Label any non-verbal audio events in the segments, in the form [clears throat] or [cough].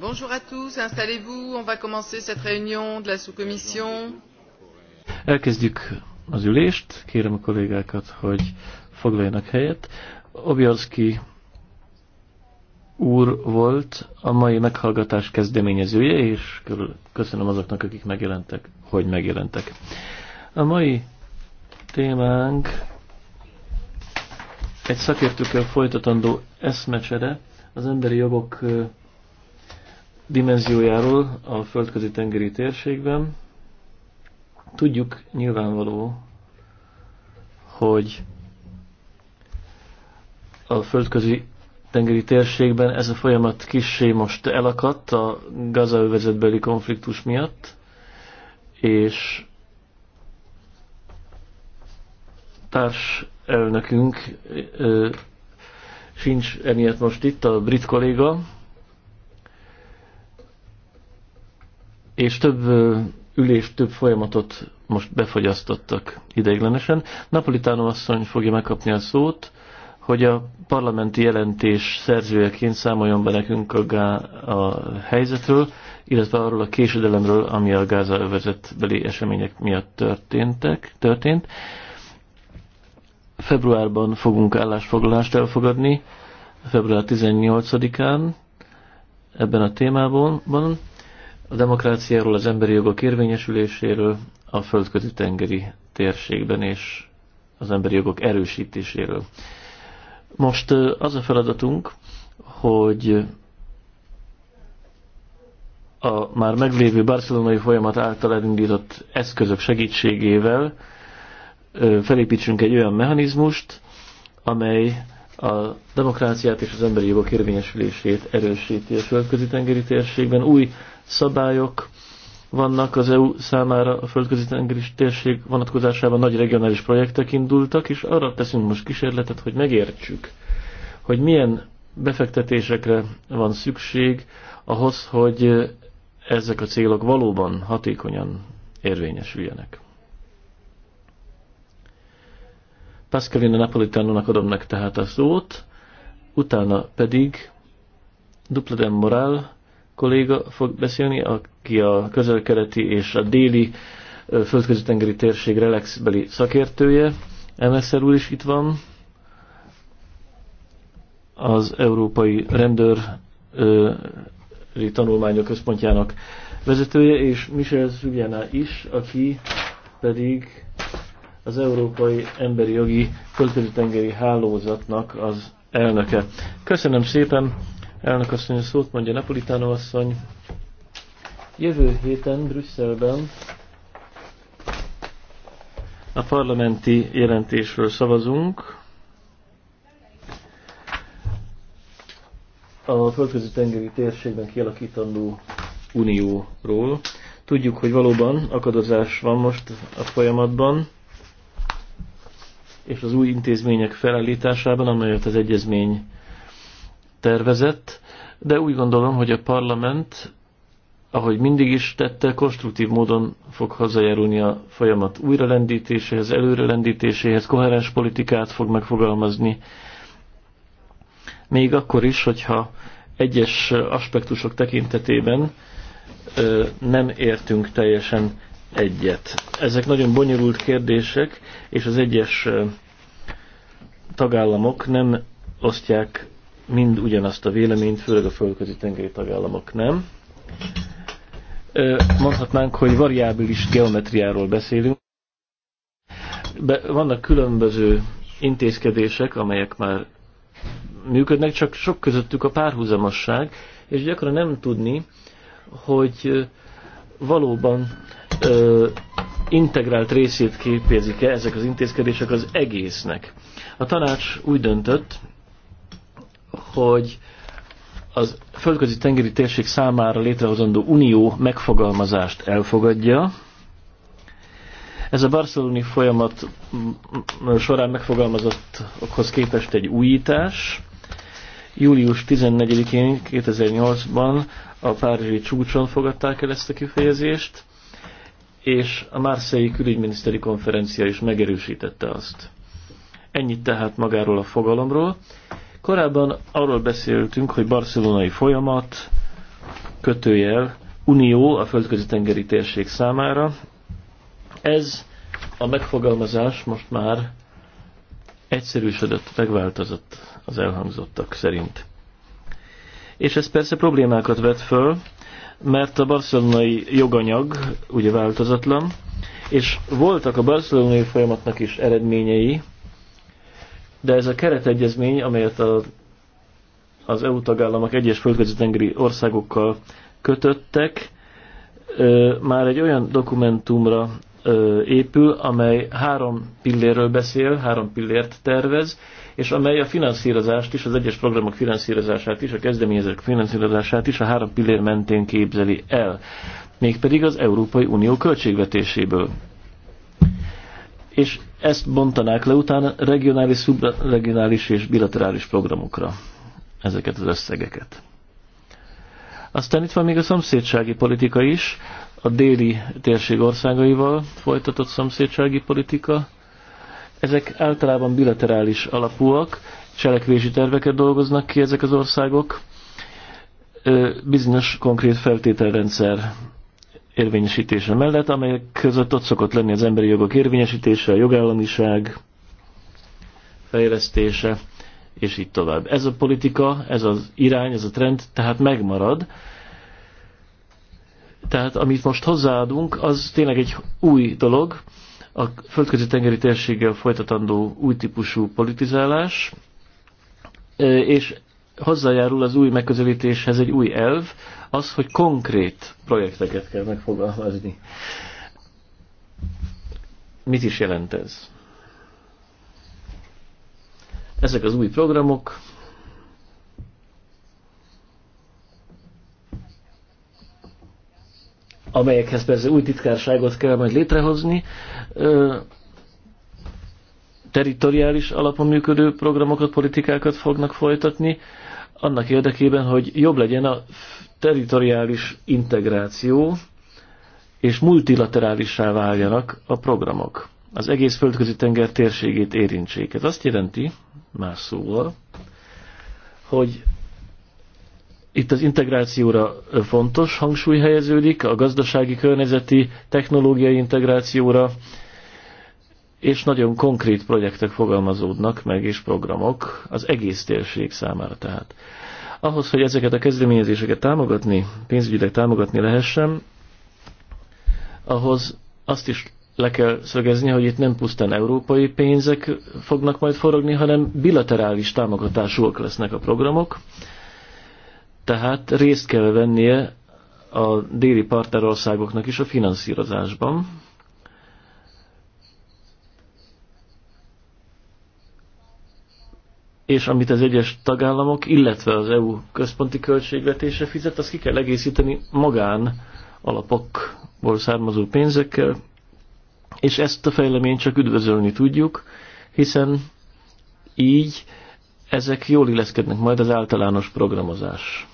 bonjour à tous installez vous on va commencer cette réunion de la sous commission elkezdjük az ülést kérem a kollégákat hogy foglaljanak helyet Obiorski úr volt a mai meghallgatás kezdeményezője, és köszönöm azoknak, akik megjelentek, hogy megjelentek. A mai témánk egy szakértőkkel folytatandó eszmecsere az emberi jogok dimenziójáról a földközi tengeri térségben. Tudjuk nyilvánvaló, hogy a földközi tengeri térségben ez a folyamat kissé most elakadt a gazaövezetbeli konfliktus miatt, és társ elnökünk sincs emiatt most itt, a brit kolléga, és több ülést, több folyamatot most befogyasztottak ideiglenesen. Napolitánom asszony fogja megkapni a szót, hogy a parlamenti jelentés szerzőjeként számoljon be nekünk a, gá- a helyzetről, illetve arról a késedelemről, ami a Gáza övezetbeli események miatt történtek, történt. Februárban fogunk állásfoglalást elfogadni, február 18-án ebben a témában a demokráciáról, az emberi jogok érvényesüléséről, a földközi tengeri térségben és az emberi jogok erősítéséről. Most az a feladatunk, hogy a már meglévő barcelonai folyamat által elindított eszközök segítségével felépítsünk egy olyan mechanizmust, amely a demokráciát és az emberi jogok érvényesülését erősíti a földközi tengeri térségben. Új szabályok vannak az EU számára a földközi tengeri térség vonatkozásában nagy regionális projektek indultak, és arra teszünk most kísérletet, hogy megértsük, hogy milyen befektetésekre van szükség ahhoz, hogy ezek a célok valóban hatékonyan érvényesüljenek. Pascaline Napolitánónak adom meg tehát a szót, utána pedig Dupladen Morál, Moral kolléga fog beszélni, aki a közelkeleti és a déli földközi-tengeri térség relaxbeli szakértője. MSZR úr is itt van. Az Európai Rendőri Tanulmányok Központjának vezetője, és Michel Szügyáná is, aki pedig az Európai Emberi Jogi Földközi-tengeri Hálózatnak az elnöke. Köszönöm szépen! Elnök asszony a szót mondja Napolitánó asszony. Jövő héten Brüsszelben a parlamenti jelentésről szavazunk. A földközi tengeri térségben kialakítandó unióról. Tudjuk, hogy valóban akadozás van most a folyamatban, és az új intézmények felállításában, amelyet az egyezmény tervezett, de úgy gondolom, hogy a parlament, ahogy mindig is tette, konstruktív módon fog hazajárulni a folyamat újralendítéséhez, előrelendítéséhez, koherens politikát fog megfogalmazni, még akkor is, hogyha egyes aspektusok tekintetében ö, nem értünk teljesen egyet. Ezek nagyon bonyolult kérdések, és az egyes ö, tagállamok nem osztják mind ugyanazt a véleményt, főleg a földközi tengeri tagállamok nem. Mondhatnánk, hogy variábilis geometriáról beszélünk. Be, vannak különböző intézkedések, amelyek már működnek, csak sok közöttük a párhuzamosság, és gyakran nem tudni, hogy valóban ö, integrált részét képezik-e ezek az intézkedések az egésznek. A tanács úgy döntött, hogy az földközi tengeri térség számára létrehozandó unió megfogalmazást elfogadja. Ez a barceloni folyamat során megfogalmazottokhoz képest egy újítás. Július 14-én 2008-ban a Párizsi csúcson fogadták el ezt a kifejezést, és a Márszei külügyminiszteri konferencia is megerősítette azt. Ennyit tehát magáról a fogalomról. Korábban arról beszéltünk, hogy barcelonai folyamat, kötőjel, unió a földközi tengeri térség számára. Ez a megfogalmazás most már egyszerűsödött, megváltozott az elhangzottak szerint. És ez persze problémákat vet föl, mert a barcelonai joganyag ugye változatlan, és voltak a barcelonai folyamatnak is eredményei, de ez a keretegyezmény, amelyet a, az EU tagállamok egyes földközi-tengeri országokkal kötöttek, ö, már egy olyan dokumentumra ö, épül, amely három pillérről beszél, három pillért tervez, és amely a finanszírozást is, az egyes programok finanszírozását is, a kezdeményezők finanszírozását is a három pillér mentén képzeli el, mégpedig az Európai Unió költségvetéséből és ezt bontanák le utána regionális, szubregionális és bilaterális programokra ezeket az összegeket. Aztán itt van még a szomszédsági politika is, a déli térség országaival folytatott szomszédsági politika. Ezek általában bilaterális alapúak, cselekvési terveket dolgoznak ki ezek az országok, bizonyos konkrét feltételrendszer érvényesítése mellett, amelyek között ott szokott lenni az emberi jogok érvényesítése, a jogállamiság fejlesztése, és így tovább. Ez a politika, ez az irány, ez a trend, tehát megmarad. Tehát amit most hozzáadunk, az tényleg egy új dolog, a földközi tengeri térséggel folytatandó új típusú politizálás, és hozzájárul az új megközelítéshez egy új elv, az, hogy konkrét projekteket kell megfogalmazni. Mit is jelent ez? Ezek az új programok amelyekhez persze új titkárságot kell majd létrehozni, teritoriális alapon működő programokat, politikákat fognak folytatni, annak érdekében, hogy jobb legyen a teritoriális integráció és multilaterálissá váljanak a programok. Az egész földközi tenger térségét érintsék. Ez azt jelenti, más szóval, hogy itt az integrációra fontos hangsúly helyeződik, a gazdasági, környezeti, technológiai integrációra, és nagyon konkrét projektek fogalmazódnak meg, és programok az egész térség számára tehát. Ahhoz, hogy ezeket a kezdeményezéseket támogatni, pénzügyileg támogatni lehessen, ahhoz azt is le kell szögezni, hogy itt nem pusztán európai pénzek fognak majd forogni, hanem bilaterális támogatásúak lesznek a programok, tehát részt kell vennie a déli partnerországoknak is a finanszírozásban. és amit az egyes tagállamok, illetve az EU központi költségvetése fizet, azt ki kell egészíteni magán alapokból származó pénzekkel, és ezt a fejleményt csak üdvözölni tudjuk, hiszen így ezek jól illeszkednek majd az általános programozás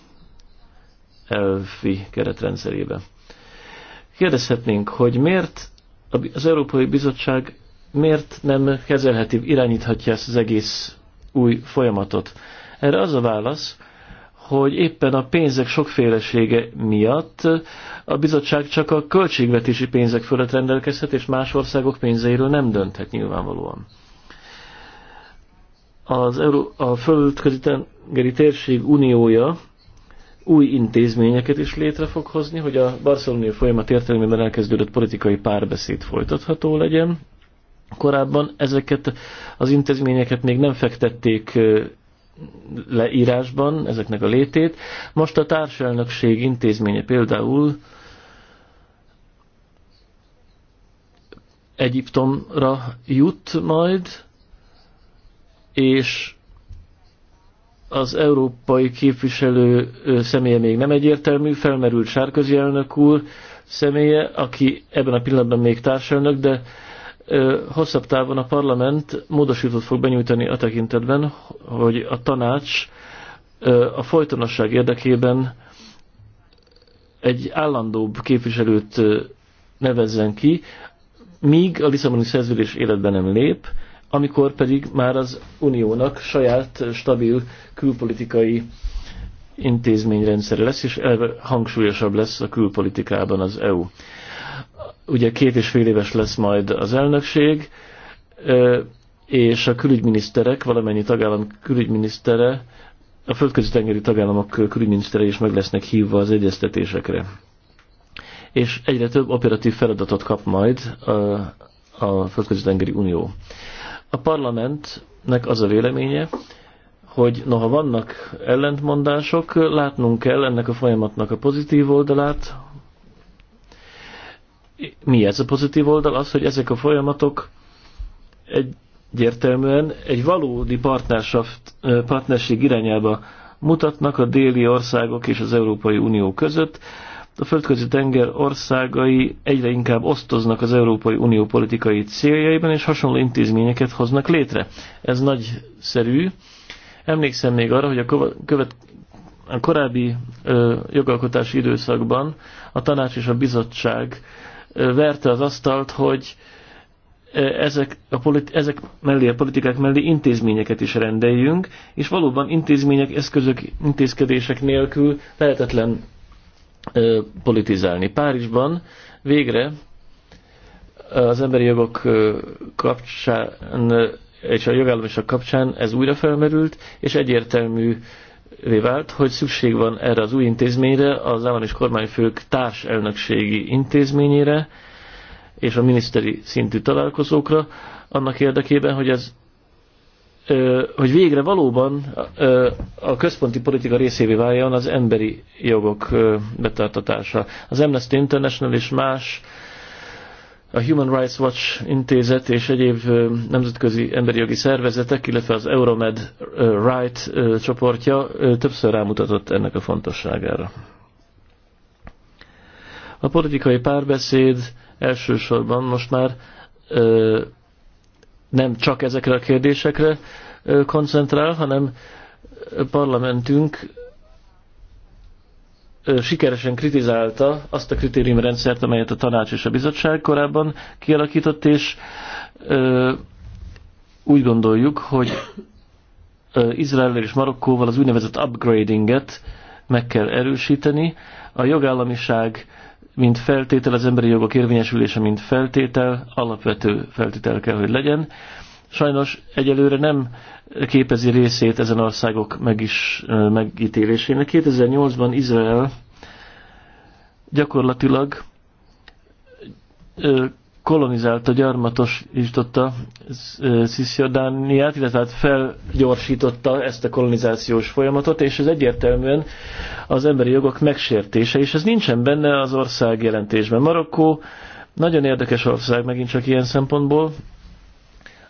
elfi keretrendszerébe. Kérdezhetnénk, hogy miért az Európai Bizottság miért nem kezelheti, irányíthatja ezt az egész új folyamatot? Erre az a válasz, hogy éppen a pénzek sokfélesége miatt a bizottság csak a költségvetési pénzek fölött rendelkezhet, és más országok pénzeiről nem dönthet nyilvánvalóan. Az Euró- a földközi tengeri térség uniója új intézményeket is létre fog hozni, hogy a barcelonai folyamat értelmében elkezdődött politikai párbeszéd folytatható legyen, Korábban ezeket az intézményeket még nem fektették le írásban, ezeknek a létét. Most a társelnökség intézménye például Egyiptomra jut majd, és az európai képviselő személye még nem egyértelmű, felmerült Sárközi elnök úr személye, aki ebben a pillanatban még társelnök, de hosszabb távon a parlament módosítót fog benyújtani a tekintetben, hogy a tanács a folytonosság érdekében egy állandóbb képviselőt nevezzen ki, míg a Lisszaboni szerződés életben nem lép, amikor pedig már az uniónak saját stabil külpolitikai intézményrendszere lesz, és hangsúlyosabb lesz a külpolitikában az EU ugye két és fél éves lesz majd az elnökség, és a külügyminiszterek, valamennyi tagállam külügyminisztere, a földközi tengeri tagállamok külügyminisztere is meg lesznek hívva az egyeztetésekre. És egyre több operatív feladatot kap majd a, a földközi tengeri unió. A parlamentnek az a véleménye, hogy noha vannak ellentmondások, látnunk kell ennek a folyamatnak a pozitív oldalát, mi ez a pozitív oldal? Az, hogy ezek a folyamatok egyértelműen egy valódi partnerség irányába mutatnak a déli országok és az Európai Unió között. A földközi tenger országai egyre inkább osztoznak az Európai Unió politikai céljaiban, és hasonló intézményeket hoznak létre. Ez nagyszerű. Emlékszem még arra, hogy a követ, a korábbi ö, jogalkotási időszakban a tanács és a bizottság verte az asztalt, hogy e, ezek, a politi- ezek mellé, a politikák mellé intézményeket is rendeljünk, és valóban intézmények, eszközök, intézkedések nélkül lehetetlen ö, e, politizálni. Párizsban végre az emberi jogok e, kapcsán és a jogállamiság kapcsán ez újra felmerült, és egyértelmű vált, hogy szükség van erre az új intézményre, az állam és kormányfők társelnökségi intézményére és a miniszteri szintű találkozókra, annak érdekében, hogy ez hogy végre valóban a központi politika részévé váljon az emberi jogok betartatása. Az Amnesty International és más a Human Rights Watch intézet és egyéb nemzetközi emberi jogi szervezetek, illetve az Euromed Right csoportja többször rámutatott ennek a fontosságára. A politikai párbeszéd elsősorban most már nem csak ezekre a kérdésekre koncentrál, hanem parlamentünk sikeresen kritizálta azt a kritériumrendszert, amelyet a tanács és a bizottság korábban kialakított, és úgy gondoljuk, hogy Izrael és Marokkóval az úgynevezett upgradinget meg kell erősíteni. A jogállamiság, mint feltétel, az emberi jogok érvényesülése, mint feltétel, alapvető feltétel kell, hogy legyen sajnos egyelőre nem képezi részét ezen országok meg is, megítélésének. 2008-ban Izrael gyakorlatilag kolonizálta, gyarmatosította Cisjordániát, illetve hát felgyorsította ezt a kolonizációs folyamatot, és ez egyértelműen az emberi jogok megsértése, és ez nincsen benne az ország jelentésben. Marokkó nagyon érdekes ország megint csak ilyen szempontból,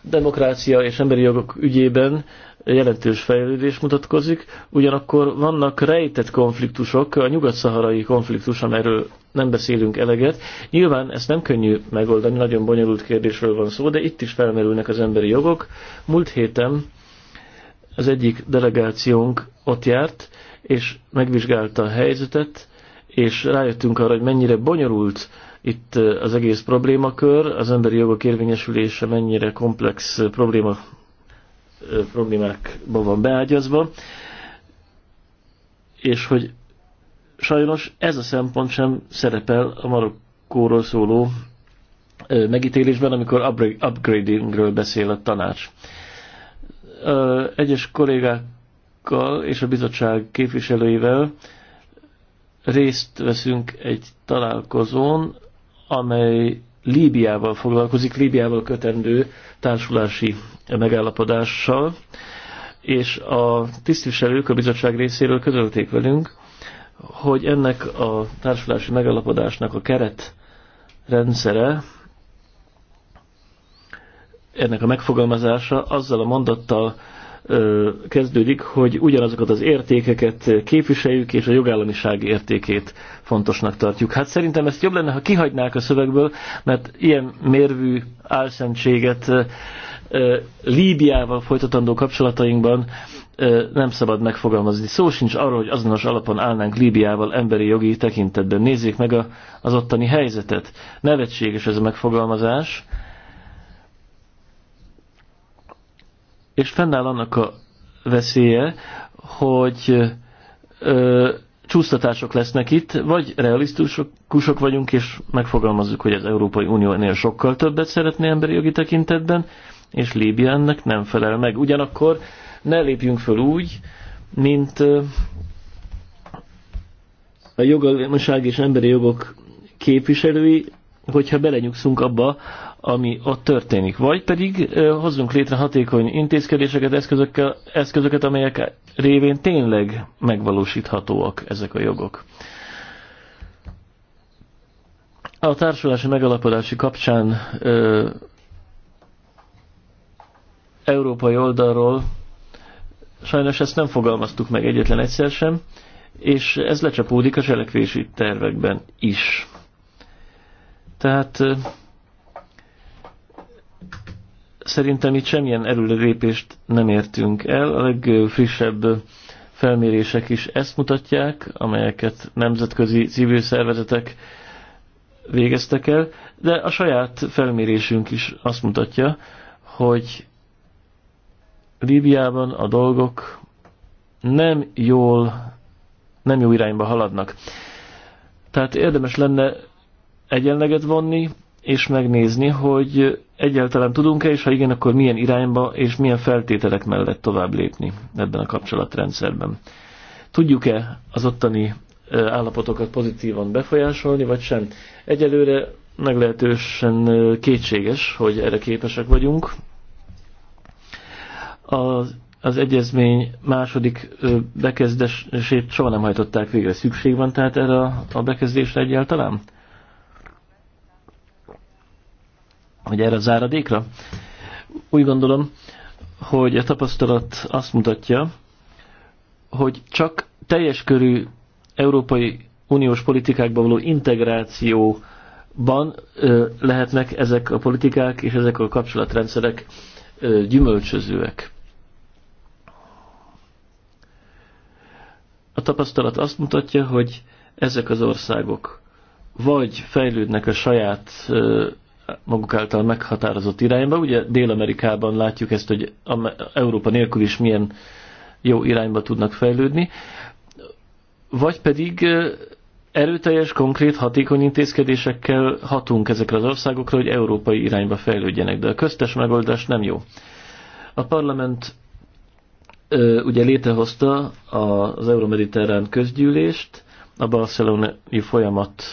demokrácia és emberi jogok ügyében jelentős fejlődés mutatkozik, ugyanakkor vannak rejtett konfliktusok, a nyugat-szaharai konfliktus, amelyről nem beszélünk eleget. Nyilván ezt nem könnyű megoldani, nagyon bonyolult kérdésről van szó, de itt is felmerülnek az emberi jogok. Múlt héten az egyik delegációnk ott járt, és megvizsgálta a helyzetet, és rájöttünk arra, hogy mennyire bonyolult itt az egész problémakör, az emberi jogok érvényesülése mennyire komplex probléma, problémákba van beágyazva, és hogy sajnos ez a szempont sem szerepel a Marokkóról szóló megítélésben, amikor upgradingről beszél a tanács. Egyes kollégákkal és a bizottság képviselőivel részt veszünk egy találkozón, amely Líbiával foglalkozik, Líbiával kötendő társulási megállapodással, és a tisztviselők a bizottság részéről közölték velünk, hogy ennek a társulási megállapodásnak a keret rendszere, ennek a megfogalmazása azzal a mondattal kezdődik, hogy ugyanazokat az értékeket képviseljük, és a jogállamiság értékét fontosnak tartjuk. Hát szerintem ezt jobb lenne, ha kihagynák a szövegből, mert ilyen mérvű álszentséget Líbiával folytatandó kapcsolatainkban nem szabad megfogalmazni. Szó sincs arról, hogy azonos alapon állnánk Líbiával emberi jogi tekintetben. Nézzék meg a, az ottani helyzetet. Nevetséges ez a megfogalmazás. és fennáll annak a veszélye, hogy ö, csúsztatások lesznek itt, vagy realisztikusok vagyunk, és megfogalmazzuk, hogy az Európai Unió ennél sokkal többet szeretné emberi jogi tekintetben, és Líbia ennek nem felel meg. Ugyanakkor ne lépjünk föl úgy, mint a jogalmaság és emberi jogok képviselői, hogyha belenyugszunk abba, ami ott történik. Vagy pedig hozzunk létre hatékony intézkedéseket, eszközökkel, eszközöket, amelyek révén tényleg megvalósíthatóak ezek a jogok. A társulási megalapodási kapcsán ö, európai oldalról sajnos ezt nem fogalmaztuk meg egyetlen egyszer sem, és ez lecsapódik a cselekvési tervekben is. Tehát szerintem itt semmilyen előrelépést nem értünk el. A legfrissebb felmérések is ezt mutatják, amelyeket nemzetközi civil szervezetek végeztek el, de a saját felmérésünk is azt mutatja, hogy Líbiában a dolgok nem jól, nem jó irányba haladnak. Tehát érdemes lenne egyenleget vonni, és megnézni, hogy egyáltalán tudunk-e, és ha igen, akkor milyen irányba és milyen feltételek mellett tovább lépni ebben a kapcsolatrendszerben. Tudjuk-e az ottani állapotokat pozitívan befolyásolni, vagy sem? Egyelőre meglehetősen kétséges, hogy erre képesek vagyunk. Az, az egyezmény második bekezdését soha nem hajtották végre. Szükség van tehát erre a bekezdésre egyáltalán? hogy erre a záradékra. Úgy gondolom, hogy a tapasztalat azt mutatja, hogy csak teljes körű európai uniós politikákba való integrációban ö, lehetnek ezek a politikák és ezek a kapcsolatrendszerek ö, gyümölcsözőek. A tapasztalat azt mutatja, hogy ezek az országok vagy fejlődnek a saját maguk által meghatározott irányba. Ugye Dél-Amerikában látjuk ezt, hogy Európa nélkül is milyen jó irányba tudnak fejlődni. Vagy pedig erőteljes, konkrét, hatékony intézkedésekkel hatunk ezekre az országokra, hogy európai irányba fejlődjenek, de a köztes megoldás nem jó. A parlament ö, ugye létrehozta az Euromediterrán közgyűlést, a barcelonai folyamat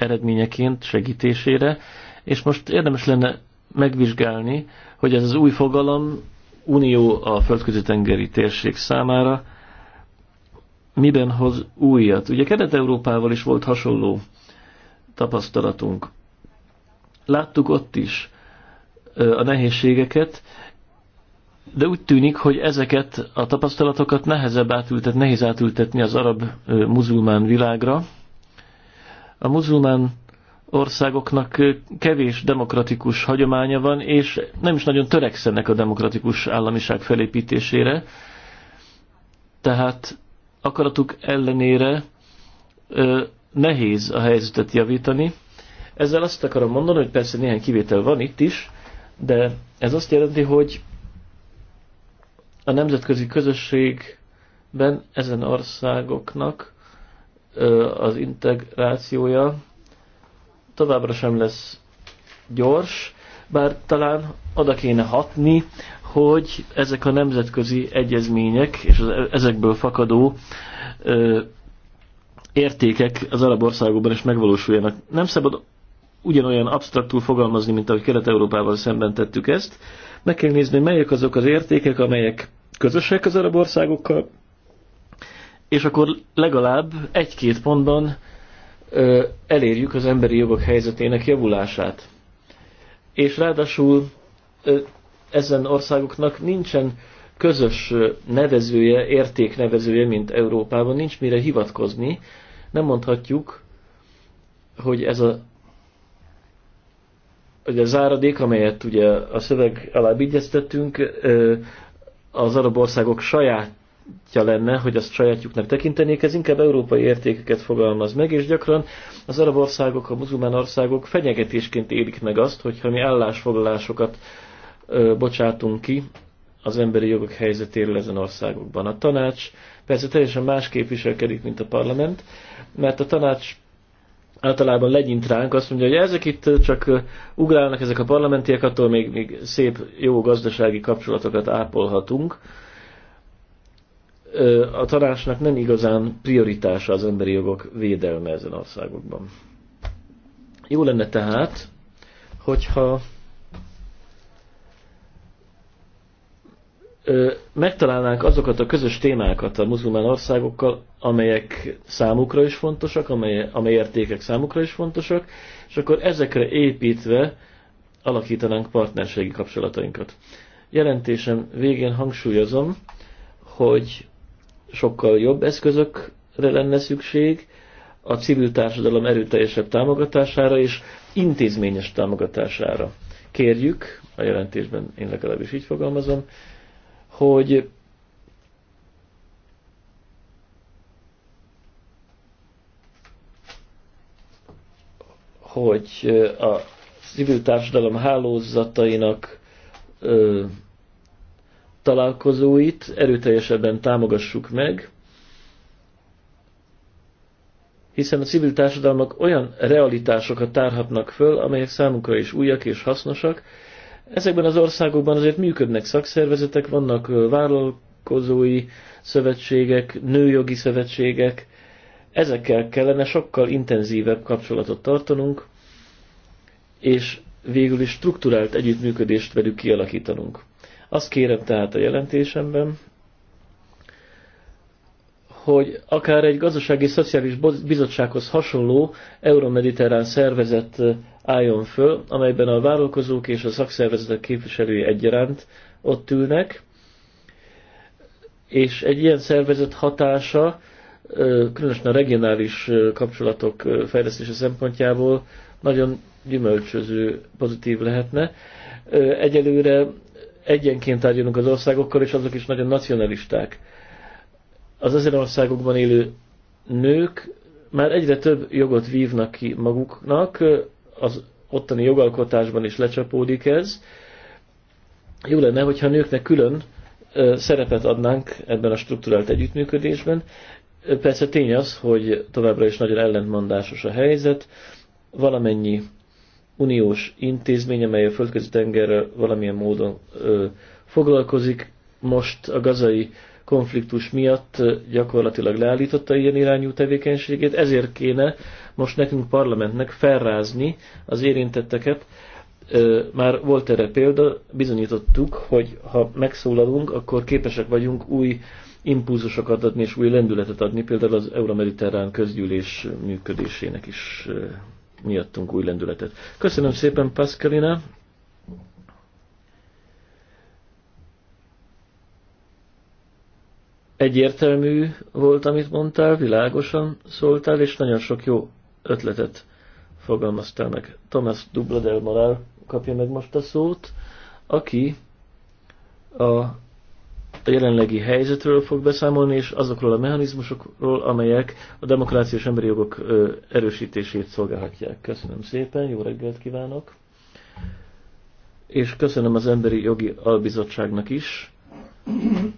eredményeként segítésére, és most érdemes lenne megvizsgálni, hogy ez az új fogalom unió a földközi tengeri térség számára miben hoz újat. Ugye Kelet-Európával is volt hasonló tapasztalatunk. Láttuk ott is a nehézségeket, de úgy tűnik, hogy ezeket a tapasztalatokat nehezebb átültet, nehéz átültetni az arab muzulmán világra, a muzulmán országoknak kevés demokratikus hagyománya van, és nem is nagyon törekszenek a demokratikus államiság felépítésére. Tehát akaratuk ellenére ö, nehéz a helyzetet javítani. Ezzel azt akarom mondani, hogy persze néhány kivétel van itt is, de ez azt jelenti, hogy a nemzetközi közösségben ezen országoknak az integrációja továbbra sem lesz gyors, bár talán oda kéne hatni, hogy ezek a nemzetközi egyezmények és az e-, ezekből fakadó ö, értékek az arab országokban is megvalósuljanak. Nem szabad ugyanolyan absztraktul fogalmazni, mint ahogy Kelet-Európával szemben tettük ezt. Meg kell nézni, melyek azok az értékek, amelyek közösek az arab országokkal, és akkor legalább egy-két pontban ö, elérjük az emberi jogok helyzetének javulását. És ráadásul ö, ezen országoknak nincsen közös nevezője, értéknevezője, mint Európában, nincs mire hivatkozni. Nem mondhatjuk, hogy ez a hogy a záradék, amelyet ugye a szöveg alá vigyeztettünk, az arab országok saját lenne, hogy azt sajátjuknak tekintenék, ez inkább európai értékeket fogalmaz meg, és gyakran az arab országok, a muzulmán országok fenyegetésként élik meg azt, hogyha mi állásfoglalásokat ö, bocsátunk ki az emberi jogok helyzetéről ezen országokban. A tanács persze teljesen másképp viselkedik, mint a parlament, mert a tanács általában legyint ránk, azt mondja, hogy ezek itt csak ugrálnak ezek a parlamentiek, attól még, még szép, jó gazdasági kapcsolatokat ápolhatunk, a tanácsnak nem igazán prioritása az emberi jogok védelme ezen országokban. Jó lenne tehát, hogyha megtalálnánk azokat a közös témákat a muzulmán országokkal, amelyek számukra is fontosak, amely, amely értékek számukra is fontosak, és akkor ezekre építve alakítanánk partnerségi kapcsolatainkat. Jelentésem végén hangsúlyozom, hogy sokkal jobb eszközökre lenne szükség, a civil társadalom erőteljesebb támogatására és intézményes támogatására. Kérjük, a jelentésben én legalábbis így fogalmazom, hogy hogy a civil társadalom hálózatainak találkozóit erőteljesebben támogassuk meg, hiszen a civil társadalmak olyan realitásokat tárhatnak föl, amelyek számunkra is újak és hasznosak. Ezekben az országokban azért működnek szakszervezetek, vannak vállalkozói szövetségek, nőjogi szövetségek, ezekkel kellene sokkal intenzívebb kapcsolatot tartanunk, és végül is strukturált együttműködést velük kialakítanunk. Azt kérem tehát a jelentésemben, hogy akár egy gazdasági szociális bizottsághoz hasonló euromediterrán szervezet álljon föl, amelyben a vállalkozók és a szakszervezetek képviselői egyaránt ott ülnek, és egy ilyen szervezet hatása, különösen a regionális kapcsolatok fejlesztése szempontjából nagyon gyümölcsöző, pozitív lehetne. Egyelőre egyenként tárgyalunk az országokkal, és azok is nagyon nacionalisták. Az ezer országokban élő nők már egyre több jogot vívnak ki maguknak, az ottani jogalkotásban is lecsapódik ez. Jó lenne, hogyha nőknek külön szerepet adnánk ebben a struktúrált együttműködésben. Persze tény az, hogy továbbra is nagyon ellentmondásos a helyzet, valamennyi uniós intézmény, amely a földközi tengerrel valamilyen módon ö, foglalkozik, most a gazai konfliktus miatt gyakorlatilag leállította ilyen irányú tevékenységét, ezért kéne most nekünk parlamentnek felrázni az érintetteket. Már volt erre példa, bizonyítottuk, hogy ha megszólalunk, akkor képesek vagyunk új impulzusokat adni és új lendületet adni, például az Euromediterrán közgyűlés működésének is miattunk új lendületet. Köszönöm szépen, Pascalina! Egyértelmű volt, amit mondtál, világosan szóltál, és nagyon sok jó ötletet fogalmaztál meg. Thomas Dubladel Malár kapja meg most a szót, aki a a jelenlegi helyzetről fog beszámolni, és azokról a mechanizmusokról, amelyek a demokrácia és emberi jogok erősítését szolgálhatják. Köszönöm szépen, jó reggelt kívánok! És köszönöm az Emberi Jogi Albizottságnak is,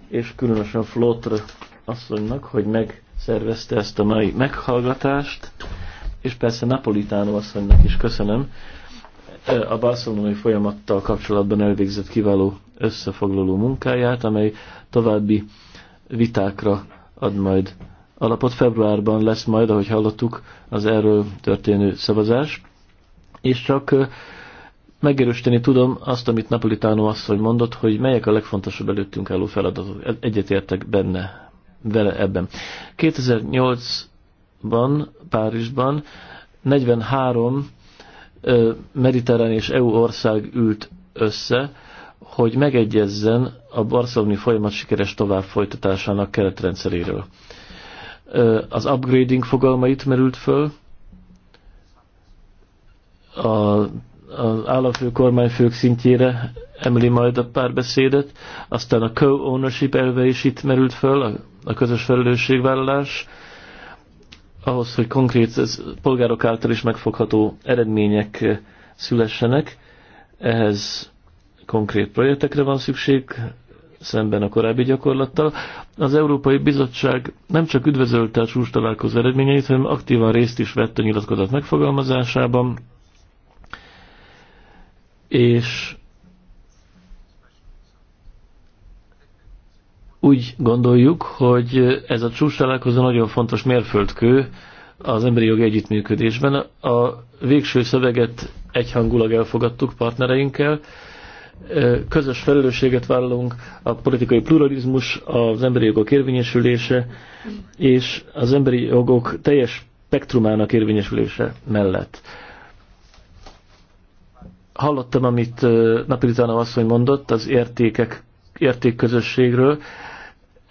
és különösen Flotr asszonynak, hogy megszervezte ezt a mai meghallgatást, és persze Napolitánó asszonynak is köszönöm a barcelonai folyamattal kapcsolatban elvégzett kiváló összefoglaló munkáját, amely további vitákra ad majd alapot. Februárban lesz majd, ahogy hallottuk, az erről történő szavazás, és csak megerősíteni tudom azt, amit Napolitánó asszony mondott, hogy melyek a legfontosabb előttünk álló feladatok. E- egyetértek benne, vele ebben. 2008-ban Párizsban 43 mediterrán és EU ország ült össze, hogy megegyezzen a barceloni folyamat sikeres tovább folytatásának keretrendszeréről. Az upgrading fogalma itt merült föl, a, az államfő kormányfők szintjére emeli majd a párbeszédet, aztán a co-ownership elve is itt merült föl, a, a közös felelősségvállalás, ahhoz, hogy konkrét ez, polgárok által is megfogható eredmények szülessenek, ehhez konkrét projektekre van szükség, szemben a korábbi gyakorlattal. Az Európai Bizottság nem csak üdvözölte a csúcs találkozó eredményeit, hanem aktívan részt is vett a nyilatkozat megfogalmazásában, és úgy gondoljuk, hogy ez a csúcs találkozó nagyon fontos mérföldkő az emberi jogi együttműködésben. A végső szöveget egyhangulag elfogadtuk partnereinkkel, közös felelősséget vállalunk, a politikai pluralizmus, az emberi jogok érvényesülése és az emberi jogok teljes spektrumának érvényesülése mellett. Hallottam, amit Napolitánov asszony mondott az értékek, értékközösségről.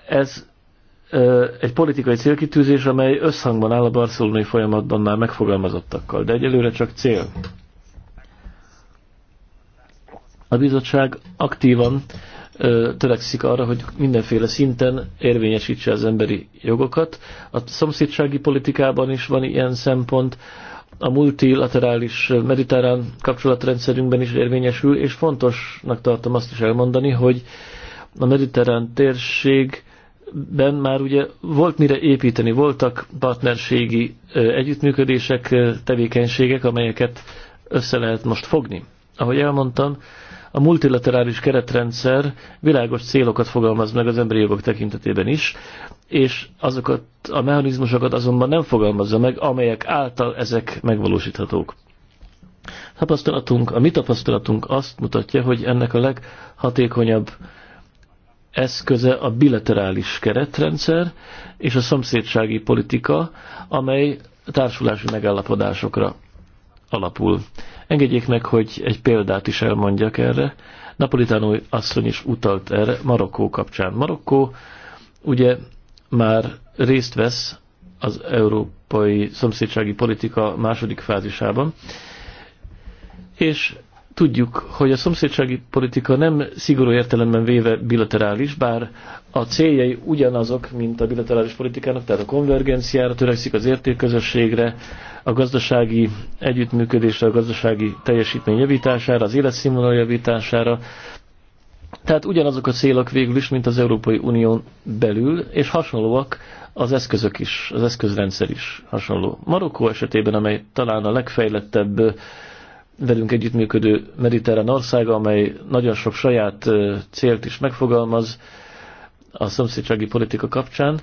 Ez egy politikai célkitűzés, amely összhangban áll a barcelonai folyamatban már megfogalmazottakkal, de egyelőre csak cél. A bizottság aktívan ö, törekszik arra, hogy mindenféle szinten érvényesítse az emberi jogokat. A szomszédsági politikában is van ilyen szempont, a multilaterális mediterrán kapcsolatrendszerünkben is érvényesül, és fontosnak tartom azt is elmondani, hogy a mediterrán térségben már ugye volt mire építeni, voltak partnerségi együttműködések, tevékenységek, amelyeket össze lehet most fogni. Ahogy elmondtam, a multilaterális keretrendszer világos célokat fogalmaz meg az emberi jogok tekintetében is, és azokat a mechanizmusokat azonban nem fogalmazza meg, amelyek által ezek megvalósíthatók. Tapasztalatunk, a mi tapasztalatunk azt mutatja, hogy ennek a leghatékonyabb eszköze a bilaterális keretrendszer és a szomszédsági politika, amely társulási megállapodásokra alapul. Engedjék meg, hogy egy példát is elmondjak erre. Napolitánó asszony is utalt erre Marokkó kapcsán. Marokkó ugye már részt vesz az európai szomszédsági politika második fázisában, és tudjuk, hogy a szomszédsági politika nem szigorú értelemben véve bilaterális, bár a céljai ugyanazok, mint a bilaterális politikának, tehát a konvergenciára törekszik az értékközösségre, a gazdasági együttműködésre, a gazdasági teljesítmény javítására, az életszínvonal javítására. Tehát ugyanazok a célok végül is, mint az Európai Unión belül, és hasonlóak az eszközök is, az eszközrendszer is hasonló. Marokkó esetében, amely talán a legfejlettebb velünk együttműködő mediterrán ország, amely nagyon sok saját célt is megfogalmaz a szomszédsági politika kapcsán,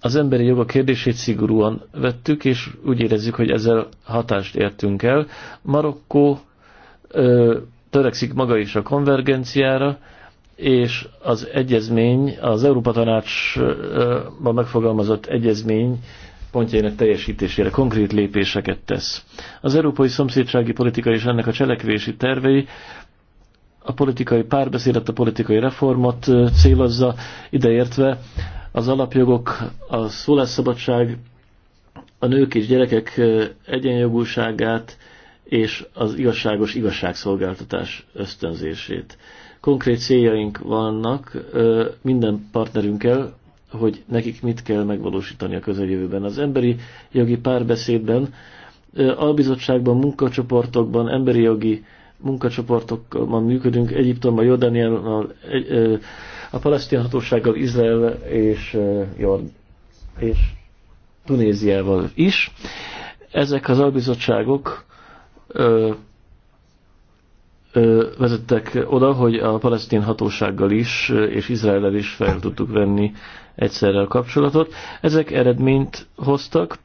az emberi jogok kérdését szigorúan vettük, és úgy érezzük, hogy ezzel hatást értünk el. Marokkó ö, törekszik maga is a konvergenciára, és az egyezmény, az Európa Tanácsban megfogalmazott egyezmény pontjainak teljesítésére konkrét lépéseket tesz. Az európai szomszédsági politika és ennek a cselekvési tervei a politikai párbeszédet, a politikai reformot célozza, ideértve az alapjogok, a szólásszabadság, a nők és gyerekek egyenjogúságát és az igazságos igazságszolgáltatás ösztönzését. Konkrét céljaink vannak minden partnerünkkel, hogy nekik mit kell megvalósítani a közeljövőben. Az emberi jogi párbeszédben, albizottságban, munkacsoportokban, emberi jogi munkacsoportokban működünk, Egyiptomban, Jordániában, a palesztin hatósággal, Izrael és, eh, Jord és Tunéziával is. Ezek az albizottságok ö, ö, vezettek oda, hogy a palesztin hatósággal is eh, és Izraellel is fel tudtuk venni egyszerre a kapcsolatot. Ezek eredményt hoztak,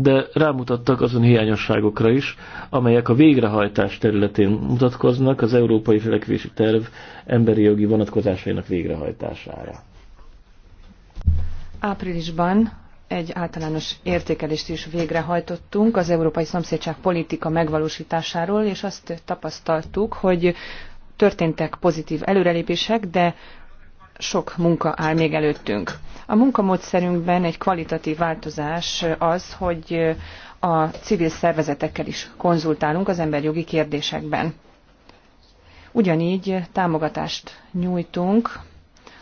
de rámutattak azon hiányosságokra is, amelyek a végrehajtás területén mutatkoznak az Európai Felekvési Terv emberi jogi vonatkozásainak végrehajtására. Áprilisban egy általános értékelést is végrehajtottunk az európai szomszédság politika megvalósításáról, és azt tapasztaltuk, hogy történtek pozitív előrelépések, de sok munka áll még előttünk. A munkamódszerünkben egy kvalitatív változás az, hogy a civil szervezetekkel is konzultálunk az emberjogi kérdésekben. Ugyanígy támogatást nyújtunk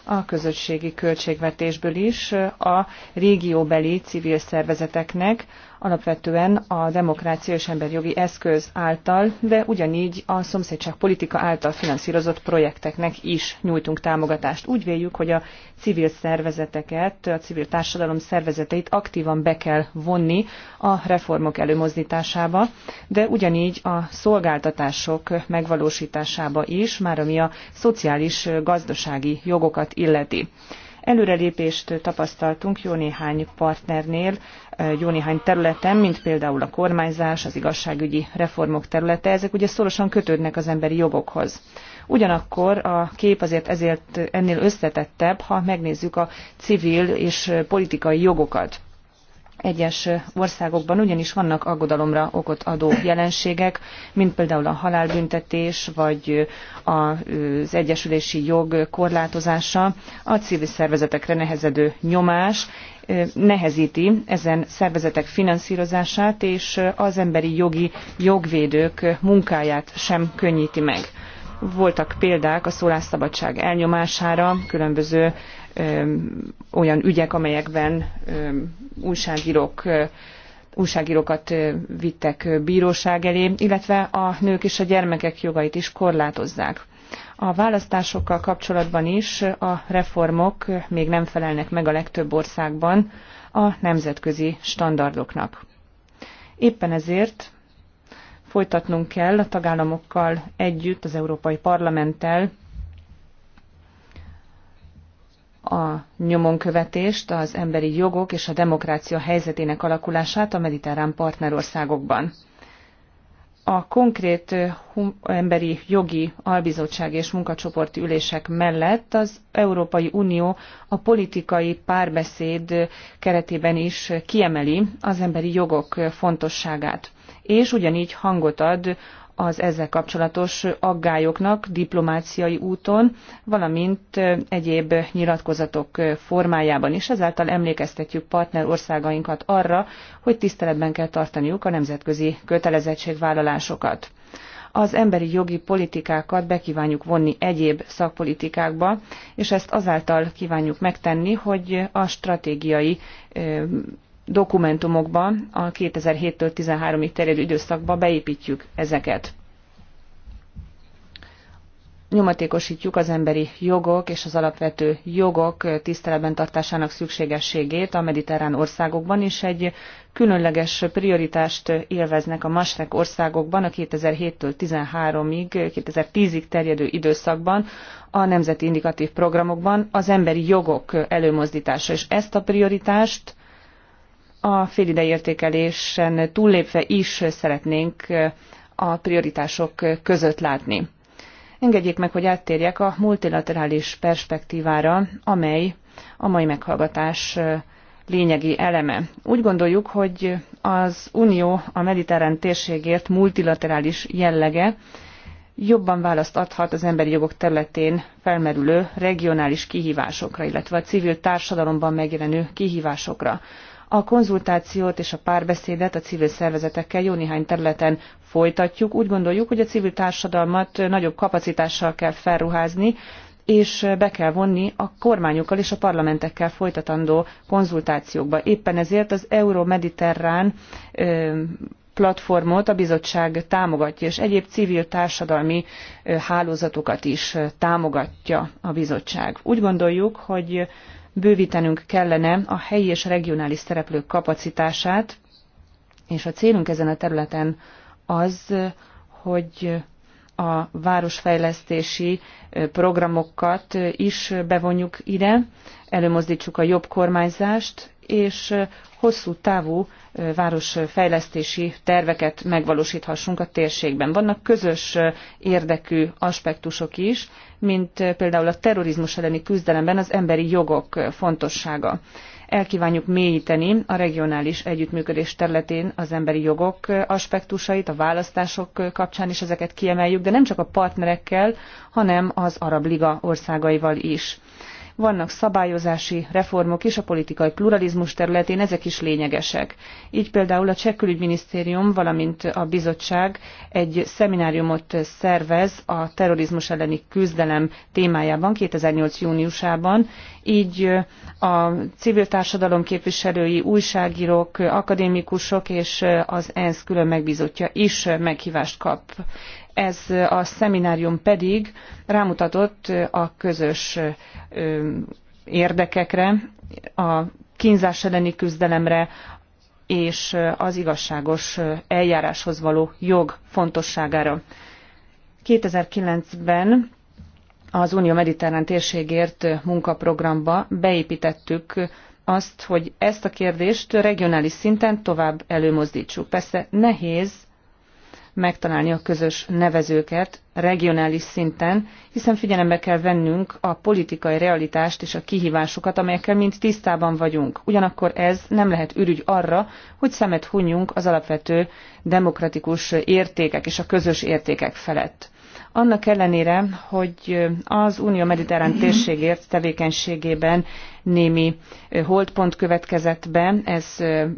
a közösségi költségvetésből is a régióbeli civil szervezeteknek, alapvetően a demokrácia és emberjogi eszköz által, de ugyanígy a szomszédság politika által finanszírozott projekteknek is nyújtunk támogatást. Úgy véljük, hogy a civil szervezeteket, a civil társadalom szervezeteit aktívan be kell vonni a reformok előmozdításába, de ugyanígy a szolgáltatások megvalósításába is, már ami a szociális gazdasági jogokat illeti. Előrelépést tapasztaltunk jó néhány partnernél, jó néhány területen, mint például a kormányzás, az igazságügyi reformok területe, ezek ugye szorosan kötődnek az emberi jogokhoz. Ugyanakkor a kép azért ezért ennél összetettebb, ha megnézzük a civil és politikai jogokat. Egyes országokban ugyanis vannak aggodalomra okot adó jelenségek, mint például a halálbüntetés, vagy az egyesülési jog korlátozása, a civil szervezetekre nehezedő nyomás, nehezíti ezen szervezetek finanszírozását, és az emberi jogi jogvédők munkáját sem könnyíti meg. Voltak példák a szólásszabadság elnyomására, különböző olyan ügyek, amelyekben újságírók újságírókat vittek bíróság elé, illetve a nők és a gyermekek jogait is korlátozzák. A választásokkal kapcsolatban is a reformok még nem felelnek meg a legtöbb országban a nemzetközi standardoknak. Éppen ezért folytatnunk kell a tagállamokkal együtt, az Európai Parlamenttel a nyomonkövetést, az emberi jogok és a demokrácia helyzetének alakulását a mediterrán partnerországokban. A konkrét eh, emberi jogi albizottság és munkacsoporti ülések mellett az Európai Unió a politikai párbeszéd keretében is kiemeli az emberi jogok fontosságát, és ugyanígy hangot ad az ezzel kapcsolatos aggályoknak diplomáciai úton, valamint egyéb nyilatkozatok formájában is. Ezáltal emlékeztetjük partner országainkat arra, hogy tiszteletben kell tartaniuk a nemzetközi kötelezettségvállalásokat. Az emberi jogi politikákat bekívánjuk vonni egyéb szakpolitikákba, és ezt azáltal kívánjuk megtenni, hogy a stratégiai dokumentumokba a 2007-től 2013 ig terjedő időszakba beépítjük ezeket. Nyomatékosítjuk az emberi jogok és az alapvető jogok tiszteletben tartásának szükségességét a mediterrán országokban is egy különleges prioritást élveznek a masrek országokban a 2007-től 2013 ig 2010-ig terjedő időszakban a nemzeti indikatív programokban az emberi jogok előmozdítása. És ezt a prioritást a félidei értékelésen túllépve is szeretnénk a prioritások között látni. Engedjék meg, hogy áttérjek a multilaterális perspektívára, amely a mai meghallgatás lényegi eleme. Úgy gondoljuk, hogy az Unió a mediterrán térségért multilaterális jellege jobban választ adhat az emberi jogok területén felmerülő regionális kihívásokra, illetve a civil társadalomban megjelenő kihívásokra. A konzultációt és a párbeszédet a civil szervezetekkel jó néhány területen folytatjuk. Úgy gondoljuk, hogy a civil társadalmat nagyobb kapacitással kell felruházni, és be kell vonni a kormányokkal és a parlamentekkel folytatandó konzultációkba. Éppen ezért az Euró-Mediterrán platformot a bizottság támogatja, és egyéb civil társadalmi hálózatokat is támogatja a bizottság. Úgy gondoljuk, hogy bővítenünk kellene a helyi és regionális szereplők kapacitását, és a célunk ezen a területen az, hogy a városfejlesztési programokat is bevonjuk ide, előmozdítsuk a jobb kormányzást, és hosszú távú városfejlesztési terveket megvalósíthassunk a térségben. Vannak közös érdekű aspektusok is, mint például a terrorizmus elleni küzdelemben az emberi jogok fontossága. Elkívánjuk mélyíteni a regionális együttműködés területén az emberi jogok aspektusait, a választások kapcsán is ezeket kiemeljük, de nem csak a partnerekkel, hanem az Arab Liga országaival is vannak szabályozási reformok is a politikai pluralizmus területén, ezek is lényegesek. Így például a Cseh külügyminisztérium, valamint a bizottság egy szemináriumot szervez a terrorizmus elleni küzdelem témájában 2008. júniusában. Így a civil társadalom képviselői, újságírók, akadémikusok és az ENSZ külön megbízottja is meghívást kap ez a szeminárium pedig rámutatott a közös érdekekre, a kínzás elleni küzdelemre, és az igazságos eljáráshoz való jog fontosságára. 2009-ben az Unió Mediterrán térségért munkaprogramba beépítettük azt, hogy ezt a kérdést regionális szinten tovább előmozdítsuk. Persze nehéz megtalálni a közös nevezőket regionális szinten, hiszen figyelembe kell vennünk a politikai realitást és a kihívásokat, amelyekkel mind tisztában vagyunk. Ugyanakkor ez nem lehet ürügy arra, hogy szemet hunyunk az alapvető demokratikus értékek és a közös értékek felett. Annak ellenére, hogy az Unió mediterrán térségért tevékenységében némi holdpont következett be, ez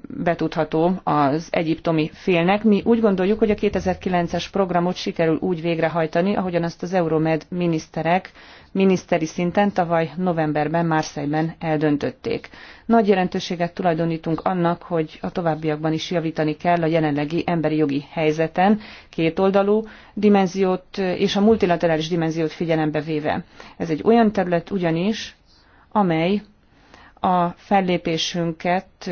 betudható az egyiptomi félnek. Mi úgy gondoljuk, hogy a 2009-es programot sikerül úgy végrehajtani, ahogyan azt az Euromed miniszterek miniszteri szinten tavaly novemberben Márszejben eldöntötték. Nagy jelentőséget tulajdonítunk annak, hogy a továbbiakban is javítani kell a jelenlegi emberi jogi helyzeten, kétoldalú dimenziót és a multilaterális dimenziót figyelembe véve. Ez egy olyan terület ugyanis, amely a fellépésünket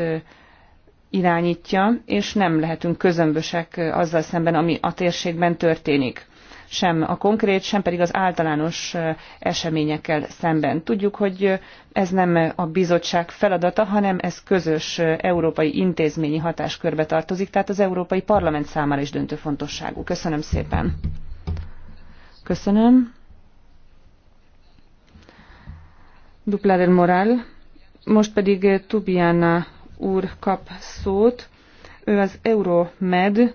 irányítja, és nem lehetünk közömbösek azzal szemben, ami a térségben történik sem a konkrét, sem pedig az általános eseményekkel szemben. Tudjuk, hogy ez nem a bizottság feladata, hanem ez közös európai intézményi hatáskörbe tartozik, tehát az Európai Parlament számára is döntő fontosságú. Köszönöm szépen. Köszönöm. Dupla del Moral. Most pedig eh, Tubiana úr kap szót. Ő az Euromed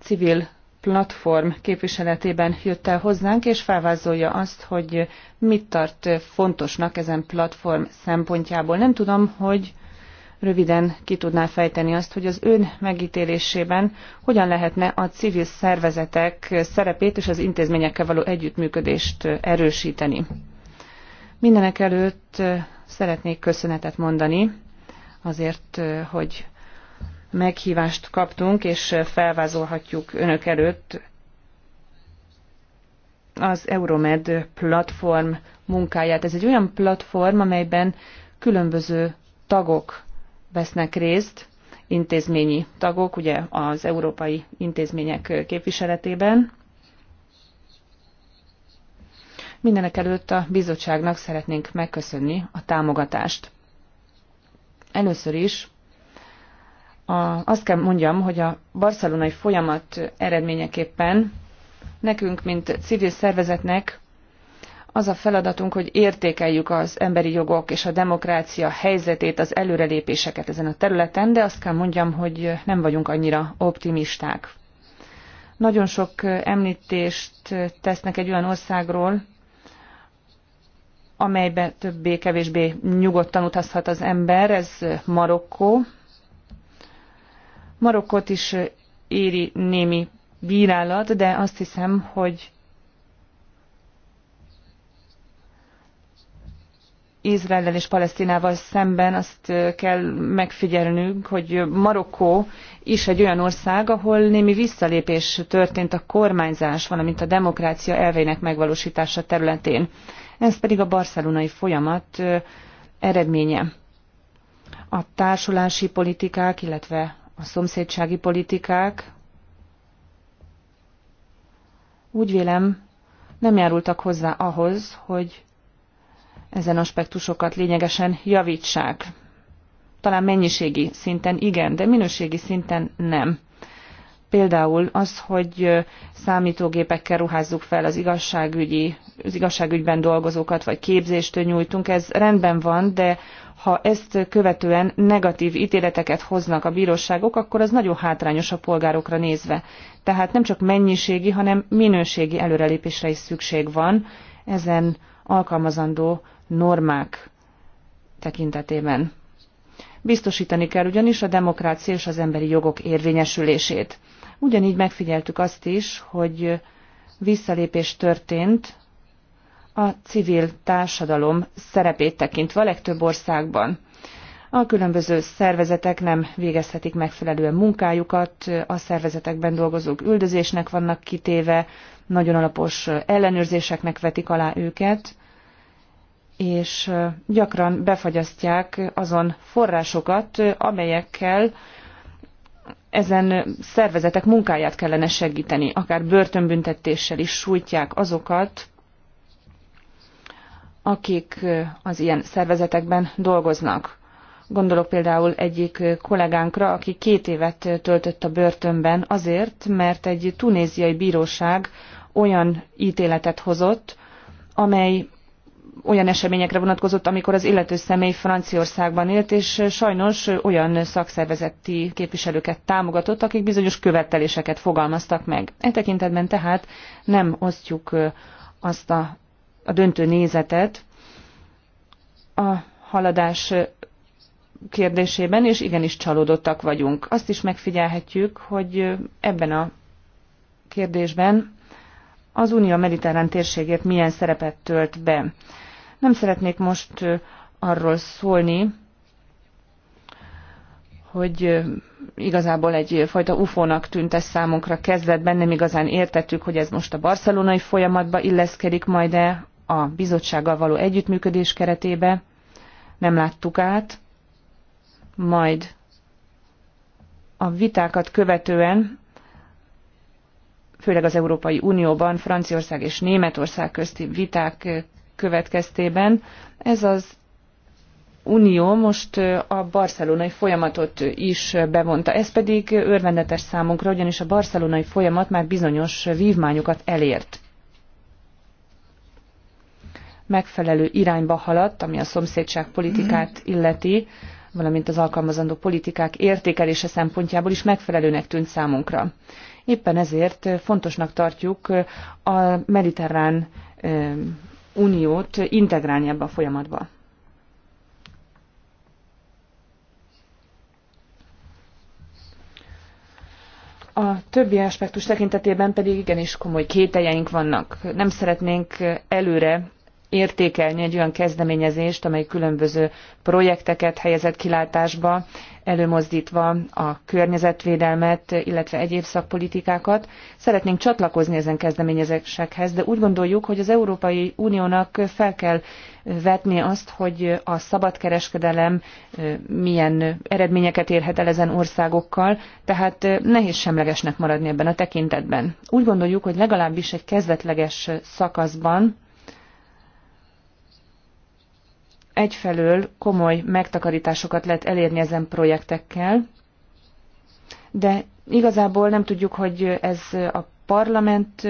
civil platform képviseletében jött el hozzánk, és felvázolja azt, hogy mit tart fontosnak ezen platform szempontjából. Nem tudom, hogy röviden ki tudná fejteni azt, hogy az ön megítélésében hogyan lehetne a civil szervezetek szerepét és az intézményekkel való együttműködést erősíteni. Mindenek előtt szeretnék köszönetet mondani azért, hogy meghívást kaptunk, és felvázolhatjuk önök előtt az Euromed platform munkáját. Ez egy olyan platform, amelyben különböző tagok vesznek részt, intézményi tagok, ugye az európai intézmények képviseletében, Mindenek előtt a bizottságnak szeretnénk megköszönni a támogatást. Először is a, azt kell mondjam, hogy a barcelonai folyamat eredményeképpen nekünk, mint civil szervezetnek az a feladatunk, hogy értékeljük az emberi jogok és a demokrácia helyzetét, az előrelépéseket ezen a területen, de azt kell mondjam, hogy nem vagyunk annyira optimisták. Nagyon sok említést tesznek egy olyan országról, amelybe többé-kevésbé nyugodtan utazhat az ember, ez Marokkó. Marokkot is éri némi bírálat, de azt hiszem, hogy Izraellel és Palesztinával szemben azt kell megfigyelnünk, hogy Marokkó is egy olyan ország, ahol némi visszalépés történt a kormányzás, valamint a demokrácia elveinek megvalósítása területén. Ez pedig a barcelonai folyamat eredménye. A társulási politikák, illetve a szomszédsági politikák úgy vélem nem járultak hozzá ahhoz, hogy ezen aspektusokat lényegesen javítsák. Talán mennyiségi szinten igen, de minőségi szinten nem. Például az, hogy számítógépekkel ruházzuk fel az, igazságügyi, az igazságügyben dolgozókat, vagy képzést nyújtunk, ez rendben van, de ha ezt követően negatív ítéleteket hoznak a bíróságok, akkor az nagyon hátrányos a polgárokra nézve. Tehát nem csak mennyiségi, hanem minőségi előrelépésre is szükség van ezen alkalmazandó normák tekintetében. Biztosítani kell ugyanis a demokrácia és az emberi jogok érvényesülését. Ugyanígy megfigyeltük azt is, hogy visszalépés történt a civil társadalom szerepét tekintve a legtöbb országban. A különböző szervezetek nem végezhetik megfelelően munkájukat, a szervezetekben dolgozók üldözésnek vannak kitéve, nagyon alapos ellenőrzéseknek vetik alá őket, és gyakran befagyasztják azon forrásokat, amelyekkel ezen szervezetek munkáját kellene segíteni, akár börtönbüntetéssel is sújtják azokat, akik az ilyen szervezetekben dolgoznak. Gondolok például egyik kollégánkra, aki két évet töltött a börtönben azért, mert egy tunéziai bíróság olyan ítéletet hozott, amely olyan eseményekre vonatkozott, amikor az illető személy Franciaországban élt, és sajnos olyan szakszervezeti képviselőket támogatott, akik bizonyos követeléseket fogalmaztak meg. E tekintetben tehát nem osztjuk azt a, a döntő nézetet a haladás kérdésében, és igenis csalódottak vagyunk. Azt is megfigyelhetjük, hogy ebben a kérdésben az Unió a mediterrán térségért milyen szerepet tölt be. Nem szeretnék most arról szólni, hogy igazából egyfajta ufónak tűnt ez számunkra kezdetben, nem igazán értettük, hogy ez most a barcelonai folyamatba illeszkedik majd-e a bizottsággal való együttműködés keretébe. Nem láttuk át. Majd a vitákat követően, főleg az Európai Unióban, Franciaország és Németország közti viták következtében ez az Unió most a barcelonai folyamatot is bevonta. Ez pedig örvendetes számunkra, ugyanis a barcelonai folyamat már bizonyos vívmányokat elért. Megfelelő irányba haladt, ami a politikát illeti, valamint az alkalmazandó politikák értékelése szempontjából is megfelelőnek tűnt számunkra. Éppen ezért fontosnak tartjuk a mediterrán Uniót integrálni ebbe a folyamatba. A többi aspektus tekintetében pedig igenis komoly kételjeink vannak. Nem szeretnénk előre értékelni egy olyan kezdeményezést, amely különböző projekteket helyezett kilátásba, előmozdítva a környezetvédelmet, illetve egyéb szakpolitikákat. Szeretnénk csatlakozni ezen kezdeményezésekhez, de úgy gondoljuk, hogy az Európai Uniónak fel kell vetni azt, hogy a szabadkereskedelem milyen eredményeket érhet el ezen országokkal, tehát nehéz semlegesnek maradni ebben a tekintetben. Úgy gondoljuk, hogy legalábbis egy kezdetleges szakaszban, egyfelől komoly megtakarításokat lehet elérni ezen projektekkel, de igazából nem tudjuk, hogy ez a parlament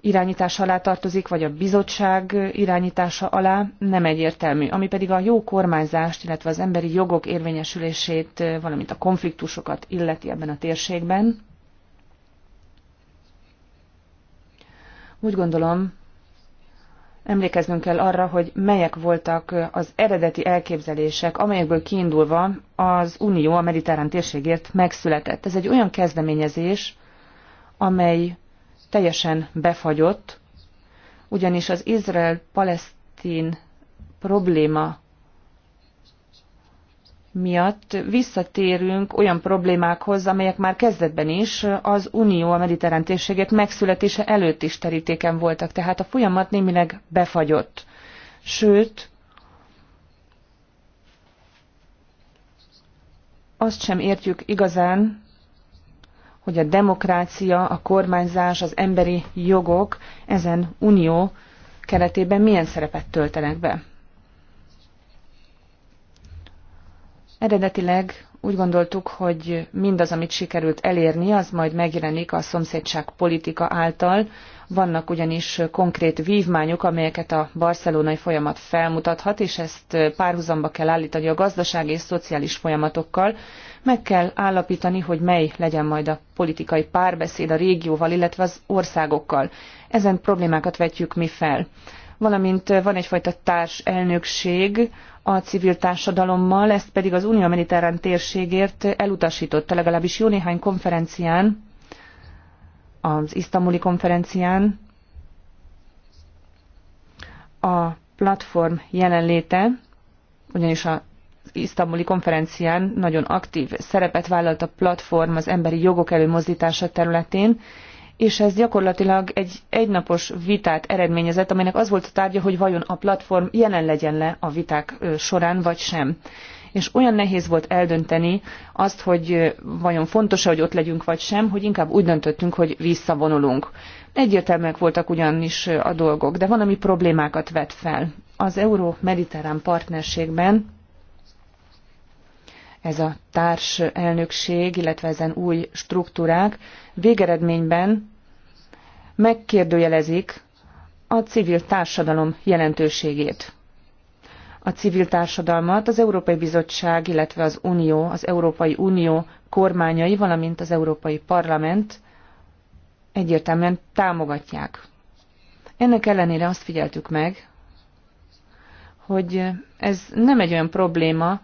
irányítása alá tartozik, vagy a bizottság irányítása alá nem egyértelmű. Ami pedig a jó kormányzást, illetve az emberi jogok érvényesülését, valamint a konfliktusokat illeti ebben a térségben. Úgy gondolom, emlékeznünk kell arra, hogy melyek voltak az eredeti elképzelések, amelyekből kiindulva az Unió a mediterrán térségért megszületett. Ez egy olyan kezdeményezés, amely teljesen befagyott, ugyanis az Izrael-Palesztin probléma miatt visszatérünk olyan problémákhoz, amelyek már kezdetben is az Unió a mediterrán térségek megszületése előtt is terítéken voltak, tehát a folyamat némileg befagyott. Sőt, azt sem értjük igazán, hogy a demokrácia, a kormányzás, az emberi jogok ezen unió keretében milyen szerepet töltenek be. Eredetileg úgy gondoltuk, hogy mindaz, amit sikerült elérni, az majd megjelenik a szomszédság politika által. Vannak ugyanis konkrét vívmányok, amelyeket a barcelonai folyamat felmutathat, és ezt párhuzamba kell állítani a gazdasági és szociális folyamatokkal. Meg kell állapítani, hogy mely legyen majd a politikai párbeszéd a régióval, illetve az országokkal. Ezen problémákat vetjük mi fel valamint van egyfajta társ elnökség a civil társadalommal, ezt pedig az Unió Mediterrán térségért elutasította legalábbis jó néhány konferencián, az isztambuli konferencián. A platform jelenléte, ugyanis a isztambuli konferencián nagyon aktív szerepet vállalt a platform az emberi jogok előmozdítása területén, és ez gyakorlatilag egy egynapos vitát eredményezett, aminek az volt a tárgya, hogy vajon a platform jelen legyen le a viták során, vagy sem. És olyan nehéz volt eldönteni azt, hogy vajon fontos-e, hogy ott legyünk, vagy sem, hogy inkább úgy döntöttünk, hogy visszavonulunk. Egyértelműek voltak ugyanis a dolgok, de van, ami problémákat vet fel. Az Euró-Mediterrán partnerségben ez a társ elnökség, illetve ezen új struktúrák végeredményben megkérdőjelezik a civil társadalom jelentőségét. A civil társadalmat az Európai Bizottság, illetve az Unió, az Európai Unió kormányai, valamint az Európai Parlament egyértelműen támogatják. Ennek ellenére azt figyeltük meg, hogy ez nem egy olyan probléma,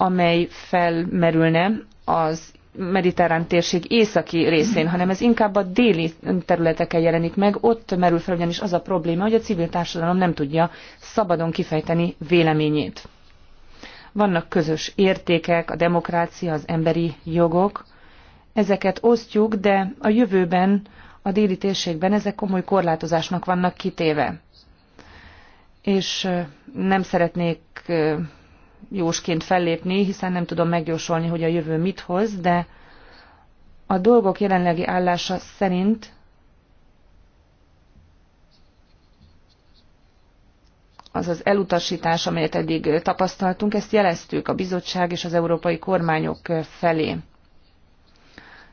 amely felmerülne az mediterrán térség északi részén, hanem ez inkább a déli területeken jelenik meg, ott merül fel ugyanis az a probléma, hogy a civil társadalom nem tudja szabadon kifejteni véleményét. Vannak közös értékek, a demokrácia, az emberi jogok, ezeket osztjuk, de a jövőben, a déli térségben ezek komoly korlátozásnak vannak kitéve. És nem szeretnék jósként fellépni, hiszen nem tudom megjósolni, hogy a jövő mit hoz, de a dolgok jelenlegi állása szerint az az elutasítás, amelyet eddig tapasztaltunk, ezt jeleztük a bizottság és az európai kormányok felé.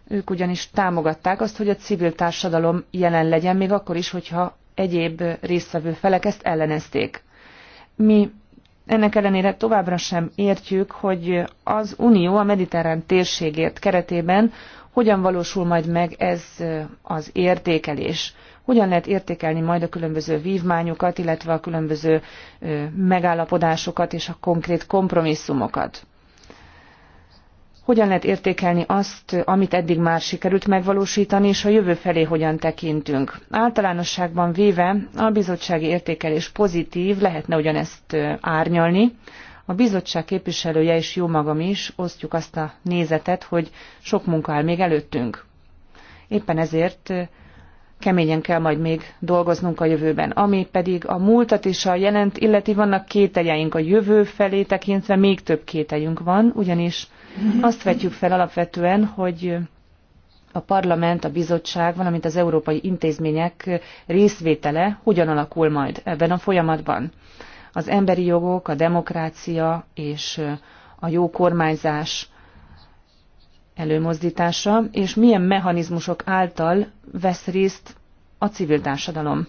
Ők ugyanis támogatták azt, hogy a civil társadalom jelen legyen, még akkor is, hogyha egyéb résztvevő felek ezt ellenezték. Mi ennek ellenére továbbra sem értjük, hogy az Unió a mediterrán térségért keretében hogyan valósul majd meg ez az értékelés. Hogyan lehet értékelni majd a különböző vívmányokat, illetve a különböző megállapodásokat és a konkrét kompromisszumokat hogyan lehet értékelni azt, amit eddig már sikerült megvalósítani, és a jövő felé hogyan tekintünk. Általánosságban véve a bizottsági értékelés pozitív, lehetne ugyanezt árnyalni. A bizottság képviselője és jó magam is osztjuk azt a nézetet, hogy sok munka áll még előttünk. Éppen ezért keményen kell majd még dolgoznunk a jövőben. Ami pedig a múltat és a jelent illeti, vannak kételjeink a jövő felé tekintve, még több kételjünk van, ugyanis Mhm. Azt vetjük fel alapvetően, hogy a parlament, a bizottság, valamint az európai intézmények részvétele hogyan alakul majd ebben a folyamatban. Az emberi jogok, a demokrácia és a jó kormányzás előmozdítása, és milyen mechanizmusok által vesz részt a civil társadalom.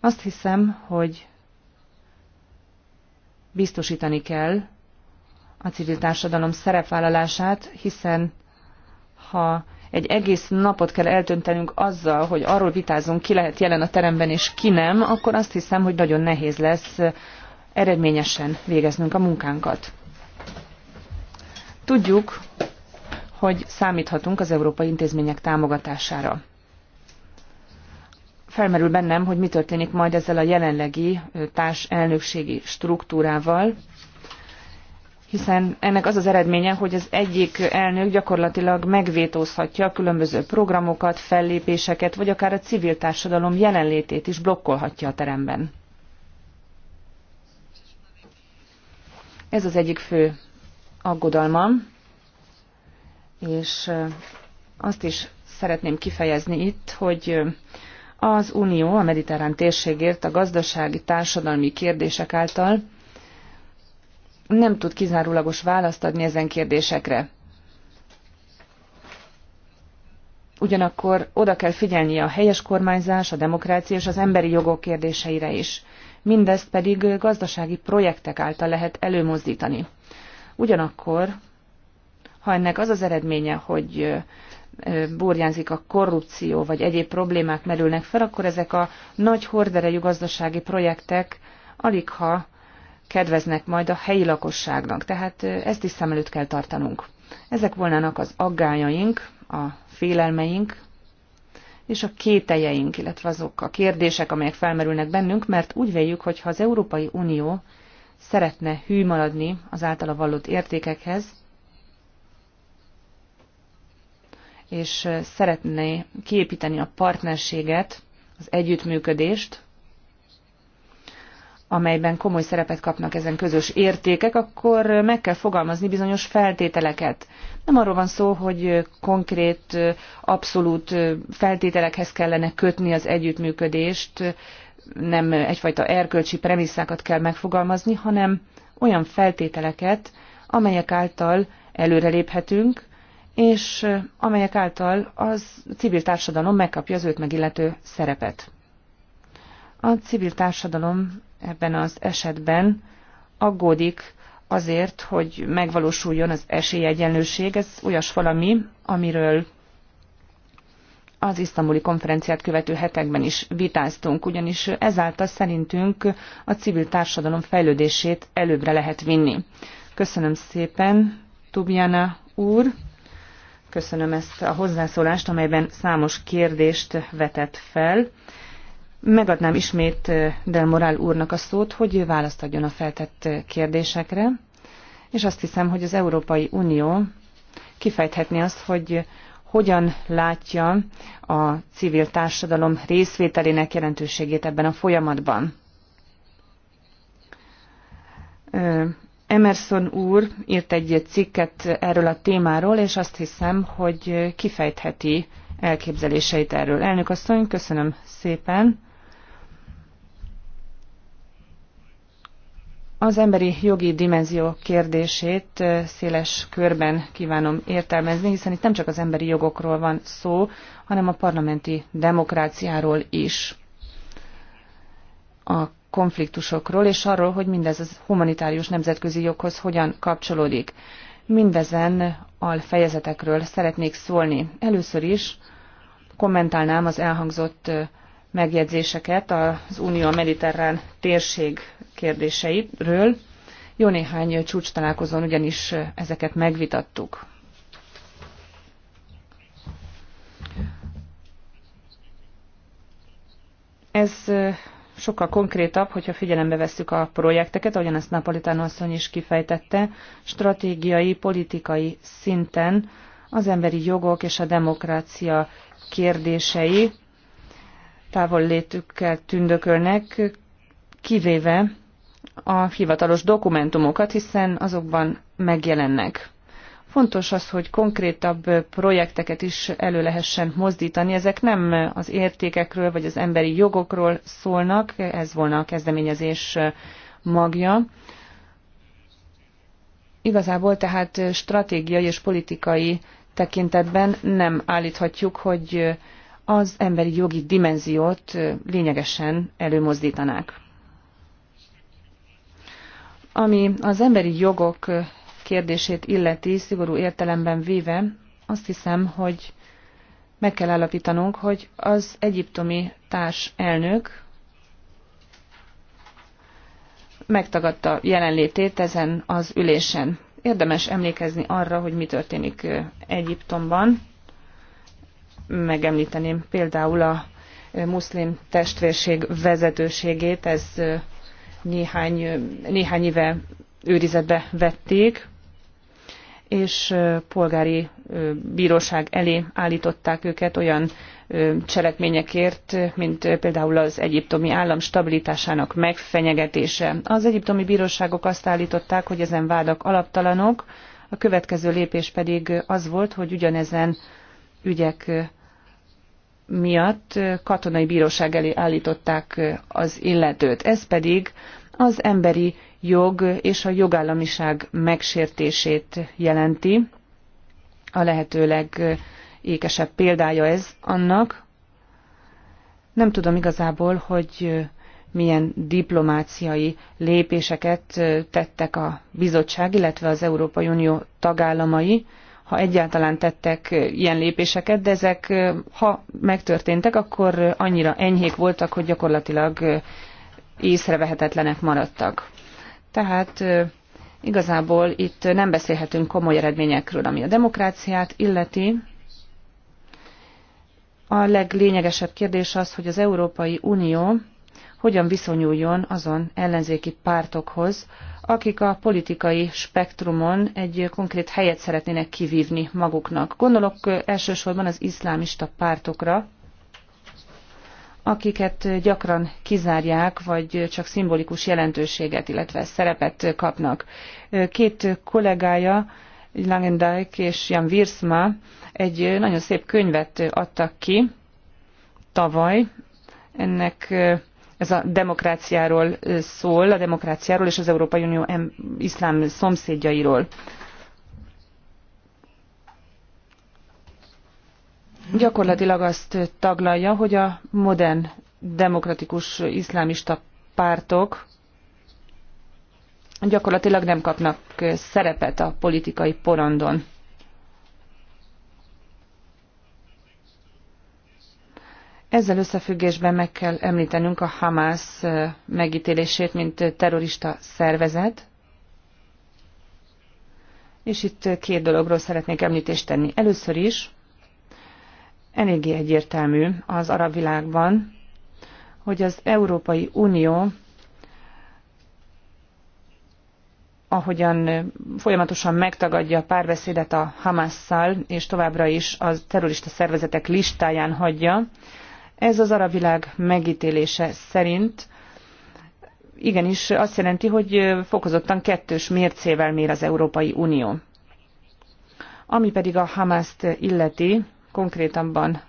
Azt hiszem, hogy biztosítani kell a civil társadalom szerepvállalását, hiszen ha egy egész napot kell eltöntenünk azzal, hogy arról vitázunk, ki lehet jelen a teremben és ki nem, akkor azt hiszem, hogy nagyon nehéz lesz eredményesen végeznünk a munkánkat. Tudjuk, hogy számíthatunk az európai intézmények támogatására. Felmerül bennem, hogy mi történik majd ezzel a jelenlegi társ elnökségi struktúrával, hiszen ennek az az eredménye, hogy az egyik elnök gyakorlatilag megvétózhatja a különböző programokat, fellépéseket, vagy akár a civil társadalom jelenlétét is blokkolhatja a teremben. Ez az egyik fő aggodalmam, és azt is szeretném kifejezni itt, hogy az Unió a mediterrán térségért a gazdasági, társadalmi kérdések által nem tud kizárólagos választ adni ezen kérdésekre. Ugyanakkor oda kell figyelni a helyes kormányzás, a demokrácia és az emberi jogok kérdéseire is. Mindezt pedig gazdasági projektek által lehet előmozdítani. Ugyanakkor, ha ennek az az eredménye, hogy burjánzik a korrupció, vagy egyéb problémák merülnek fel, akkor ezek a nagy horderejű gazdasági projektek alig ha kedveznek majd a helyi lakosságnak. Tehát ezt is szem előtt kell tartanunk. Ezek volnának az aggájaink, a félelmeink, és a kételjeink, illetve azok a kérdések, amelyek felmerülnek bennünk, mert úgy véljük, hogy ha az Európai Unió szeretne hű maradni az általa vallott értékekhez, és szeretné kiépíteni a partnerséget, az együttműködést, amelyben komoly szerepet kapnak ezen közös értékek, akkor meg kell fogalmazni bizonyos feltételeket. Nem arról van szó, hogy konkrét, abszolút feltételekhez kellene kötni az együttműködést, nem egyfajta erkölcsi premisszákat kell megfogalmazni, hanem olyan feltételeket, amelyek által előreléphetünk, és amelyek által az civil társadalom megkapja az őt megillető szerepet. A civil társadalom ebben az esetben aggódik azért, hogy megvalósuljon az esélyegyenlőség. Ez olyas valami, amiről az isztambuli konferenciát követő hetekben is vitáztunk, ugyanis ezáltal szerintünk a civil társadalom fejlődését előbbre lehet vinni. Köszönöm szépen, Tubjana úr! Köszönöm ezt a hozzászólást, amelyben számos kérdést vetett fel. Megadnám ismét Del Moral úrnak a szót, hogy választ adjon a feltett kérdésekre, és azt hiszem, hogy az Európai Unió kifejthetné azt, hogy hogyan látja a civil társadalom részvételének jelentőségét ebben a folyamatban. Emerson úr írt egy cikket erről a témáról, és azt hiszem, hogy kifejtheti elképzeléseit erről. Elnök asszony, köszönöm szépen. Az emberi jogi dimenzió kérdését széles körben kívánom értelmezni, hiszen itt nem csak az emberi jogokról van szó, hanem a parlamenti demokráciáról is. A konfliktusokról, és arról, hogy mindez az humanitárius nemzetközi joghoz hogyan kapcsolódik. Mindezen fejezetekről szeretnék szólni. Először is kommentálnám az elhangzott megjegyzéseket az Unió a mediterrán térség kérdéseiről. Jó néhány csúcs találkozón ugyanis ezeket megvitattuk. Ez sokkal konkrétabb, hogyha figyelembe vesszük a projekteket, ahogyan ezt Napolitán asszony is kifejtette, stratégiai, politikai szinten az emberi jogok és a demokrácia kérdései távol létükkel tündökölnek, kivéve a hivatalos dokumentumokat, hiszen azokban megjelennek. Fontos az, hogy konkrétabb projekteket is elő lehessen mozdítani. Ezek nem az értékekről vagy az emberi jogokról szólnak, ez volna a kezdeményezés magja. Igazából tehát stratégiai és politikai tekintetben nem állíthatjuk, hogy az emberi jogi dimenziót lényegesen előmozdítanák. Ami az emberi jogok kérdését illeti, szigorú értelemben véve, azt hiszem, hogy meg kell állapítanunk, hogy az egyiptomi társ elnök megtagadta jelenlétét ezen az ülésen. Érdemes emlékezni arra, hogy mi történik Egyiptomban, megemlíteném például a muszlim testvérség vezetőségét, ez néhány, néhány éve őrizetbe vették, és polgári bíróság elé állították őket olyan cselekményekért, mint például az egyiptomi állam stabilitásának megfenyegetése. Az egyiptomi bíróságok azt állították, hogy ezen vádak alaptalanok, a következő lépés pedig az volt, hogy ugyanezen ügyek miatt katonai bíróság elé állították az illetőt. Ez pedig az emberi jog és a jogállamiság megsértését jelenti. A lehetőleg ékesebb példája ez annak. Nem tudom igazából, hogy milyen diplomáciai lépéseket tettek a bizottság, illetve az Európai Unió tagállamai, ha egyáltalán tettek ilyen lépéseket, de ezek, ha megtörténtek, akkor annyira enyhék voltak, hogy gyakorlatilag észrevehetetlenek maradtak. Tehát igazából itt nem beszélhetünk komoly eredményekről, ami a demokráciát illeti. A leglényegesebb kérdés az, hogy az Európai Unió hogyan viszonyuljon azon ellenzéki pártokhoz, akik a politikai spektrumon egy konkrét helyet szeretnének kivívni maguknak. Gondolok elsősorban az iszlámista pártokra, akiket gyakran kizárják, vagy csak szimbolikus jelentőséget, illetve szerepet kapnak. Két kollégája, Langendijk és Jan Wirsma egy nagyon szép könyvet adtak ki tavaly. Ennek ez a demokráciáról szól, a demokráciáról és az Európai Unió iszlám szomszédjairól. Gyakorlatilag azt taglalja, hogy a modern demokratikus iszlámista pártok gyakorlatilag nem kapnak szerepet a politikai porondon. Ezzel összefüggésben meg kell említenünk a Hamas megítélését, mint terrorista szervezet. És itt két dologról szeretnék említést tenni. Először is eléggé egyértelmű az arab világban, hogy az Európai Unió ahogyan folyamatosan megtagadja a párbeszédet a Hamásszal, és továbbra is a terrorista szervezetek listáján hagyja, ez az arab világ megítélése szerint igenis azt jelenti, hogy fokozottan kettős mércével mér az Európai Unió. Ami pedig a Hamaszt illeti, konkrétabban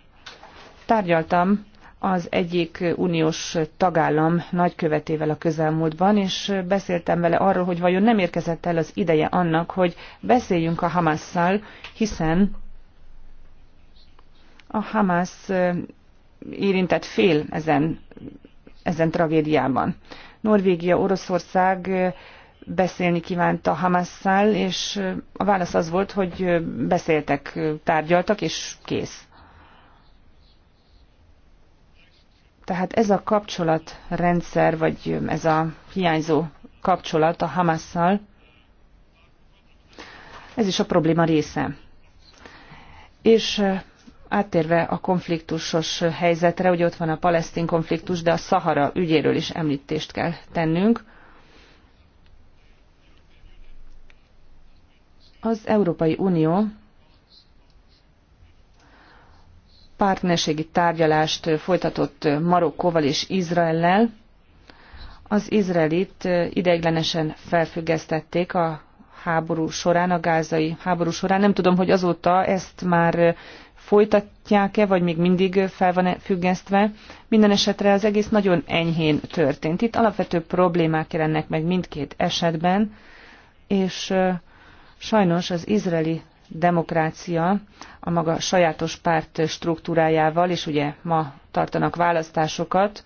tárgyaltam az egyik uniós tagállam nagykövetével a közelmúltban, és beszéltem vele arról, hogy vajon nem érkezett el az ideje annak, hogy beszéljünk a Hamasszal, hiszen a Hamász érintett fél ezen, ezen tragédiában. Norvégia, Oroszország beszélni kívánt a Hamasszal, és a válasz az volt, hogy beszéltek, tárgyaltak, és kész. Tehát ez a kapcsolatrendszer, vagy ez a hiányzó kapcsolat a Hamasszal, ez is a probléma része. És Áttérve a konfliktusos helyzetre, hogy ott van a palesztin konfliktus, de a Szahara ügyéről is említést kell tennünk. Az Európai Unió partnerségi tárgyalást folytatott Marokkóval és Izraellel. Az izraelit ideiglenesen felfüggesztették a háború során, a gázai háború során. Nem tudom, hogy azóta ezt már folytatják-e, vagy még mindig fel van -e függesztve. Minden esetre az egész nagyon enyhén történt. Itt alapvető problémák jelennek meg mindkét esetben, és sajnos az izraeli demokrácia a maga sajátos párt struktúrájával, és ugye ma tartanak választásokat.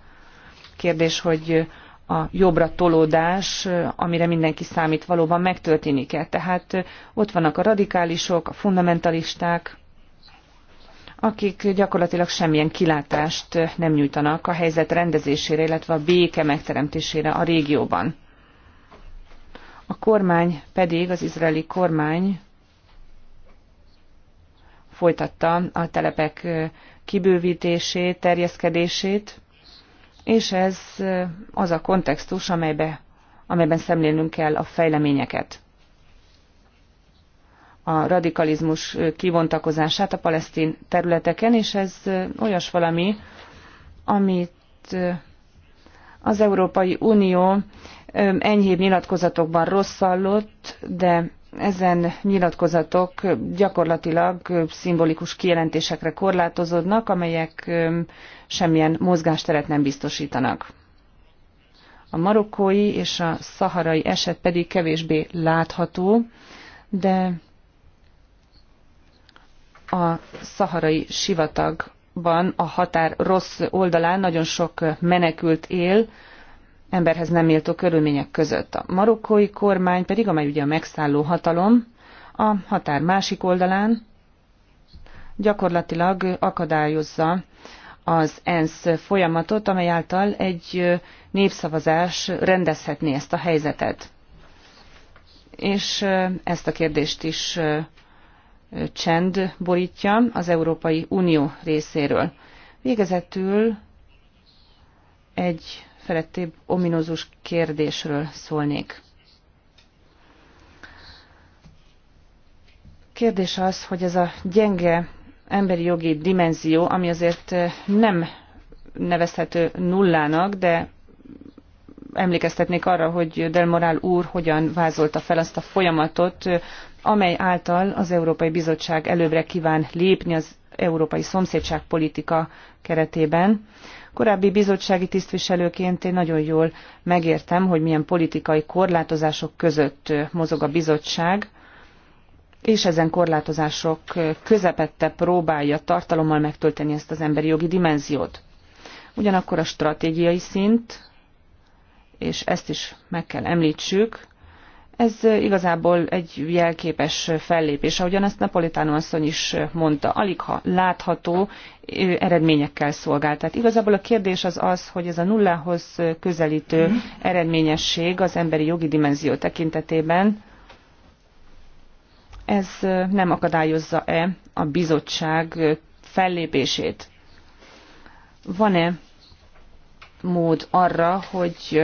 Kérdés, hogy a jobbra tolódás, amire mindenki számít, valóban megtörténik-e. Tehát ott vannak a radikálisok, a fundamentalisták, akik gyakorlatilag semmilyen kilátást nem nyújtanak a helyzet rendezésére, illetve a béke megteremtésére a régióban. A kormány pedig, az izraeli kormány folytatta a telepek kibővítését, terjeszkedését, és ez az a kontextus, amelybe, amelyben szemlélnünk kell a fejleményeket a radikalizmus kivontakozását a palesztin területeken, és ez olyas valami, amit az Európai Unió enyhébb nyilatkozatokban rosszallott, de ezen nyilatkozatok gyakorlatilag szimbolikus kijelentésekre korlátozódnak, amelyek semmilyen mozgásteret nem biztosítanak. A marokkói és a szaharai eset pedig kevésbé látható, de a szaharai sivatagban a határ rossz oldalán nagyon sok menekült él, emberhez nem méltó körülmények között. A marokkói kormány pedig, amely ugye a megszálló hatalom, a határ másik oldalán gyakorlatilag akadályozza az ENSZ folyamatot, amely által egy népszavazás rendezhetné ezt a helyzetet. És ezt a kérdést is csend borítja az Európai Unió részéről. Végezetül egy felettébb ominózus kérdésről szólnék. Kérdés az, hogy ez a gyenge emberi jogi dimenzió, ami azért eh, nem nevezhető nullának, de emlékeztetnék arra, hogy Del Moral úr hogyan vázolta fel azt a folyamatot, eh, amely által az Európai Bizottság előbbre kíván lépni az európai szomszédságpolitika keretében. Korábbi bizottsági tisztviselőként én nagyon jól megértem, hogy milyen politikai korlátozások között mozog a bizottság, és ezen korlátozások közepette próbálja tartalommal megtölteni ezt az emberi jogi dimenziót. Ugyanakkor a stratégiai szint, és ezt is meg kell említsük, ez igazából egy jelképes fellépés, ahogyan ezt Napolitánó asszony is mondta, alig ha látható eredményekkel szolgál. Tehát igazából a kérdés az az, hogy ez a nullához közelítő mhm. eredményesség az emberi jogi dimenzió tekintetében, ez nem akadályozza-e a bizottság fellépését? Van-e mód arra, hogy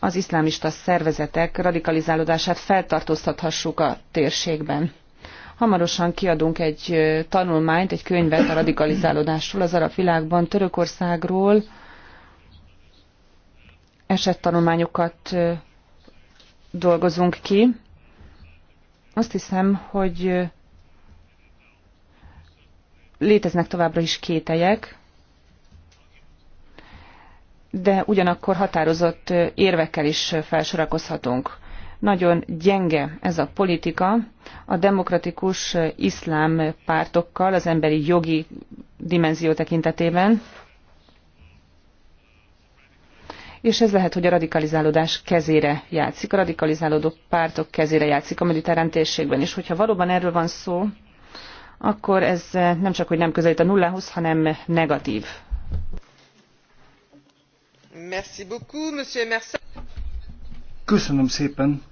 az iszlámista szervezetek radikalizálódását feltartóztathassuk a térségben. Hamarosan kiadunk egy tanulmányt, egy könyvet a radikalizálódásról az arab világban, Törökországról. Esettanulmányokat dolgozunk ki. Azt hiszem, hogy léteznek továbbra is kételyek, de ugyanakkor határozott érvekkel is felsorakozhatunk. Nagyon gyenge ez a politika a demokratikus iszlám pártokkal az emberi jogi dimenzió tekintetében, és ez lehet, hogy a radikalizálódás kezére játszik, a radikalizálódó pártok kezére játszik a mediterrán térségben. És hogyha valóban erről van szó, akkor ez nem csak, hogy nem közelít a nullához, hanem negatív Köszönöm szépen.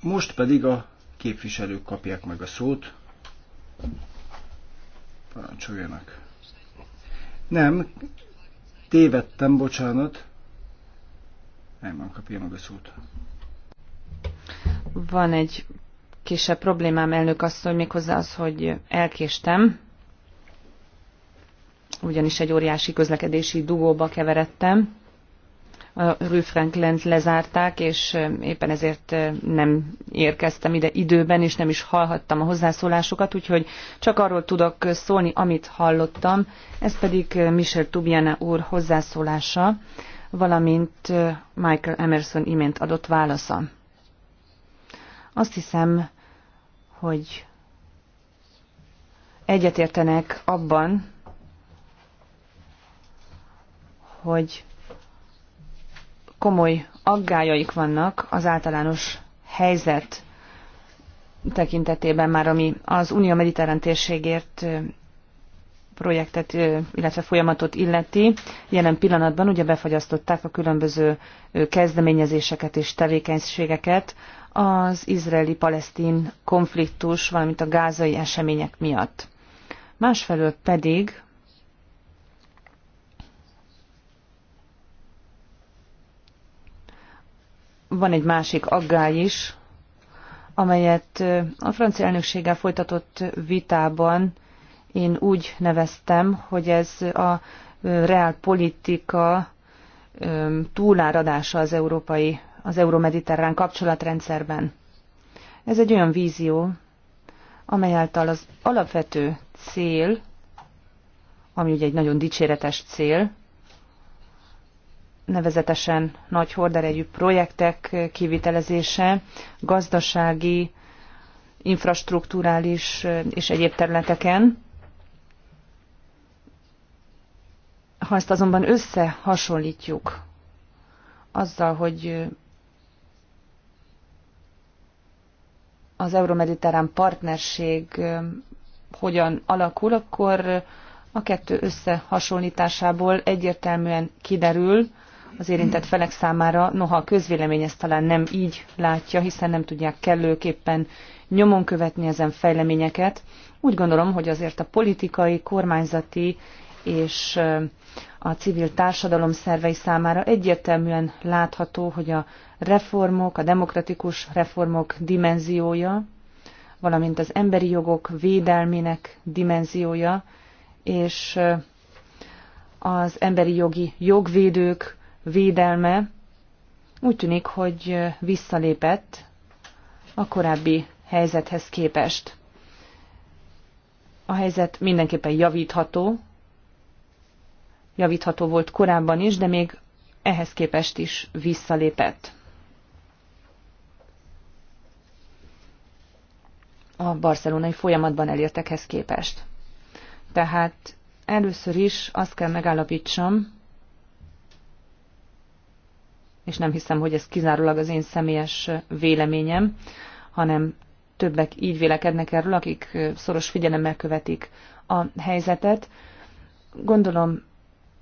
Most pedig a képviselők kapják meg a szót. Parancsoljanak. Nem, tévedtem, bocsánat. Nem, kapja meg a szót. Van egy kisebb problémám, elnök asszony, méghozzá az, hogy elkéstem, ugyanis egy óriási közlekedési dugóba keveredtem a Rue Franklin-t lezárták, és éppen ezért nem érkeztem ide időben, és nem is hallhattam a hozzászólásokat, úgyhogy csak arról tudok szólni, amit hallottam. Ez pedig Michel Tubiana úr hozzászólása, valamint Michael Emerson imént adott válasza. Azt hiszem, hogy egyetértenek abban, hogy komoly aggájaik vannak az általános helyzet tekintetében már, ami az Unió Mediterrán térségért projektet, illetve folyamatot illeti. Jelen pillanatban ugye befagyasztották a különböző kezdeményezéseket és tevékenységeket az izraeli-palesztin konfliktus, valamint a gázai események miatt. Másfelől pedig van egy másik aggály is, amelyet a francia elnökséggel folytatott vitában én úgy neveztem, hogy ez a reálpolitika túláradása az európai, az euromediterrán kapcsolatrendszerben. Ez egy olyan vízió, amely által az alapvető cél, ami ugye egy nagyon dicséretes cél, nevezetesen nagy horderejű projektek kivitelezése, gazdasági, infrastruktúrális és egyéb területeken. Ha ezt azonban összehasonlítjuk azzal, hogy az Euromediterrán partnerség hogyan alakul, akkor a kettő összehasonlításából egyértelműen kiderül, az érintett felek számára, noha a közvélemény ezt talán nem így látja, hiszen nem tudják kellőképpen nyomon követni ezen fejleményeket. Úgy gondolom, hogy azért a politikai, kormányzati és a civil társadalom szervei számára egyértelműen látható, hogy a reformok, a demokratikus reformok dimenziója, valamint az emberi jogok védelmének dimenziója, és az emberi jogi jogvédők, védelme úgy tűnik, hogy visszalépett a korábbi helyzethez képest. A helyzet mindenképpen javítható, javítható volt korábban is, de még ehhez képest is visszalépett. a barcelonai folyamatban elértekhez képest. Tehát először is azt kell megállapítsam, és nem hiszem, hogy ez kizárólag az én személyes véleményem, hanem többek így vélekednek erről, akik szoros figyelemmel követik a helyzetet. Gondolom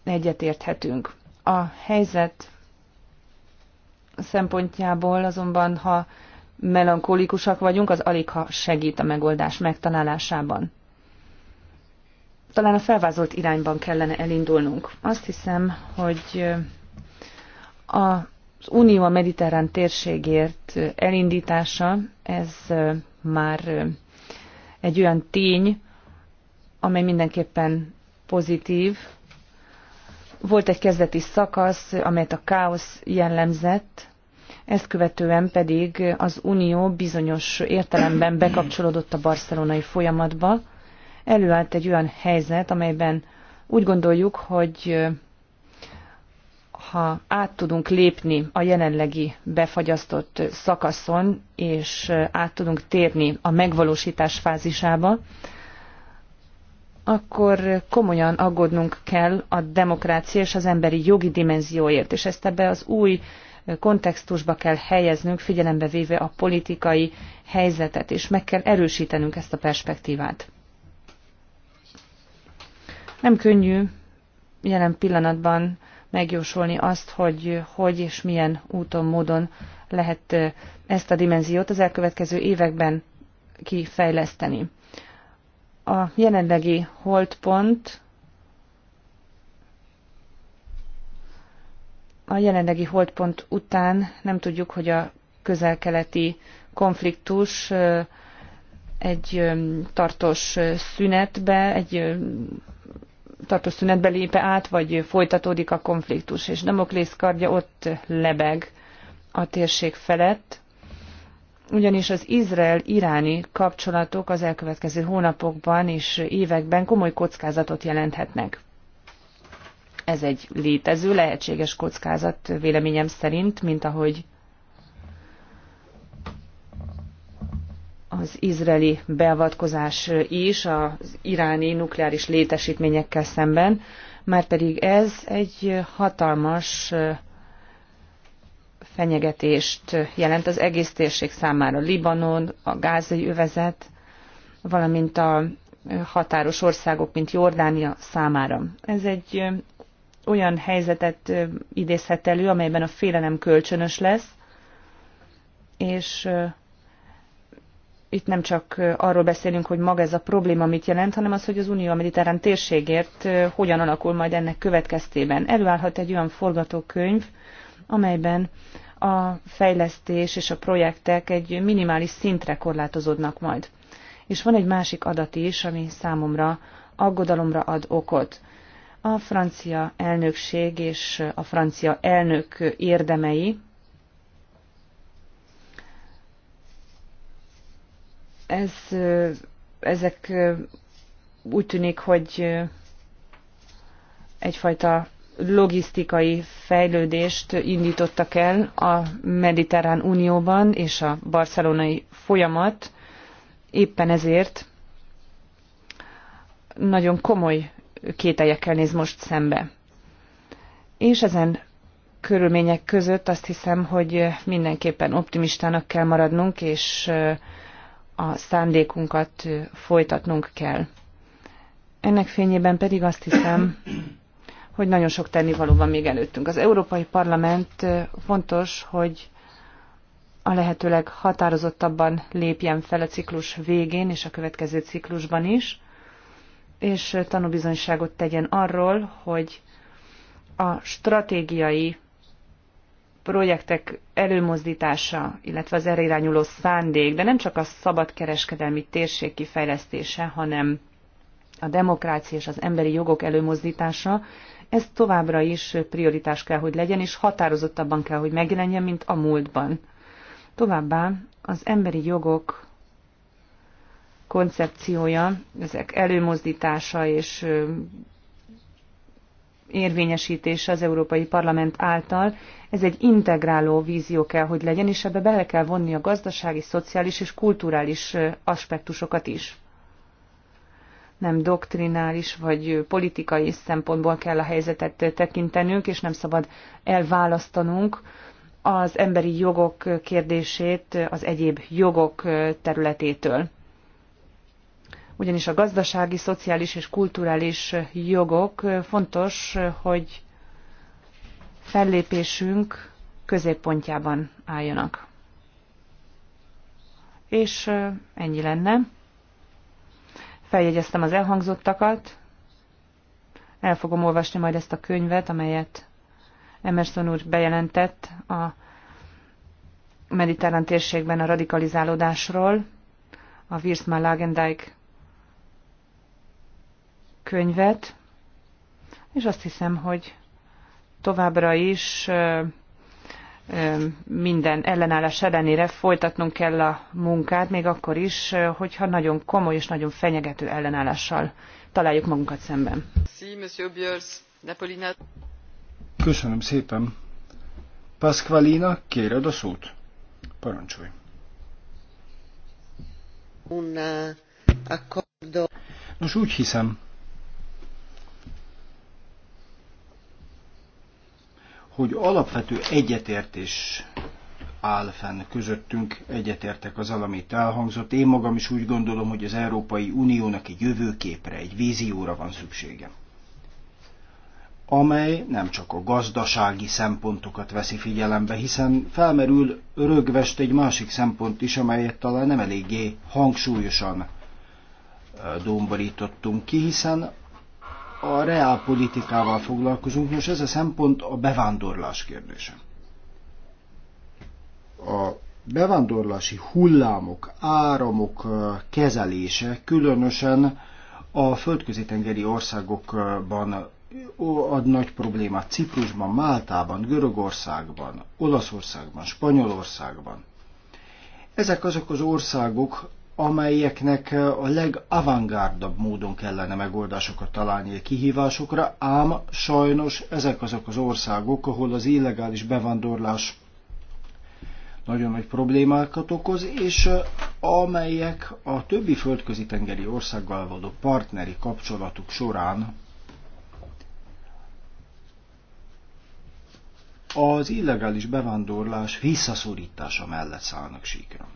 egyetérthetünk. A helyzet szempontjából azonban, ha melankolikusak vagyunk, az alig ha segít a megoldás megtalálásában. Talán a felvázolt irányban kellene elindulnunk. Azt hiszem, hogy a az Unió a mediterrán térségért elindítása, ez már egy olyan tény, amely mindenképpen pozitív. Volt egy kezdeti szakasz, amelyet a káosz jellemzett, ezt követően pedig az Unió bizonyos értelemben bekapcsolódott a barcelonai folyamatba. Előállt egy olyan helyzet, amelyben úgy gondoljuk, hogy ha át tudunk lépni a jelenlegi befagyasztott szakaszon, és át tudunk térni a megvalósítás fázisába, akkor komolyan aggódnunk kell a demokrácia és az emberi jogi dimenzióért, és ezt ebbe az új kontextusba kell helyeznünk, figyelembe véve a politikai helyzetet, és meg kell erősítenünk ezt a perspektívát. Nem könnyű jelen pillanatban megjósolni azt, hogy hogy és milyen úton, módon lehet ezt a dimenziót az elkövetkező években kifejleszteni. A jelenlegi holdpont a jelenlegi holdpont után nem tudjuk, hogy a közelkeleti konfliktus egy tartós szünetbe, egy tartós szünetbe lépe át, vagy folytatódik a konfliktus, és Damoklész kardja ott lebeg a térség felett, ugyanis az Izrael-iráni kapcsolatok az elkövetkező hónapokban és években komoly kockázatot jelenthetnek. Ez egy létező, lehetséges kockázat véleményem szerint, mint ahogy az izraeli beavatkozás is az iráni nukleáris létesítményekkel szemben, már pedig ez egy hatalmas fenyegetést jelent az egész térség számára. Libanon, a gázai övezet, valamint a határos országok, mint Jordánia számára. Ez egy olyan helyzetet idézhet elő, amelyben a félelem kölcsönös lesz, és itt nem csak arról beszélünk, hogy maga ez a probléma mit jelent, hanem az, hogy az Unió a mediterrán térségért hogyan alakul majd ennek következtében. Előállhat egy olyan forgatókönyv, amelyben a fejlesztés és a projektek egy minimális szintre korlátozódnak majd. És van egy másik adat is, ami számomra aggodalomra ad okot. A francia elnökség és a francia elnök érdemei, Ez, ezek úgy tűnik, hogy egyfajta logisztikai fejlődést indítottak el a Mediterrán Unióban, és a barcelonai folyamat éppen ezért nagyon komoly kételyekkel néz most szembe. És ezen körülmények között azt hiszem, hogy mindenképpen optimistának kell maradnunk, és a szándékunkat folytatnunk kell. Ennek fényében pedig azt hiszem, hogy nagyon sok tennivaló van még előttünk. Az Európai Parlament fontos, hogy a lehetőleg határozottabban lépjen fel a ciklus végén és a következő ciklusban is, és tanúbizonyságot tegyen arról, hogy a stratégiai projektek előmozdítása, illetve az erre irányuló szándék, de nem csak a szabadkereskedelmi térség kifejlesztése, hanem a demokrácia és az emberi jogok előmozdítása, ez továbbra is prioritás kell, hogy legyen, és határozottabban kell, hogy megjelenjen, mint a múltban. Továbbá az emberi jogok koncepciója, ezek előmozdítása és érvényesítése az Európai Parlament által. Ez egy integráló vízió kell, hogy legyen, és ebbe bele kell vonni a gazdasági, szociális és kulturális aspektusokat is. Nem doktrinális vagy politikai szempontból kell a helyzetet tekintenünk, és nem szabad elválasztanunk az emberi jogok kérdését az egyéb jogok területétől ugyanis a gazdasági, szociális és kulturális jogok fontos, hogy fellépésünk középpontjában álljanak. És ennyi lenne. Feljegyeztem az elhangzottakat, el fogom olvasni majd ezt a könyvet, amelyet Emerson úr bejelentett a mediterrán térségben a radikalizálódásról, a Wirsmann Lagendijk könyvet, és azt hiszem, hogy továbbra is minden ellenállás ellenére folytatnunk kell a munkát, még akkor is, hogyha nagyon komoly és nagyon fenyegető ellenállással találjuk magunkat szemben. Köszönöm szépen. Pasqualina, kéred a szót? Parancsolj. Uh, Nos, úgy hiszem, hogy alapvető egyetértés áll fenn közöttünk, egyetértek az amit elhangzott. Én magam is úgy gondolom, hogy az Európai Uniónak egy jövőképre, egy vízióra van szüksége amely nem csak a gazdasági szempontokat veszi figyelembe, hiszen felmerül rögvest egy másik szempont is, amelyet talán nem eléggé hangsúlyosan eh, domborítottunk ki, hiszen a reálpolitikával foglalkozunk. Most ez a szempont a bevándorlás kérdése. A bevándorlási hullámok, áramok eh, kezelése különösen a földközi-tengeri országokban eh, ad nagy problémát Ciprusban, Máltában, Görögországban, Olaszországban, Spanyolországban. Ezek azok az országok, amelyeknek a legavangárdabb módon kellene megoldásokat találni a kihívásokra, ám sajnos ezek azok az országok, ahol az illegális bevándorlás nagyon nagy problémákat okoz, és amelyek a többi földközi tengeri országgal való partneri kapcsolatuk során az illegális bevándorlás visszaszorítása mellett szállnak síkra.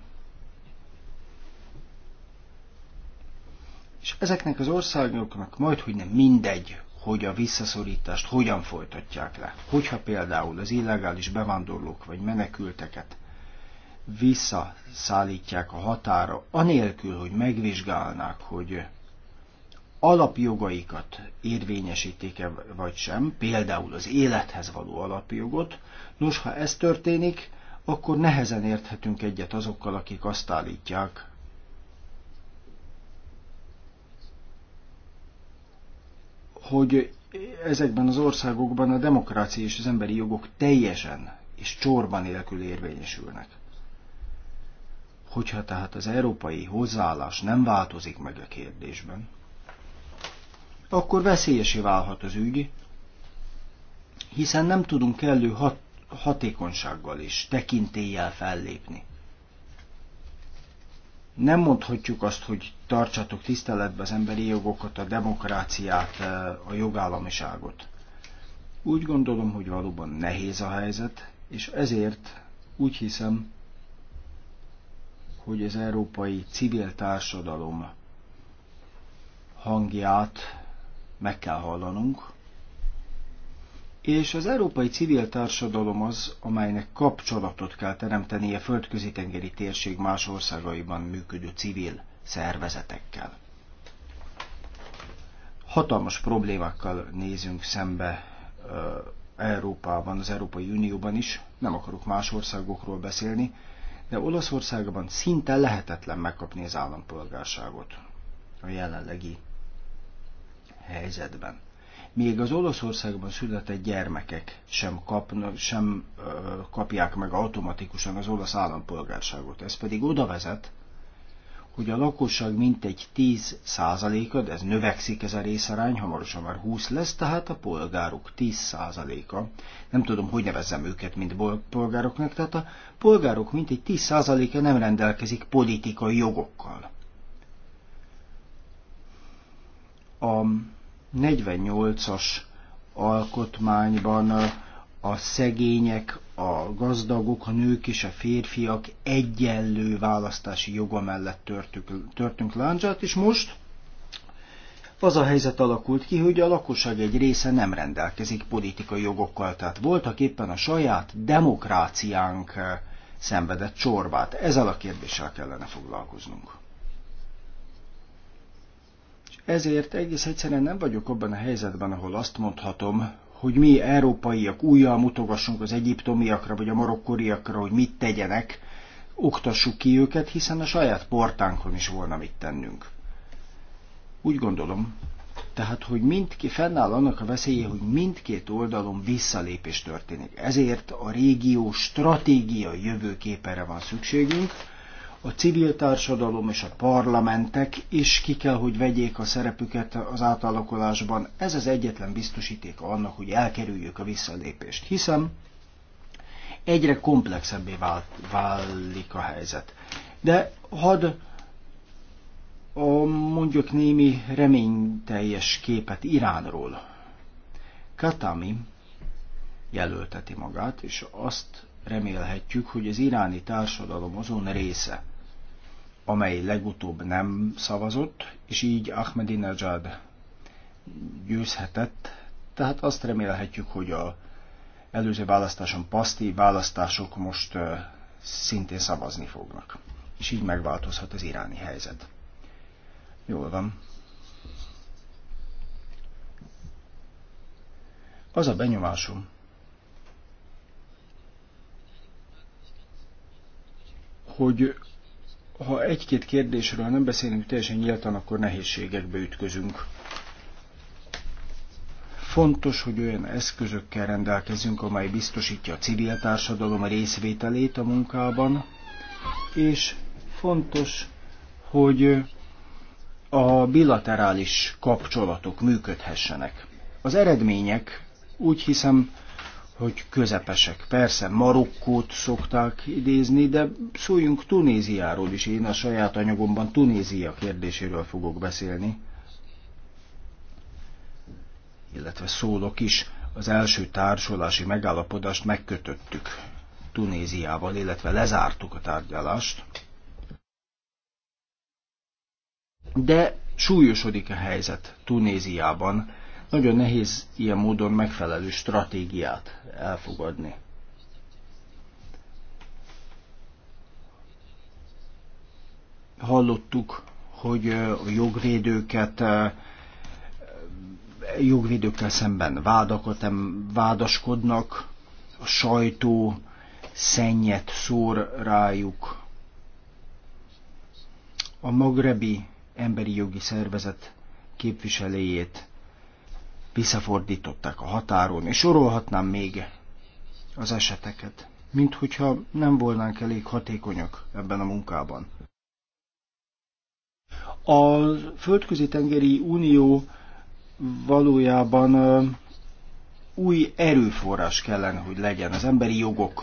és ezeknek az országoknak majd, hogy nem mindegy, hogy a visszaszorítást hogyan folytatják le. Hogyha például az illegális bevándorlók vagy menekülteket visszaszállítják a határa, anélkül, hogy megvizsgálnák, hogy alapjogaikat érvényesítik-e vagy sem, például az élethez való alapjogot, nos, ha ez történik, akkor nehezen érthetünk egyet azokkal, akik azt állítják, hogy ezekben az országokban a demokrácia és az emberi jogok teljesen és csorban nélkül érvényesülnek. Hogyha tehát az európai hozzáállás nem változik meg a kérdésben, akkor veszélyesé válhat az ügy, hiszen nem tudunk kellő hat hatékonysággal és tekintéllyel fellépni nem mondhatjuk azt, hogy tartsatok tiszteletbe az emberi jogokat, a demokráciát, eh, a jogállamiságot. Úgy gondolom, hogy valóban nehéz a helyzet, és ezért úgy hiszem, hogy az európai civil társadalom hangját meg kell hallanunk, és az európai civil társadalom az, amelynek kapcsolatot kell teremtenie a földközi tengeri térség más országaiban működő civil szervezetekkel. Hatalmas problémákkal nézünk szembe Európában, az Európai Unióban is, nem akarok más országokról beszélni, de Olaszországban szinte lehetetlen megkapni az állampolgárságot a jelenlegi helyzetben még az Olaszországban született gyermekek sem, kapnak, sem kapják meg automatikusan az olasz állampolgárságot. Ez pedig oda vezet, hogy a lakosság mintegy 10%-a, de ez növekszik ez a részarány, hamarosan már 20 lesz, tehát a polgárok 10%-a, nem tudom, hogy nevezzem őket, mint polgároknak, tehát a polgárok mintegy 10%-a nem rendelkezik politikai jogokkal. A 48-as alkotmányban a szegények, a gazdagok, a nők és a férfiak egyenlő választási joga mellett törtük, törtünk láncsát, és most az a helyzet alakult ki, hogy a lakosság egy része nem rendelkezik politikai jogokkal, tehát voltak éppen a saját demokráciánk szenvedett csorbát. Ezzel a kérdéssel kellene foglalkoznunk. Ezért egész egyszerűen nem vagyok abban a helyzetben, ahol azt mondhatom, hogy mi európaiak újjal mutogassunk az egyiptomiakra vagy a marokkoriakra, hogy mit tegyenek, oktassuk ki őket, hiszen a saját portánkon is volna mit tennünk. Úgy gondolom, tehát, hogy mindki, fennáll annak a veszélye, hogy mindkét oldalon visszalépés történik. Ezért a régió stratégia jövőképere van szükségünk, a civil társadalom és a parlamentek is ki kell, hogy vegyék a szerepüket az átalakulásban. Ez az egyetlen biztosíték annak, hogy elkerüljük a visszalépést, hiszen egyre komplexebbé válik a helyzet. De had a mondjuk némi reményteljes képet Iránról. Katami jelölteti magát, és azt remélhetjük, hogy az iráni társadalom azon része, amely legutóbb nem szavazott, és így Ahmadinejad győzhetett, tehát azt remélhetjük, hogy a előző választáson paszti választások most szintén szavazni fognak. És így megváltozhat az iráni helyzet. Jól van. Az a benyomásom, hogy ha egy-két kérdésről nem beszélünk teljesen nyíltan, akkor nehézségekbe ütközünk. Fontos, hogy olyan eszközökkel rendelkezünk, amely biztosítja a civil társadalom a részvételét a munkában, és fontos, hogy a bilaterális kapcsolatok működhessenek. Az eredmények úgy hiszem hogy közepesek. Persze Marokkót szokták idézni, de szóljunk Tunéziáról is. Én a saját anyagomban Tunézia kérdéséről fogok beszélni. Illetve szólok is. Az első társulási megállapodást megkötöttük Tunéziával, illetve lezártuk a tárgyalást. De súlyosodik a helyzet Tunéziában nagyon nehéz ilyen módon megfelelő stratégiát elfogadni. Hallottuk, hogy a jogvédőket jogvédőkkel szemben vádakat, vádaskodnak, a sajtó szennyet szór rájuk. A magrebi emberi jogi szervezet képviselőjét visszafordították a határon, és sorolhatnám még az eseteket, mint hogyha nem volnánk elég hatékonyak ebben a munkában. A Földközi-tengeri Unió valójában új erőforrás kellene, hogy legyen. Az emberi jogok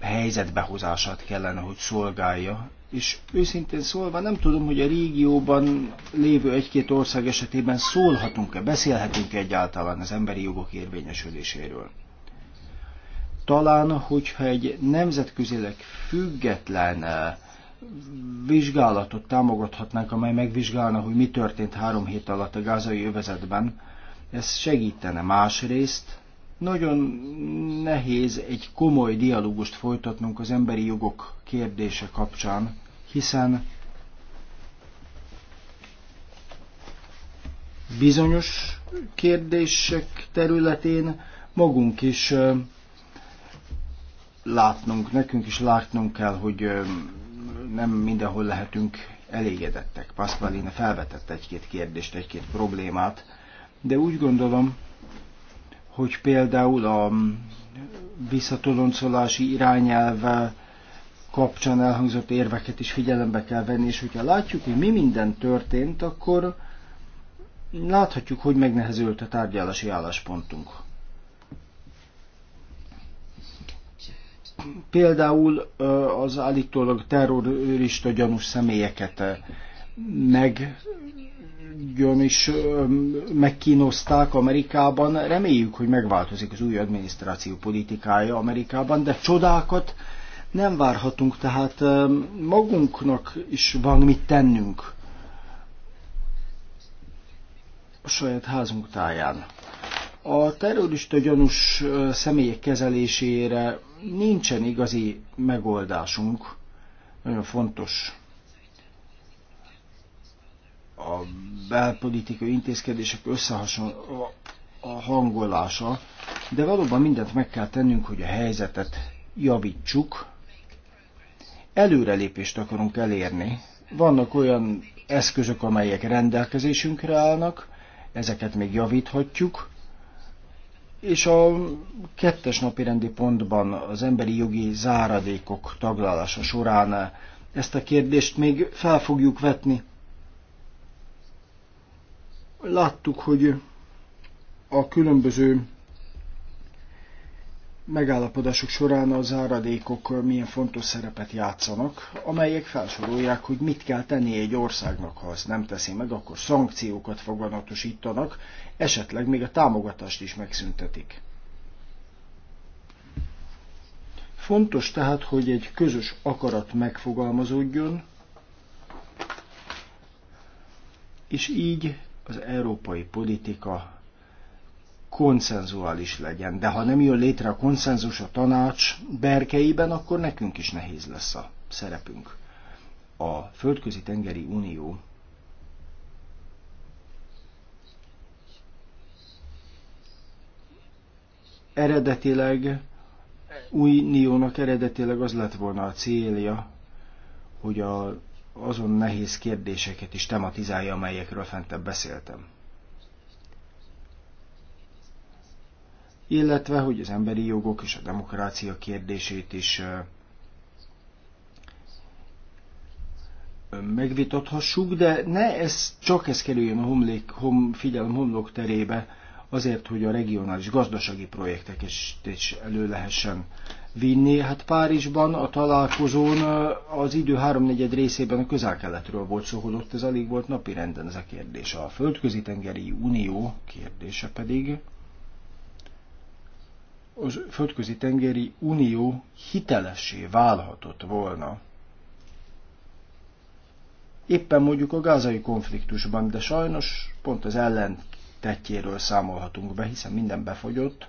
helyzetbehozását kellene, hogy szolgálja, és őszintén szólva nem tudom, hogy a régióban lévő egy-két ország esetében szólhatunk-e, beszélhetünk-e egyáltalán az emberi jogok érvényesüléséről. Talán, hogyha egy nemzetközileg független eh, vizsgálatot támogathatnánk, amely megvizsgálna, hogy mi történt három hét alatt a gázai övezetben, ez segítene másrészt, nagyon nehéz egy komoly dialógust folytatnunk az emberi jogok kérdése kapcsán, hiszen bizonyos kérdések területén magunk is látnunk, nekünk is látnunk kell, hogy nem mindenhol lehetünk elégedettek. Pasqualina felvetett egy-két kérdést, egy-két problémát, de úgy gondolom, hogy például a visszatoloncolási irányelve kapcsán elhangzott érveket is figyelembe kell venni, és hogyha látjuk, hogy mi minden történt, akkor láthatjuk, hogy megnehezült a tárgyalási álláspontunk. Például az állítólag terrorista gyanús személyeket meg jön is megkínozták Amerikában. Reméljük, hogy megváltozik az új adminisztráció politikája Amerikában, de csodákat nem várhatunk, tehát magunknak is van mit tennünk a saját házunk táján. A terrorista gyanús személyek kezelésére nincsen igazi megoldásunk. Nagyon fontos a belpolitikai intézkedések hangolása, de valóban mindent meg kell tennünk, hogy a helyzetet javítsuk. Előrelépést akarunk elérni. Vannak olyan eszközök, amelyek rendelkezésünkre állnak, ezeket még javíthatjuk, és a kettes napi rendi pontban az emberi jogi záradékok taglalása során ezt a kérdést még fel fogjuk vetni. Láttuk, hogy a különböző megállapodások során az áradékok milyen fontos szerepet játszanak, amelyek felsorolják, hogy mit kell tenni egy országnak, ha azt nem teszi meg, akkor szankciókat foganatosítanak, esetleg még a támogatást is megszüntetik. Fontos tehát, hogy egy közös akarat megfogalmazódjon, és így az európai politika konszenzuális legyen. De ha nem jön létre a konszenzus a tanács berkeiben, akkor nekünk is nehéz lesz a szerepünk. A Földközi Tengeri Unió eredetileg új Niónak eredetileg az lett volna a célja, hogy a azon nehéz kérdéseket is tematizálja, amelyekről fentebb beszéltem. Illetve, hogy az emberi jogok és a demokrácia kérdését is megvitathassuk, de ne ez, csak ez kerüljön a homlék, hom, figyelem homlok terébe, azért, hogy a regionális gazdasági projekteket is elő lehessen vinni. Hát Párizsban a találkozón az idő háromnegyed részében a közel-keletről volt szó, ott ez alig volt napi renden ez a kérdés. A Földközi-tengeri Unió kérdése pedig az Földközi-tengeri Unió hitelessé válhatott volna. Éppen mondjuk a gázai konfliktusban, de sajnos pont az ellen tettjéről számolhatunk be, hiszen minden befogyott,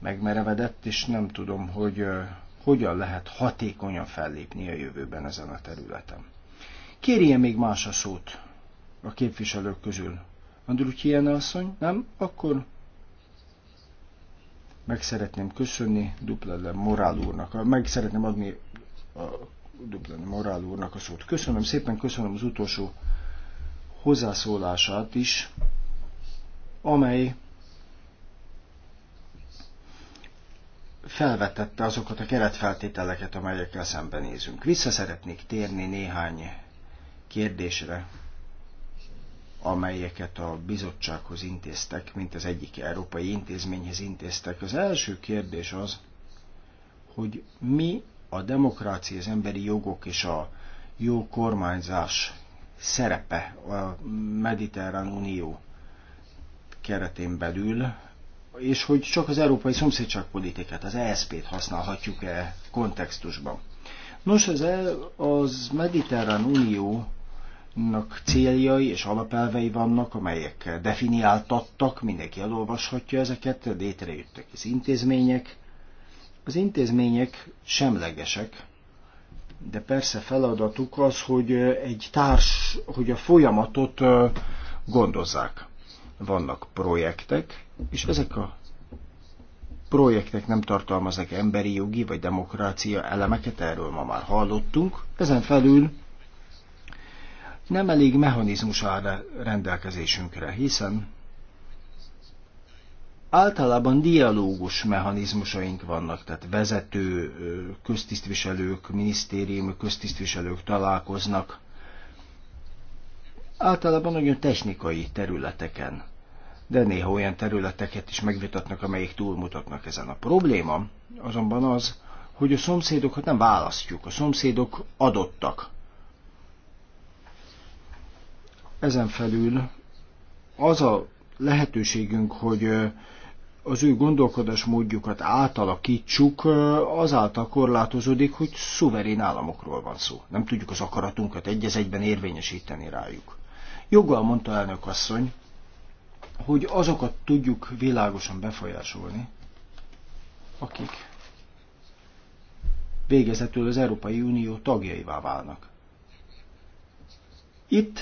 megmerevedett, és nem tudom, hogy hogyan lehet hatékonyan fellépni a jövőben ezen a területen. Kérje még más a szót a képviselők közül. Andrutyiene asszony, nem? Akkor meg szeretném köszönni Duplele Morál úrnak, meg szeretném adni a Duplele Morál úrnak a szót. Köszönöm szépen, köszönöm az utolsó hozzászólását is amely felvetette azokat a keretfeltételeket, amelyekkel szembenézünk. Vissza szeretnék térni néhány kérdésre, amelyeket a bizottsághoz intéztek, mint az egyik európai intézményhez intéztek. Az első kérdés az, hogy mi a demokrácia, az emberi jogok és a jó kormányzás szerepe a Mediterrán Unió keretén belül, és hogy csak az európai szomszédságpolitikát, az ESP-t használhatjuk-e kontextusban. Nos, az, e- az Mediterrán Uniónak céljai és alapelvei vannak, amelyek definiáltattak, mindenki elolvashatja ezeket, létrejöttek az intézmények. Az intézmények semlegesek, de persze feladatuk az, hogy egy társ, hogy a folyamatot gondozzák vannak projektek, és ezek a projektek nem tartalmaznak emberi jogi vagy demokrácia elemeket, erről ma már hallottunk. Ezen felül nem elég mechanizmus áll rendelkezésünkre, hiszen általában dialógus mechanizmusaink vannak, tehát vezető köztisztviselők, minisztérium köztisztviselők találkoznak, általában nagyon technikai területeken de néha olyan területeket is megvitatnak, amelyik túlmutatnak ezen. A probléma azonban az, hogy a szomszédokat nem választjuk, a szomszédok adottak. Ezen felül az a lehetőségünk, hogy az ő gondolkodásmódjukat átalakítsuk, azáltal korlátozódik, hogy szuverén államokról van szó. Nem tudjuk az akaratunkat egy egyben érvényesíteni rájuk. Joggal mondta elnök asszony, hogy azokat tudjuk világosan befolyásolni, akik végezetül az Európai Unió tagjaivá válnak. Itt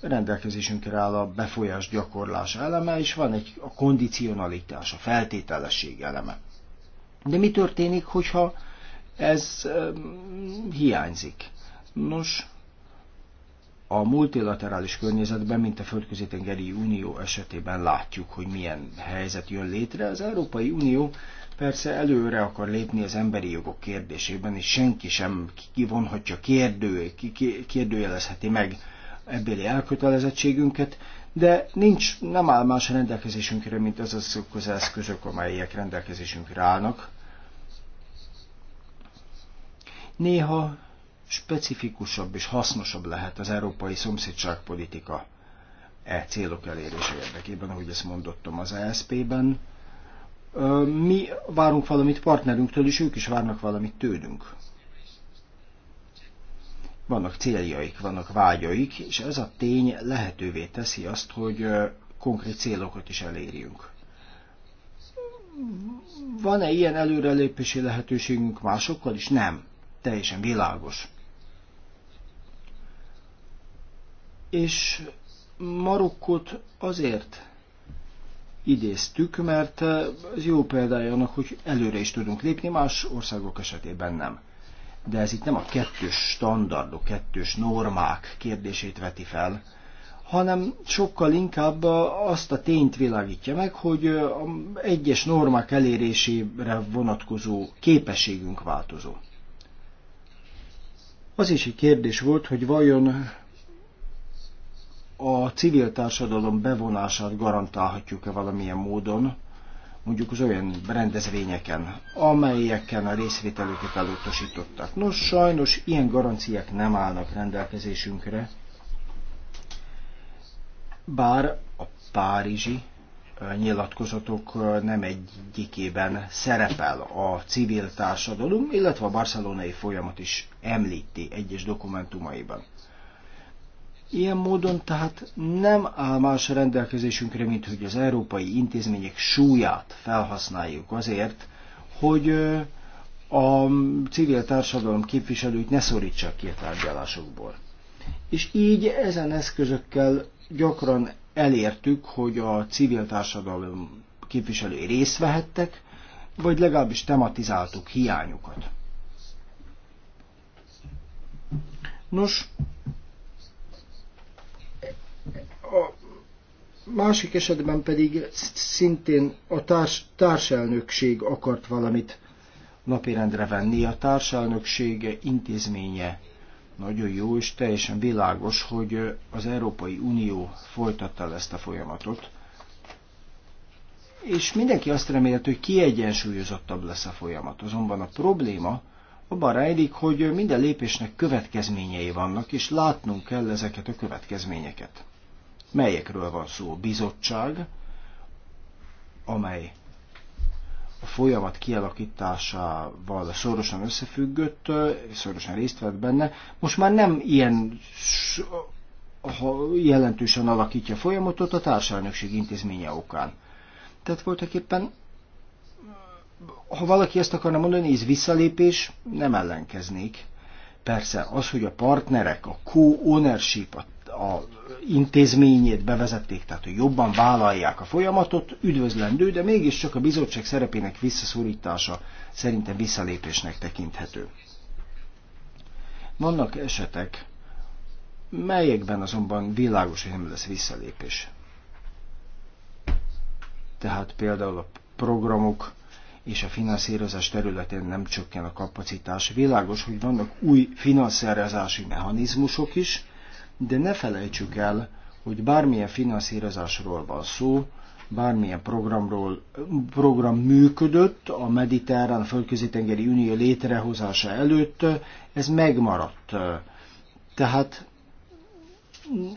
rendelkezésünkre áll a befolyás gyakorlás eleme, és van egy a kondicionalitás, a feltételesség eleme. De mi történik, hogyha ez um, hiányzik? Nos, a multilaterális környezetben, mint a Földközi-tengeri Unió esetében látjuk, hogy milyen helyzet jön létre. Az Európai Unió persze előre akar lépni az emberi jogok kérdésében, és senki sem kivonhatja, kérdő, kérdőjelezheti meg ebbéli elkötelezettségünket, de nincs, nem áll más rendelkezésünkre, mint az az eszközök, amelyek rendelkezésünkre állnak. Néha specifikusabb és hasznosabb lehet az európai szomszédságpolitika e célok elérése érdekében, ahogy ezt mondottam az ESP-ben. Mi várunk valamit partnerünktől, és ők is várnak valamit tőlünk. Vannak céljaik, vannak vágyaik, és ez a tény lehetővé teszi azt, hogy konkrét célokat is elérjünk. Van-e ilyen előrelépési lehetőségünk másokkal is? Nem. Teljesen világos és Marokkot azért idéztük, mert eh, ez jó példája annak, hogy előre is tudunk lépni, más országok esetében nem. De ez itt nem a kettős standardok, kettős normák kérdését veti fel, hanem sokkal inkább eh, azt a tényt világítja meg, hogy eh, egyes normák elérésére vonatkozó képességünk változó. Az is egy kérdés volt, hogy vajon a civil társadalom bevonását garantálhatjuk-e valamilyen módon, mondjuk az olyan rendezvényeken, amelyeken a részvételüket elutasították. Nos, sajnos ilyen garanciák nem állnak rendelkezésünkre, bár a párizsi nyilatkozatok nem egyikében szerepel a civil társadalom, illetve a barcelonai folyamat is említi egyes dokumentumaiban. Ilyen módon tehát nem áll más a rendelkezésünkre, mint hogy az európai intézmények súlyát felhasználjuk azért, hogy a civil társadalom képviselőit ne szorítsák ki a tárgyalásokból. És így ezen eszközökkel gyakran elértük, hogy a civil társadalom képviselői részt vehettek, vagy legalábbis tematizáltuk hiányukat. Nos, a másik esetben pedig szintén a társ, társelnökség akart valamit napirendre venni. A társelnökség intézménye nagyon jó, és teljesen világos, hogy az Európai Unió folytatta le ezt a folyamatot. És mindenki azt remélte, hogy kiegyensúlyozottabb lesz a folyamat. Azonban a probléma abban rejlik, hogy minden lépésnek következményei vannak, és látnunk kell ezeket a következményeket. Melyekről van szó? Bizottság, amely a folyamat kialakításával szorosan összefüggött, szorosan részt vett benne. Most már nem ilyen ha jelentősen alakítja a folyamatot a társadalmökség intézménye okán. Tehát voltak éppen, ha valaki ezt akarna mondani, ez visszalépés, nem ellenkeznék. Persze az, hogy a partnerek, a co-ownership, a, a intézményét bevezették, tehát hogy jobban vállalják a folyamatot, üdvözlendő, de mégiscsak a bizottság szerepének visszaszorítása szerintem visszalépésnek tekinthető. Vannak esetek, melyekben azonban világos, hogy nem lesz visszalépés. Tehát például a programok és a finanszírozás területén nem csökken a kapacitás. Világos, hogy vannak új finanszírozási mechanizmusok is, de ne felejtsük el, hogy bármilyen finanszírozásról van szó, bármilyen programról, program működött a Mediterrán Földközi-tengeri Unió létrehozása előtt, ez megmaradt. Tehát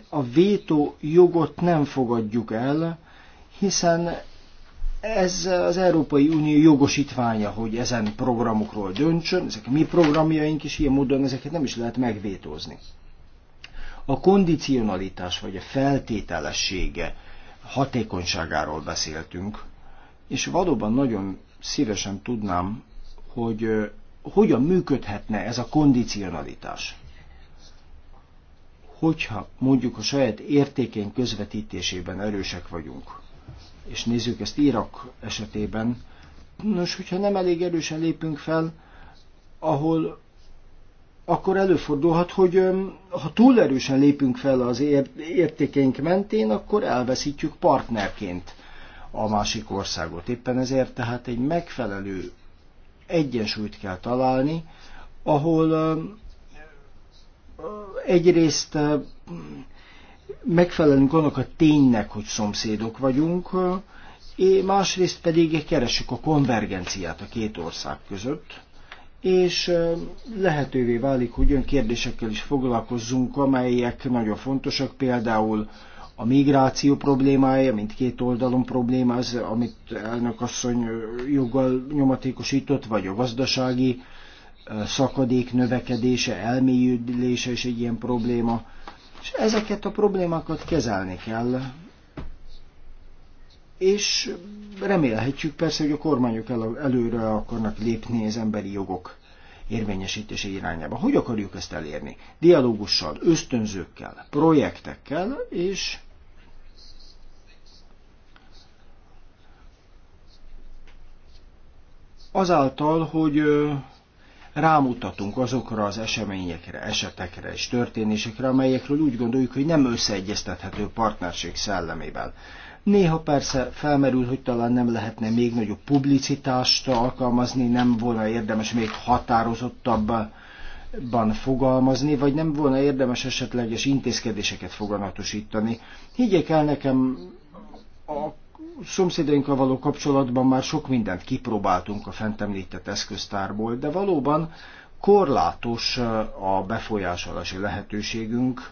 a vétó jogot nem fogadjuk el, hiszen ez az Európai Unió jogosítványa, hogy ezen programokról döntsön, ezek a mi programjaink is ilyen módon, ezeket nem is lehet megvétózni. A kondicionalitás vagy a feltételessége hatékonyságáról beszéltünk, és valóban nagyon szívesen tudnám, hogy hogyan működhetne ez a kondicionalitás. Hogyha mondjuk a saját értékén közvetítésében erősek vagyunk, és nézzük ezt Irak esetében, nos, hogyha nem elég erősen lépünk fel, ahol akkor előfordulhat, hogy ha túl erősen lépünk fel az értékeink mentén, akkor elveszítjük partnerként a másik országot. Éppen ezért tehát egy megfelelő egyensúlyt kell találni, ahol egyrészt megfelelünk annak a ténynek, hogy szomszédok vagyunk, és másrészt pedig keresünk a konvergenciát a két ország között, és lehetővé válik, hogy olyan kérdésekkel is foglalkozzunk, amelyek nagyon fontosak, például a migráció problémája, mint két oldalon probléma, az, amit elnök asszony joggal nyomatékosított, vagy a gazdasági szakadék növekedése, elmélyülése is egy ilyen probléma. És ezeket a problémákat kezelni kell, és remélhetjük persze, hogy a kormányok el, előre akarnak lépni az emberi jogok érvényesítése irányába. Hogy akarjuk ezt elérni? Dialógussal, ösztönzőkkel, projektekkel, és azáltal, hogy rámutatunk azokra az eseményekre, esetekre és történésekre, amelyekről úgy gondoljuk, hogy nem összeegyeztethető partnerség szellemével. Néha persze felmerül, hogy talán nem lehetne még nagyobb publicitást alkalmazni, nem volna érdemes még határozottabban fogalmazni, vagy nem volna érdemes esetleges intézkedéseket foganatosítani. Higgyék el nekem, a szomszédainkkal való kapcsolatban már sok mindent kipróbáltunk a fent említett eszköztárból, de valóban korlátos a befolyásolási lehetőségünk,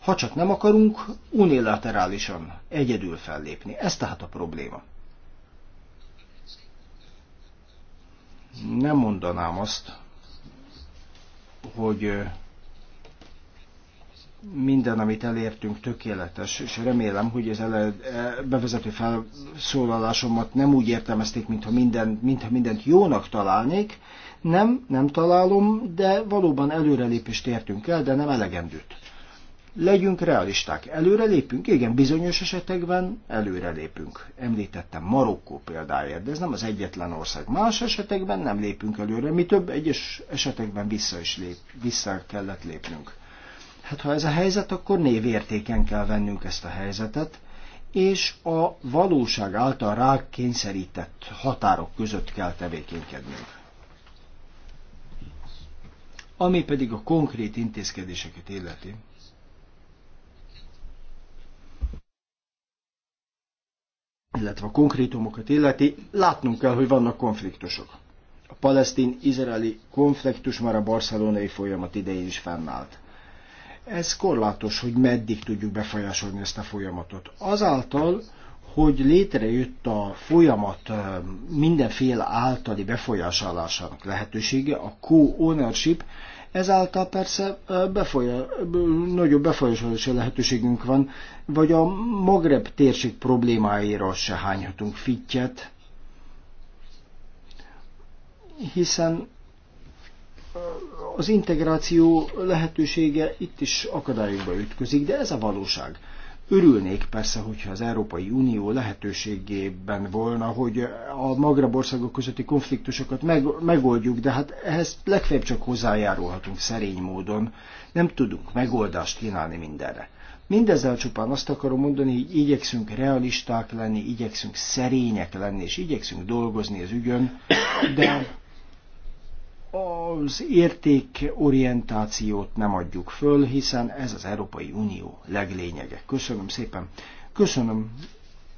ha csak nem akarunk unilaterálisan egyedül fellépni. Ez tehát a probléma. Nem mondanám azt, hogy minden, amit elértünk, tökéletes, és remélem, hogy az ele e, bevezető felszólalásomat nem úgy értelmezték, mintha, minden, mintha mindent jónak találnék. Nem, nem találom, de valóban előrelépést értünk el, de nem elegendőt legyünk realisták. Előre lépünk? Igen, bizonyos esetekben előre lépünk. Említettem Marokkó példáját, de ez nem az egyetlen ország. Más esetekben nem lépünk előre, mi több egyes esetekben vissza is lép, vissza kellett lépnünk. Hát ha ez a helyzet, akkor névértéken kell vennünk ezt a helyzetet, és a valóság által rák kényszerített határok között kell tevékenykednünk. Ami pedig a konkrét intézkedéseket illeti, illetve a konkrétumokat illeti, látnunk kell, hogy vannak konfliktusok. A palesztin-izraeli konfliktus már a barcelonai folyamat idején is fennállt. Ez korlátos, hogy meddig tudjuk befolyásolni ezt a folyamatot. Azáltal, hogy létrejött a folyamat eh, mindenféle általi befolyásolásának lehetősége, a co-ownership, Ezáltal persze befolyás, nagyobb befolyásolási lehetőségünk van, vagy a Magreb térség problémáira se hányhatunk fittyet, hiszen az integráció lehetősége itt is akadályokba ütközik, de ez a valóság. Örülnék persze, hogyha az Európai Unió lehetőségében volna, hogy a magrab országok közötti konfliktusokat meg, megoldjuk, de hát ehhez legfeljebb csak hozzájárulhatunk szerény módon. Nem tudunk megoldást kínálni mindenre. Mindezzel csupán azt akarom mondani, hogy igyekszünk realisták lenni, igyekszünk szerények lenni, és igyekszünk dolgozni az ügyön, de az értékorientációt nem adjuk föl, hiszen ez az Európai Unió leglényege. Köszönöm szépen. Köszönöm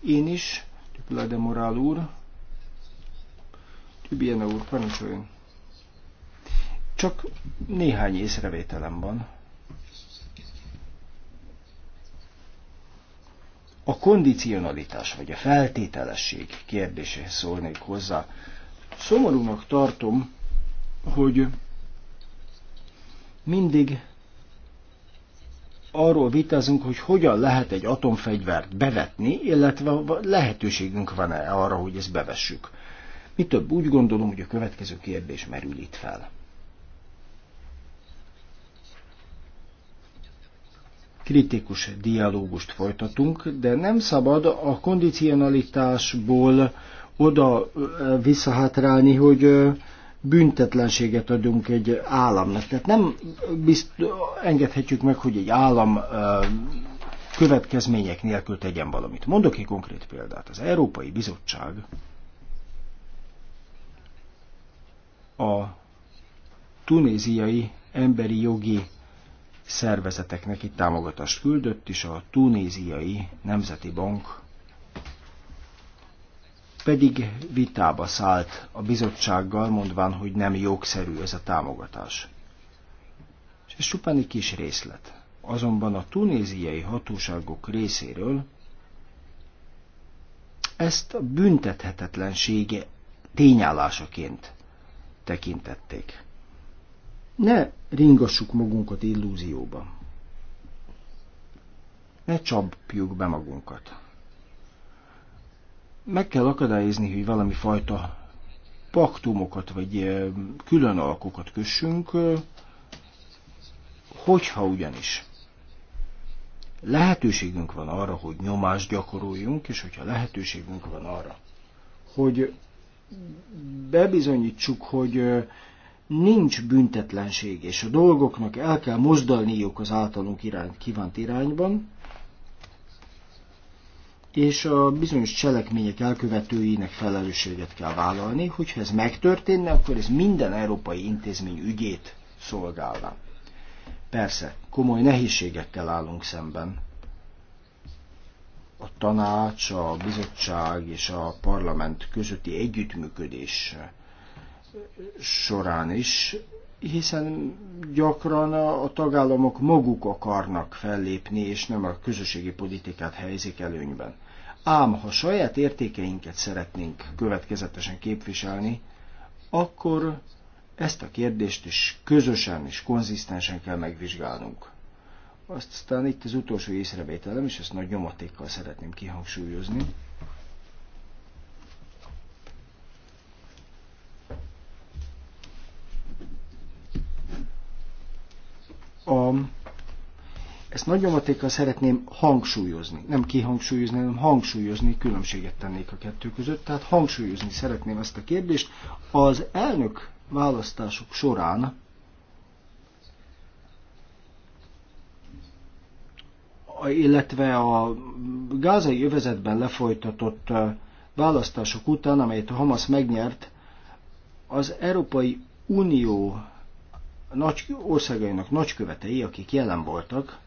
én is, Tüplede Morál úr. Tübiene úr, parancsoljon. Csak néhány észrevételem van. A kondicionalitás vagy a feltételesség kérdéséhez szólnék hozzá. Szomorúnak tartom, hogy mindig arról vitázunk, hogy hogyan lehet egy atomfegyvert bevetni, illetve lehetőségünk van-e arra, hogy ezt bevessük. Mi több úgy gondolom, hogy a következő kérdés merül itt fel. Kritikus dialógust folytatunk, de nem szabad a kondicionalitásból oda visszahátrálni, hogy büntetlenséget adunk egy államnak. Tehát nem bizt, engedhetjük meg, hogy egy állam következmények nélkül tegyen valamit. Mondok egy konkrét példát. Az Európai Bizottság a tunéziai emberi jogi szervezeteknek itt támogatást küldött, és a tunéziai Nemzeti Bank pedig vitába szállt a bizottsággal, mondván, hogy nem jogszerű ez a támogatás. És ez csupán egy kis részlet. Azonban a tunéziai hatóságok részéről ezt a büntethetetlensége tényállásaként tekintették. Ne ringassuk magunkat illúzióba. Ne csapjuk be magunkat meg kell akadályozni, hogy valami fajta paktumokat vagy külön alkokat kössünk, hogyha ugyanis lehetőségünk van arra, hogy nyomást gyakoroljunk, és hogyha lehetőségünk van arra, hogy bebizonyítsuk, hogy nincs büntetlenség, és a dolgoknak el kell mozdalniuk az általunk irány, kívánt irányban, és a bizonyos cselekmények elkövetőinek felelősséget kell vállalni, hogyha ez megtörténne, akkor ez minden európai intézmény ügyét szolgálná. Persze, komoly nehézségekkel állunk szemben. A tanács, a bizottság és a parlament közötti együttműködés során is, hiszen gyakran a tagállamok maguk akarnak fellépni, és nem a közösségi politikát helyezik előnyben. Ám ha saját értékeinket szeretnénk következetesen képviselni, akkor ezt a kérdést is közösen és konzisztensen kell megvizsgálnunk. Aztán itt az utolsó észrevételem, és ezt nagy nyomatékkal szeretném kihangsúlyozni. A ezt nagy nyomatékkal szeretném hangsúlyozni, nem kihangsúlyozni, hanem hangsúlyozni, különbséget tennék a kettő között, tehát hangsúlyozni szeretném ezt a kérdést. Az elnök választások során illetve a gázai övezetben lefolytatott választások után, amelyet a Hamas megnyert, az Európai Unió nagy országainak nagykövetei, akik jelen voltak,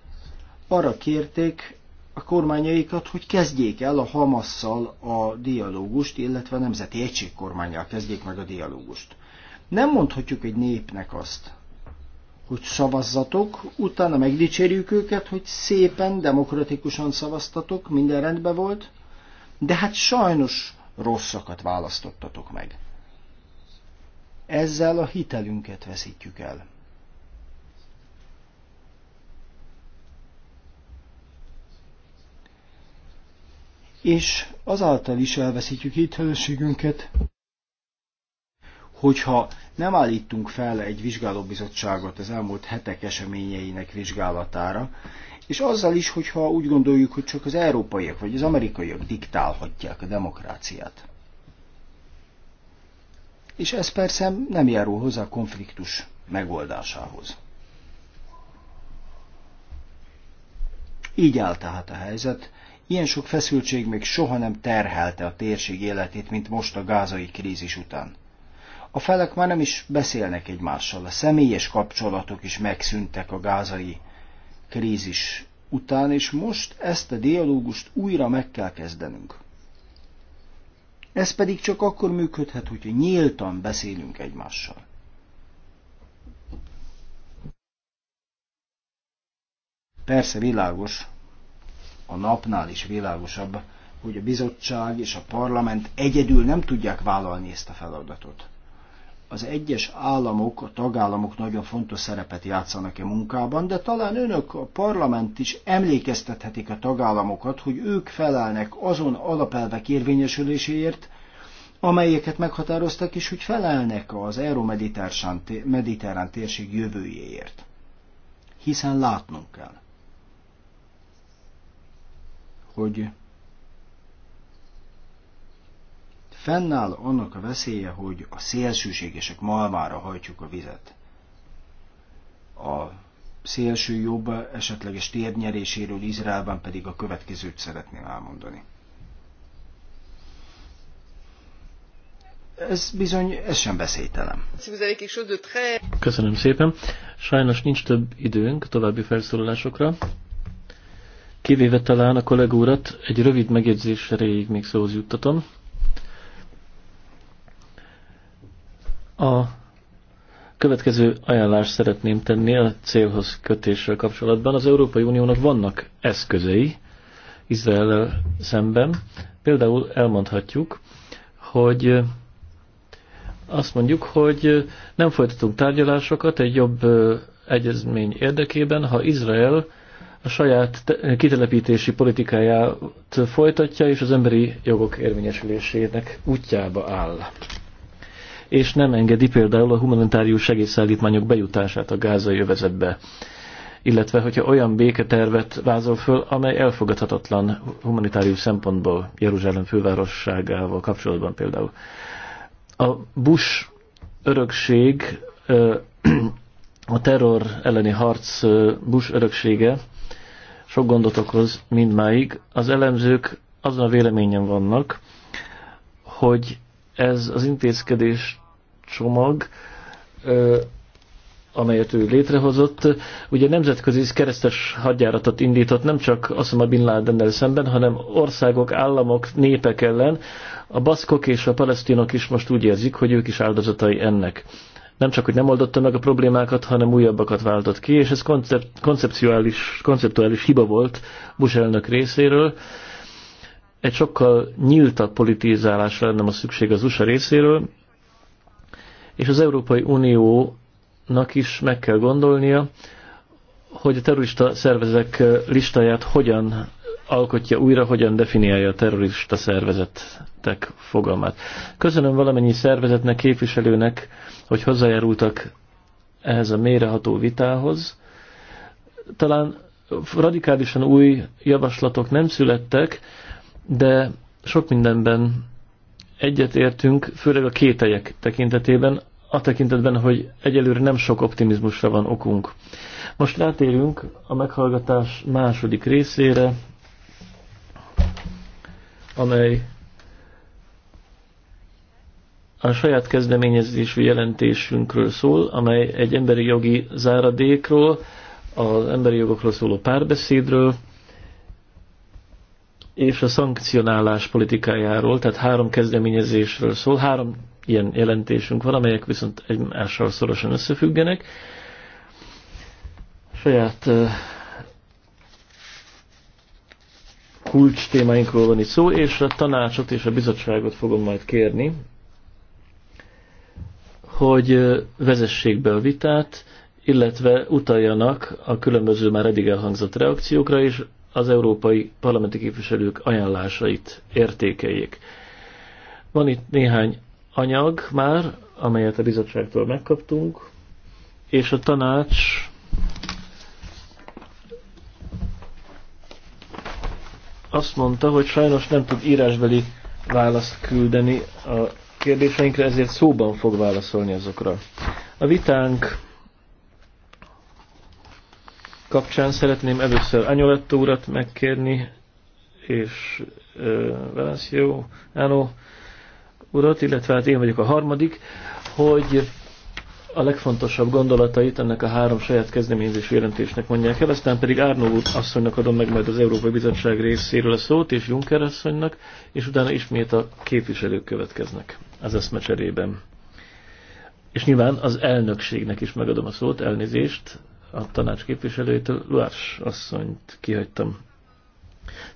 arra kérték a kormányaikat, hogy kezdjék el a Hamasszal a dialógust, illetve a Nemzeti kormányjal kezdjék meg a dialógust. Nem mondhatjuk egy népnek azt, hogy szavazzatok, utána megdicsérjük őket, hogy szépen, demokratikusan szavaztatok, minden rendben volt, de hát sajnos rosszakat választottatok meg. Ezzel a hitelünket veszítjük el. és azáltal is elveszítjük hitelességünket, hogyha nem állítunk fel egy vizsgálóbizottságot az elmúlt hetek eseményeinek vizsgálatára, és azzal is, hogyha úgy gondoljuk, hogy csak az európaiak vagy az amerikaiak diktálhatják a demokráciát. És ez persze nem járul hozzá a konfliktus megoldásához. Így áll tehát a helyzet, Ilyen sok feszültség még soha nem terhelte a térség életét, mint most a gázai krízis után. A felek már nem is beszélnek egymással, a személyes kapcsolatok is megszűntek a gázai krízis után, és most ezt a dialógust újra meg kell kezdenünk. Ez pedig csak akkor működhet, hogyha nyíltan beszélünk egymással. Persze világos, a napnál is világosabb, hogy a bizottság és a parlament egyedül nem tudják vállalni ezt a feladatot. Az egyes államok, a tagállamok nagyon fontos szerepet játszanak a munkában, de talán önök, a parlament is emlékeztethetik a tagállamokat, hogy ők felelnek azon alapelvek érvényesüléséért, amelyeket meghatároztak és hogy felelnek az Euró-Meditárszánti, euró-mediterrán térség jövőjéért. Hiszen látnunk kell hogy fennáll annak a veszélye, hogy a szélsőségesek malmára hajtjuk a vizet. A szélső jobb esetleges térnyeréséről Izraelben pedig a következőt szeretném elmondani. Ez bizony, ez sem veszélytelen. Köszönöm szépen. Sajnos nincs több időnk további felszólalásokra. Kivéve talán a kollégúrat, egy rövid megjegyzés erejéig még szóhoz juttatom. A következő ajánlást szeretném tenni a célhoz kötéssel kapcsolatban. Az Európai Uniónak vannak eszközei Izrael szemben. Például elmondhatjuk, hogy azt mondjuk, hogy nem folytatunk tárgyalásokat egy jobb egyezmény érdekében, ha Izrael a saját kitelepítési politikáját folytatja, és az emberi jogok érvényesülésének útjába áll. És nem engedi például a humanitárius segélyszállítmányok bejutását a gázai övezetbe illetve hogyha olyan béketervet vázol föl, amely elfogadhatatlan humanitárius szempontból Jeruzsálem fővárosságával kapcsolatban például. A Bush örökség, [clears throat] a terror elleni harc Bush öröksége sok gondot okoz mindmáig. Az elemzők azon a véleményen vannak, hogy ez az intézkedés csomag, amelyet ő létrehozott, ugye nemzetközi keresztes hadjáratot indított nem csak Osama Bin laden szemben, hanem országok, államok, népek ellen. A baszkok és a palesztinok is most úgy érzik, hogy ők is áldozatai ennek nem csak, hogy nem oldotta meg a problémákat, hanem újabbakat váltott ki, és ez koncep konceptuális, konceptuális hiba volt Bush elnök részéről. Egy sokkal nyíltabb politizálásra lenne a szükség az USA részéről, és az Európai Uniónak is meg kell gondolnia, hogy a terrorista szervezek listáját hogyan alkotja újra, hogyan definiálja a terrorista szervezetek fogalmát. Köszönöm valamennyi szervezetnek, képviselőnek, hogy hozzájárultak ehhez a méreható vitához. Talán radikálisan új javaslatok nem születtek, de sok mindenben egyetértünk, főleg a kételyek tekintetében, a tekintetben, hogy egyelőre nem sok optimizmusra van okunk. Most rátérünk a meghallgatás második részére, amely a saját kezdeményezésű jelentésünkről szól, amely egy emberi jogi záradékról, az emberi jogokról szóló párbeszédről, és a szankcionálás politikájáról, tehát három kezdeményezésről szól, három ilyen jelentésünk van, amelyek viszont egymással szorosan összefüggenek. Saját eh, kulcs témáinkról van itt szó, és a tanácsot és a bizottságot fogom majd kérni, hogy vezessék be a vitát, illetve utaljanak a különböző már eddig elhangzott reakciókra, és az európai parlamenti képviselők ajánlásait értékeljék. Van itt néhány anyag már, amelyet a bizottságtól megkaptunk, és a tanács azt mondta, hogy sajnos nem tud írásbeli választ küldeni a kérdéseinkre, ezért szóban fog válaszolni azokra. A vitánk kapcsán szeretném először Anyolettó urat megkérni, és Valencio Ánó urat, illetve hát én vagyok a harmadik, hogy a legfontosabb gondolatait ennek a három saját kezdeményezés jelentésnek mondják el, aztán pedig Árnó asszonynak adom meg majd az Európai Bizottság részéről a szót, és Juncker asszonynak, és utána ismét a képviselők következnek az eszmecserében. És nyilván az elnökségnek is megadom a szót, elnézést a tanács képviselőjétől, Luárs asszonyt kihagytam.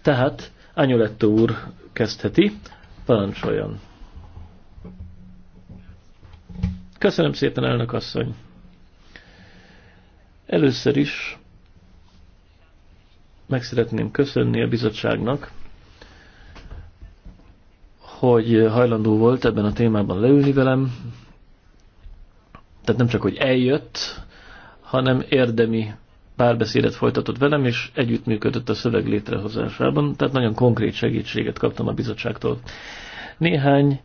Tehát Anyoletto úr kezdheti, parancsoljon! Köszönöm szépen, elnök asszony. Először is meg szeretném köszönni a bizottságnak, hogy hajlandó volt ebben a témában leülni velem. Tehát nem csak, hogy eljött, hanem érdemi párbeszédet folytatott velem, és együttműködött a szöveg létrehozásában, tehát nagyon konkrét segítséget kaptam a bizottságtól. Néhány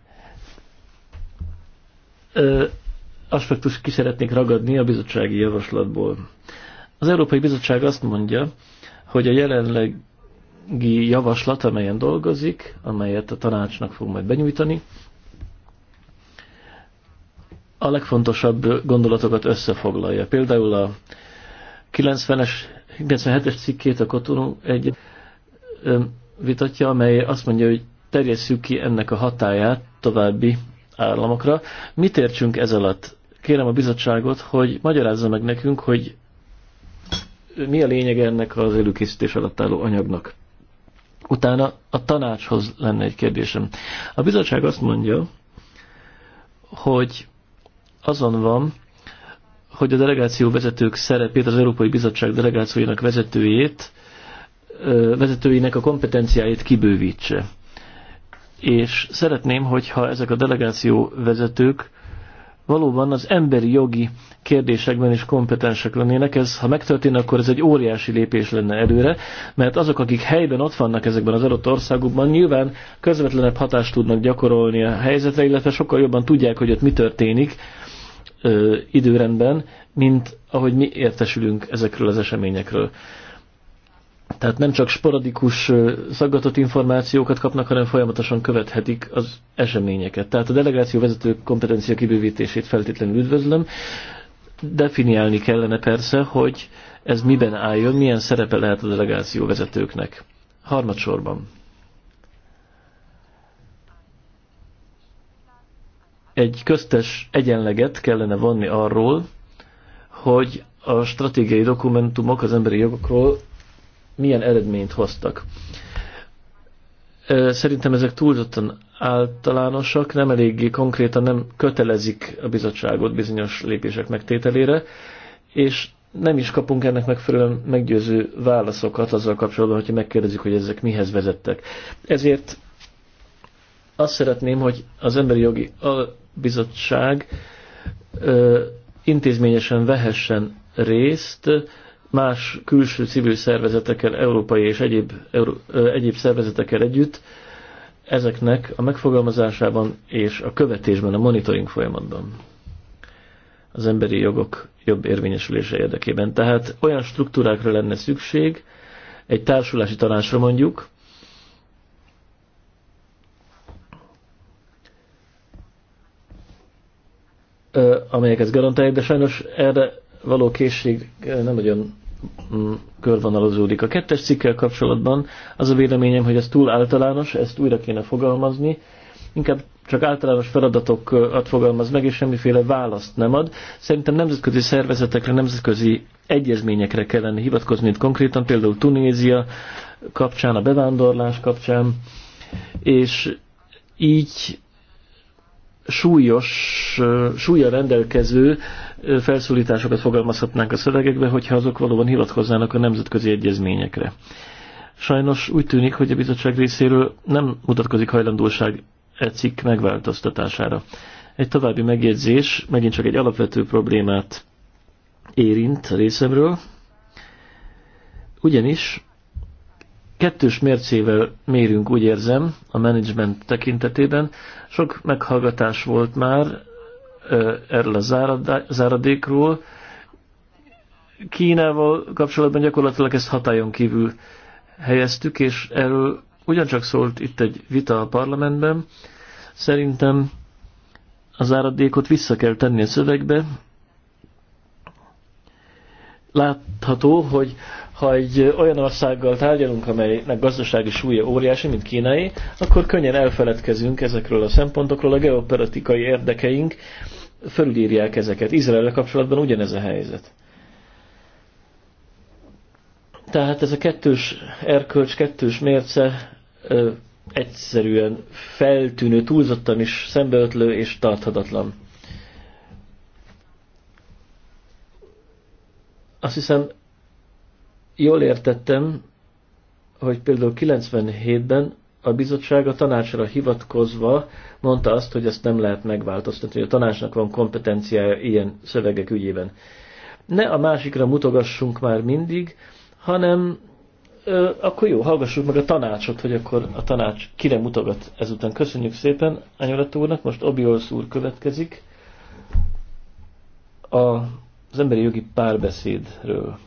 ö, aspektus ki szeretnék ragadni a bizottsági javaslatból. Az Európai Bizottság azt mondja, hogy a jelenlegi javaslat, amelyen dolgozik, amelyet a tanácsnak fog majd benyújtani, a legfontosabb gondolatokat összefoglalja. Például a 90-es, 97-es cikkét a Kotonu egy vitatja, amely azt mondja, hogy terjesszük ki ennek a hatáját további államokra. Mit értsünk ez alatt? kérem a bizottságot, hogy magyarázza meg nekünk, hogy mi a lényeg ennek az előkészítés alatt álló anyagnak. Utána a tanácshoz lenne egy kérdésem. A bizottság azt mondja, hogy azon van, hogy a delegáció vezetők szerepét, az Európai Bizottság delegációinak vezetőjét, vezetőinek a kompetenciáit kibővítse. És szeretném, hogyha ezek a delegáció vezetők valóban az emberi jogi kérdésekben is kompetensek lennének. Ez, ha megtörténne, akkor ez egy óriási lépés lenne előre, mert azok, akik helyben ott vannak ezekben az adott országokban, nyilván közvetlenebb hatást tudnak gyakorolni a helyzetre, illetve sokkal jobban tudják, hogy ott mi történik ö, időrendben, mint ahogy mi értesülünk ezekről az eseményekről. Tehát nem csak sporadikus szaggatott információkat kapnak, hanem folyamatosan követhetik az eseményeket. Tehát a delegáció vezető kompetencia kibővítését feltétlenül üdvözlöm. Definiálni kellene persze, hogy ez miben álljon, milyen szerepe lehet a delegáció vezetőknek. Harmadsorban. Egy köztes egyenleget kellene vonni arról, hogy a stratégiai dokumentumok az emberi jogokról milyen eredményt hoztak. Szerintem ezek túlzottan általánosak, nem eléggé konkrétan nem kötelezik a bizottságot bizonyos lépések megtételére, és nem is kapunk ennek megfelelően meggyőző válaszokat azzal kapcsolatban, hogyha megkérdezik, hogy ezek mihez vezettek. Ezért azt szeretném, hogy az Emberi Jogi Bizottság intézményesen vehessen részt más külső civil szervezetekkel, európai és egyéb, euró, egyéb szervezetekkel együtt, ezeknek a megfogalmazásában és a követésben, a monitoring folyamatban az emberi jogok jobb érvényesülése érdekében. Tehát olyan struktúrákra lenne szükség, egy társulási tanácsra mondjuk, amelyek ezt garantálják, de sajnos erre való készség nem nagyon körvonalazódik. A kettes cikkel kapcsolatban az a véleményem, hogy ez túl általános, ezt újra kéne fogalmazni, inkább csak általános feladatokat fogalmaz meg, és semmiféle választ nem ad. Szerintem nemzetközi szervezetekre, nemzetközi egyezményekre kellene hivatkozni itt konkrétan, például Tunézia kapcsán, a bevándorlás kapcsán, és így súlyos, súlya rendelkező felszólításokat fogalmazhatnánk a szövegekbe, hogyha azok valóban hivatkoznának a nemzetközi egyezményekre. Sajnos úgy tűnik, hogy a bizottság részéről nem mutatkozik hajlandóság e cikk megváltoztatására. Egy további megjegyzés megint csak egy alapvető problémát érint részemről, ugyanis kettős mércével mérünk, úgy érzem, a menedzsment tekintetében. Sok meghallgatás volt már erről a záradékról. Kínával kapcsolatban gyakorlatilag ezt hatályon kívül helyeztük, és erről ugyancsak szólt itt egy vita a parlamentben. Szerintem a záradékot vissza kell tenni a szövegbe. Látható, hogy ha egy olyan országgal tárgyalunk, amelynek gazdasági súlya óriási, mint kínai, akkor könnyen elfeledkezünk ezekről a szempontokról, a geopolitikai érdekeink fölülírják ezeket. Izrael kapcsolatban ugyanez a helyzet. Tehát ez a kettős erkölcs, kettős mérce ö, egyszerűen feltűnő, túlzottan is szembeötlő és tarthatatlan. Azt hiszem, jól értettem, hogy például 97-ben a bizottság a tanácsra hivatkozva mondta azt, hogy ezt nem lehet megváltoztatni, hogy a tanácsnak van kompetenciája ilyen szövegek ügyében. Ne a másikra mutogassunk már mindig, hanem ö, akkor jó, hallgassuk meg a tanácsot, hogy akkor a tanács kire mutogat ezután. Köszönjük szépen Anyolat úrnak, most Obiolsz úr következik a, az emberi jogi párbeszédről.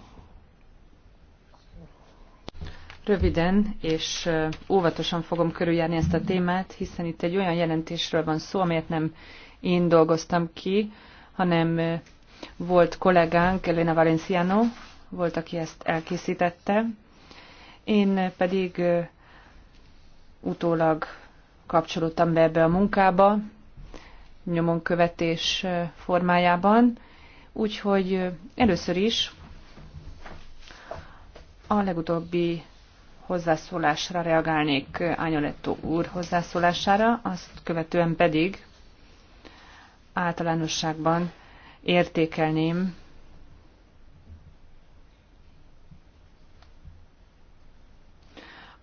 Röviden és óvatosan fogom körüljárni ezt a témát, hiszen itt egy olyan jelentésről van szó, amelyet nem én dolgoztam ki, hanem volt kollégánk, Elena Valenciano, volt, aki ezt elkészítette. Én pedig utólag kapcsolódtam be ebbe a munkába, nyomonkövetés formájában, úgyhogy először is a legutóbbi hozzászólásra reagálnék Ányoletto úr hozzászólására, azt követően pedig általánosságban értékelném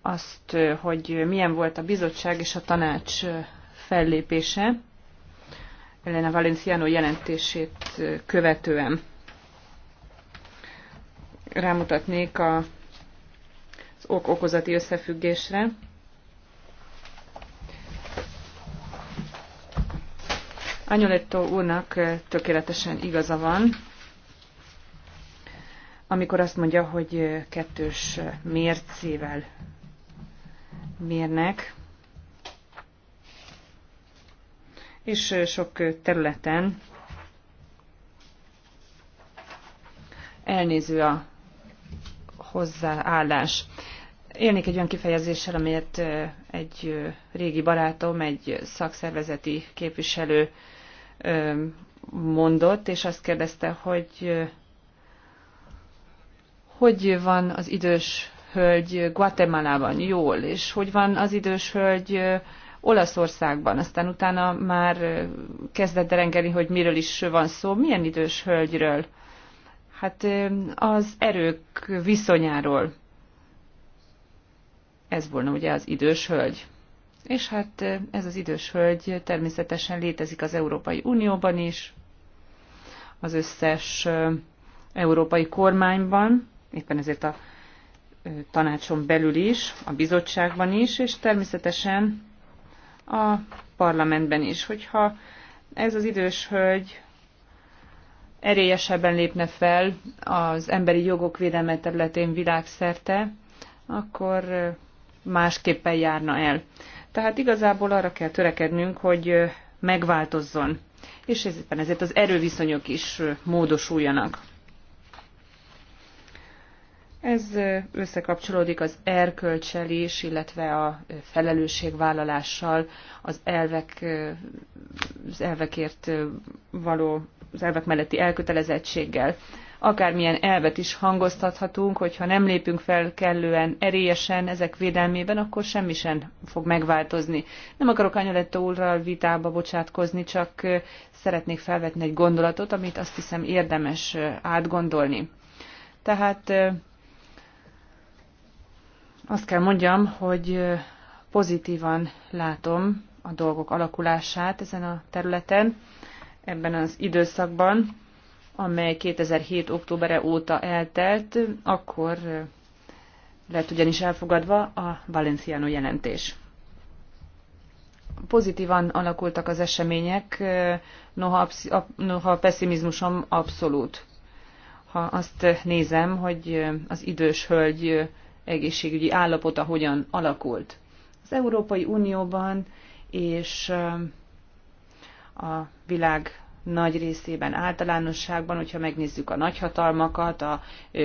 azt, hogy milyen volt a bizottság és a tanács fellépése Elena Valenciano jelentését követően. Rámutatnék a ok-okozati összefüggésre. Anyoletto úrnak eh, tökéletesen igaza van, amikor azt mondja, hogy eh, kettős eh, mércével mérnek, és sok területen elnéző a hozzáállás. Élnék egy olyan kifejezéssel, amelyet egy régi barátom, egy szakszervezeti képviselő mondott, és azt kérdezte, hogy hogy van az idős hölgy Guatemalában jól, és hogy van az idős hölgy Olaszországban, aztán utána már kezdett derengeni, hogy miről is van szó, milyen idős hölgyről. Hát az erők viszonyáról ez volna ugye az idős hölgy. És hát eh, ez az idős hölgy természetesen létezik az Európai Unióban is, az összes eh, európai kormányban, éppen ezért a eh, tanácson belül is, a bizottságban is, és természetesen a parlamentben is. Hogyha ez az idős hölgy erélyesebben lépne fel az emberi jogok védelme területén világszerte, akkor másképpen járna el. Tehát igazából arra kell törekednünk, hogy megváltozzon, és éppen ezért az erőviszonyok is módosuljanak. Ez összekapcsolódik az erkölcsel is, illetve a felelősségvállalással, az elvek, az elvekért való, az elvek melletti elkötelezettséggel akármilyen elvet is hangoztathatunk, hogyha nem lépünk fel kellően erélyesen ezek védelmében, akkor semmi sem fog megváltozni. Nem akarok Anyaletto úrral vitába bocsátkozni, csak szeretnék felvetni egy gondolatot, amit azt hiszem érdemes átgondolni. Tehát azt kell mondjam, hogy pozitívan látom a dolgok alakulását ezen a területen, ebben az időszakban amely 2007. októbere óta eltelt, akkor lett ugyanis elfogadva a Valenciano jelentés. Pozitívan alakultak az események, noha, noha a pessimizmusom abszolút. Ha azt nézem, hogy az idős hölgy egészségügyi állapota hogyan alakult. Az Európai Unióban és a világ nagy részében általánosságban, hogyha megnézzük a nagyhatalmakat, a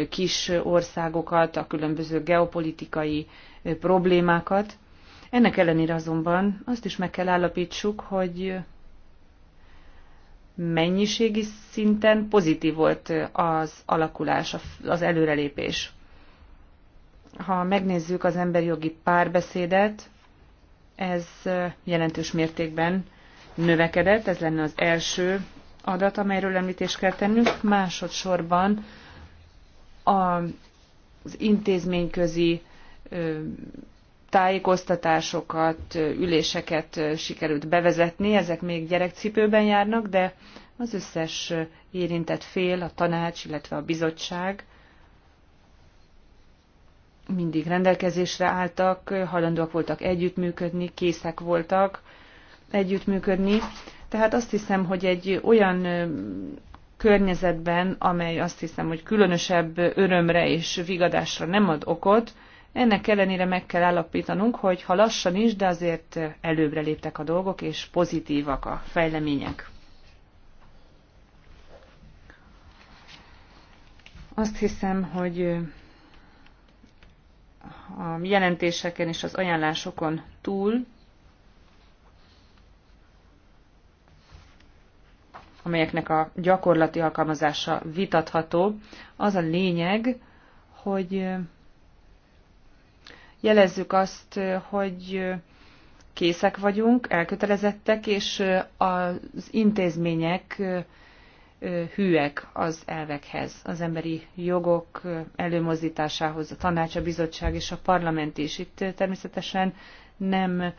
kis országokat, a különböző geopolitikai problémákat. Ennek ellenére azonban azt is meg kell állapítsuk, hogy mennyiségi szinten pozitív volt az alakulás, az előrelépés. Ha megnézzük az emberi jogi párbeszédet, ez jelentős mértékben növekedett, ez lenne az első adat, amelyről említést kell tennünk. Másodszorban az intézményközi tájékoztatásokat, üléseket sikerült bevezetni, ezek még gyerekcipőben járnak, de az összes érintett fél, a tanács, illetve a bizottság mindig rendelkezésre álltak, hajlandóak voltak együttműködni, készek voltak együttműködni. Tehát azt hiszem, hogy egy olyan környezetben, amely azt hiszem, hogy különösebb örömre és vigadásra nem ad okot, ennek ellenére meg kell állapítanunk, hogy ha lassan is, de azért előbbre léptek a dolgok, és pozitívak a fejlemények. Azt hiszem, hogy a jelentéseken és az ajánlásokon túl amelyeknek a gyakorlati alkalmazása vitatható. Az a lényeg, hogy jelezzük azt, hogy készek vagyunk, elkötelezettek, és az intézmények hűek az elvekhez, az emberi jogok előmozdításához, a tanács, a bizottság és a parlament is. Itt természetesen nem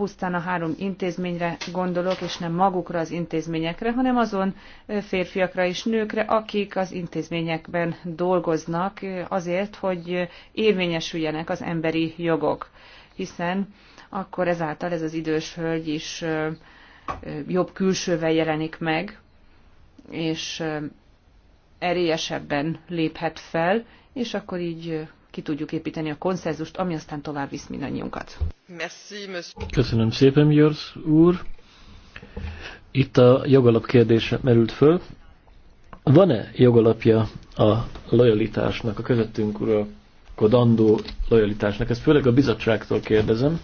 pusztán a három intézményre gondolok, és nem magukra az intézményekre, hanem azon férfiakra és nőkre, akik az intézményekben dolgoznak azért, hogy érvényesüljenek az emberi jogok. Hiszen akkor ezáltal ez az idős hölgy is jobb külsővel jelenik meg, és erélyesebben léphet fel, és akkor így ki tudjuk építeni a konszenzust, ami aztán tovább visz mindannyiunkat. Köszönöm szépen, Jörsz úr. Itt a jogalap kérdése merült föl. Van-e jogalapja a lojalitásnak, a közöttünk uralkodandó lojalitásnak? Ezt főleg a bizottságtól kérdezem.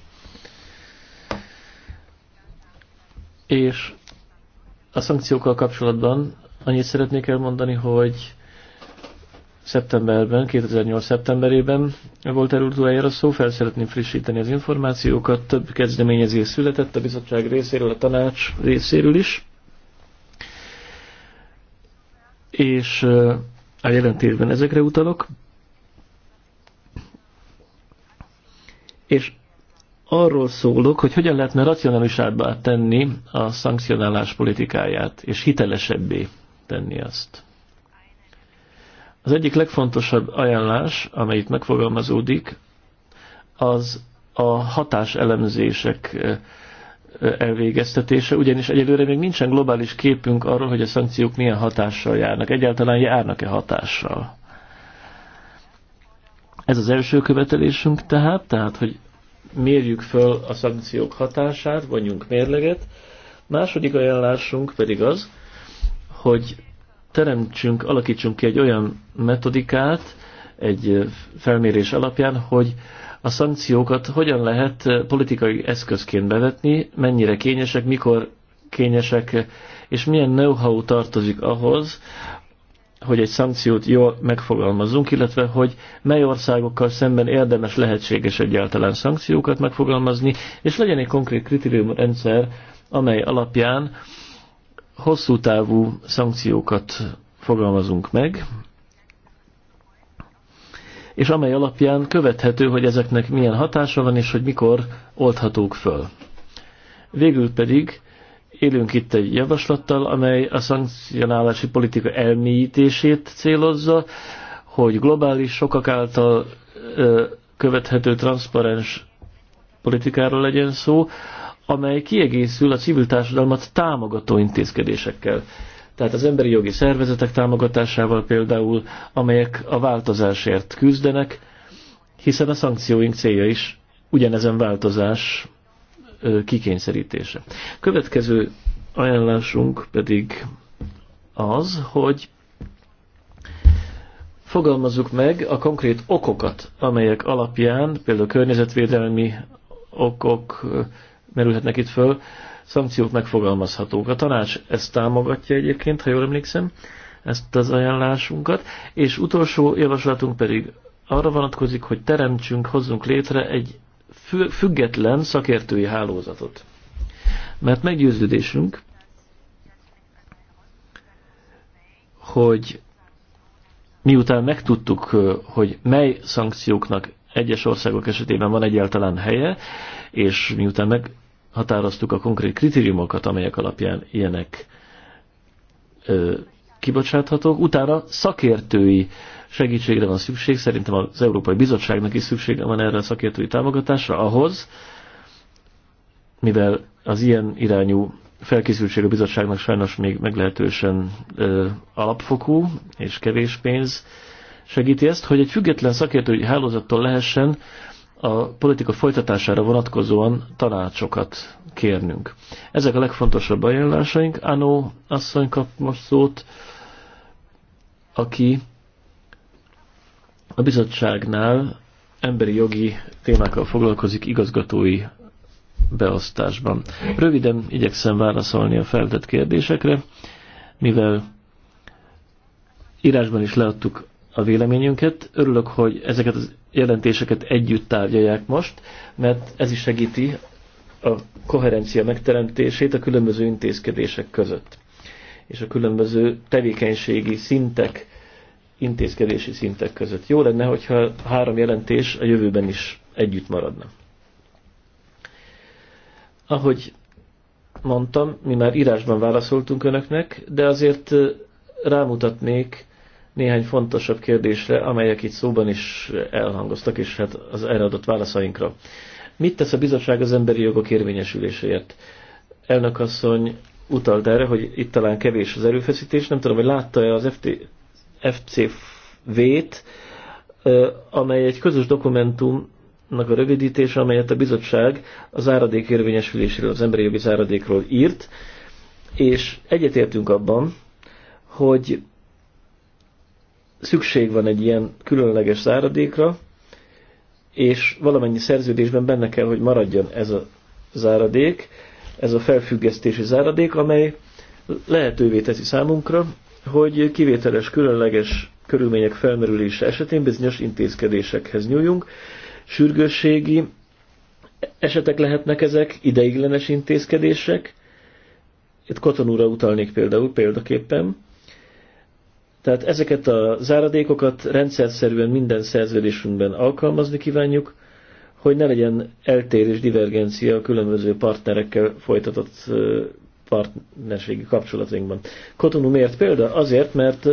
És a szankciókkal kapcsolatban annyit szeretnék elmondani, hogy szeptemberben, 2008. szeptemberében volt erről szó, fel szeretném frissíteni az információkat, több kezdeményezés született a bizottság részéről, a tanács részéről is, és eh, a jelentésben ezekre utalok, és arról szólok, hogy hogyan lehetne racionálisábbá tenni a szankcionálás politikáját, és hitelesebbé tenni azt. Az egyik legfontosabb ajánlás, amely itt megfogalmazódik, az a hatáselemzések eh, eh, elvégeztetése, ugyanis egyelőre még nincsen globális képünk arról, hogy a szankciók milyen hatással járnak, egyáltalán járnak-e hatással. Ez az első követelésünk tehát, tehát, hogy mérjük föl a szankciók hatását, vonjunk mérleget. Második ajánlásunk pedig az, hogy teremtsünk, alakítsunk ki egy olyan metodikát, egy felmérés alapján, hogy a szankciókat hogyan lehet politikai eszközként bevetni, mennyire kényesek, mikor kényesek, és milyen know-how tartozik ahhoz, hogy egy szankciót jól megfogalmazzunk, illetve hogy mely országokkal szemben érdemes lehetséges egyáltalán szankciókat megfogalmazni, és legyen egy konkrét kritériumrendszer, amely alapján hosszú távú szankciókat fogalmazunk meg, és amely alapján követhető, hogy ezeknek milyen hatása van, és hogy mikor oldhatók föl. Végül pedig élünk itt egy javaslattal, amely a szankcionálási politika elmélyítését célozza, hogy globális, sokak által követhető, transzparens politikáról legyen szó, amely kiegészül a civil társadalmat támogató intézkedésekkel. Tehát az emberi jogi szervezetek támogatásával például, amelyek a változásért küzdenek, hiszen a szankcióink célja is ugyanezen változás kikényszerítése. Következő ajánlásunk pedig az, hogy fogalmazzuk meg a konkrét okokat, amelyek alapján, például környezetvédelmi okok, merülhetnek itt föl, szankciók megfogalmazhatók. A tanács ezt támogatja egyébként, ha jól emlékszem, ezt az ajánlásunkat, és utolsó javaslatunk pedig arra vonatkozik, hogy teremtsünk, hozzunk létre egy független szakértői hálózatot. Mert meggyőződésünk, hogy miután megtudtuk, hogy mely szankcióknak egyes országok esetében van egyáltalán helye, és miután meg határoztuk a konkrét kritériumokat, amelyek alapján ilyenek ö, kibocsáthatók. Utána szakértői segítségre van szükség, szerintem az Európai Bizottságnak is szüksége van erre a szakértői támogatásra, ahhoz, mivel az ilyen irányú felkészültség a bizottságnak sajnos még meglehetősen ö, alapfokú és kevés pénz segíti ezt, hogy egy független szakértői hálózattól lehessen a politika folytatására vonatkozóan tanácsokat kérnünk. Ezek a legfontosabb ajánlásaink. Anó asszony kap most szót, aki a bizottságnál emberi jogi témákkal foglalkozik igazgatói beosztásban. Röviden igyekszem válaszolni a feltett kérdésekre, mivel írásban is leadtuk a véleményünket. Örülök, hogy ezeket az jelentéseket együtt tárgyalják most, mert ez is segíti a koherencia megteremtését a különböző intézkedések között, és a különböző tevékenységi szintek, intézkedési szintek között. Jó lenne, hogyha három jelentés a jövőben is együtt maradna. Ahogy mondtam, mi már írásban válaszoltunk önöknek, de azért eh, rámutatnék néhány fontosabb kérdésre, amelyek itt szóban is elhangoztak, és hát az erre adott válaszainkra. Mit tesz a bizottság az emberi jogok érvényesüléséért? Elnök asszony utalt erre, hogy itt talán kevés az erőfeszítés, nem tudom, hogy látta-e az FT, FCV-t, amely egy közös dokumentum, a rövidítése, amelyet a bizottság az áradék érvényesüléséről, az emberi jogi záradékról írt, és egyetértünk abban, hogy szükség van egy ilyen különleges záradékra, és valamennyi szerződésben benne kell, hogy maradjon ez a záradék, ez a felfüggesztési záradék, amely lehetővé teszi számunkra, hogy kivételes, különleges körülmények felmerülése esetén bizonyos intézkedésekhez nyúljunk. Sürgősségi esetek lehetnek ezek, ideiglenes intézkedések. Itt Kotonúra utalnék például példaképpen. Tehát ezeket a záradékokat rendszerszerűen minden szerződésünkben alkalmazni kívánjuk, hogy ne legyen eltérés, divergencia a különböző partnerekkel folytatott partnerségi kapcsolatainkban. Kotonu miért példa? Azért, mert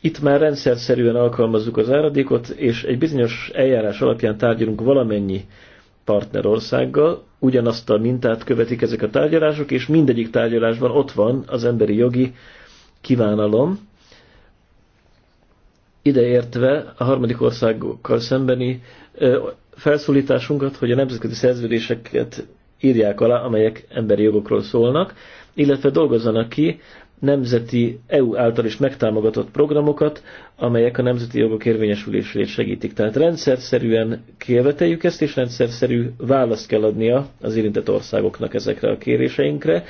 itt már rendszerszerűen alkalmazzuk az áradékot, és egy bizonyos eljárás alapján tárgyalunk valamennyi partnerországgal, ugyanazt a mintát követik ezek a tárgyalások, és mindegyik tárgyalásban ott van az emberi jogi kívánalom, ideértve a harmadik országokkal szembeni felszólításunkat, hogy a nemzetközi szerződéseket írják alá, amelyek emberi jogokról szólnak, illetve dolgozzanak ki nemzeti EU által is megtámogatott programokat, amelyek a nemzeti jogok érvényesülését segítik. Tehát rendszer szerűen kielveteljük ezt, és rendszer szerű választ kell adnia az érintett országoknak ezekre a kéréseinkre.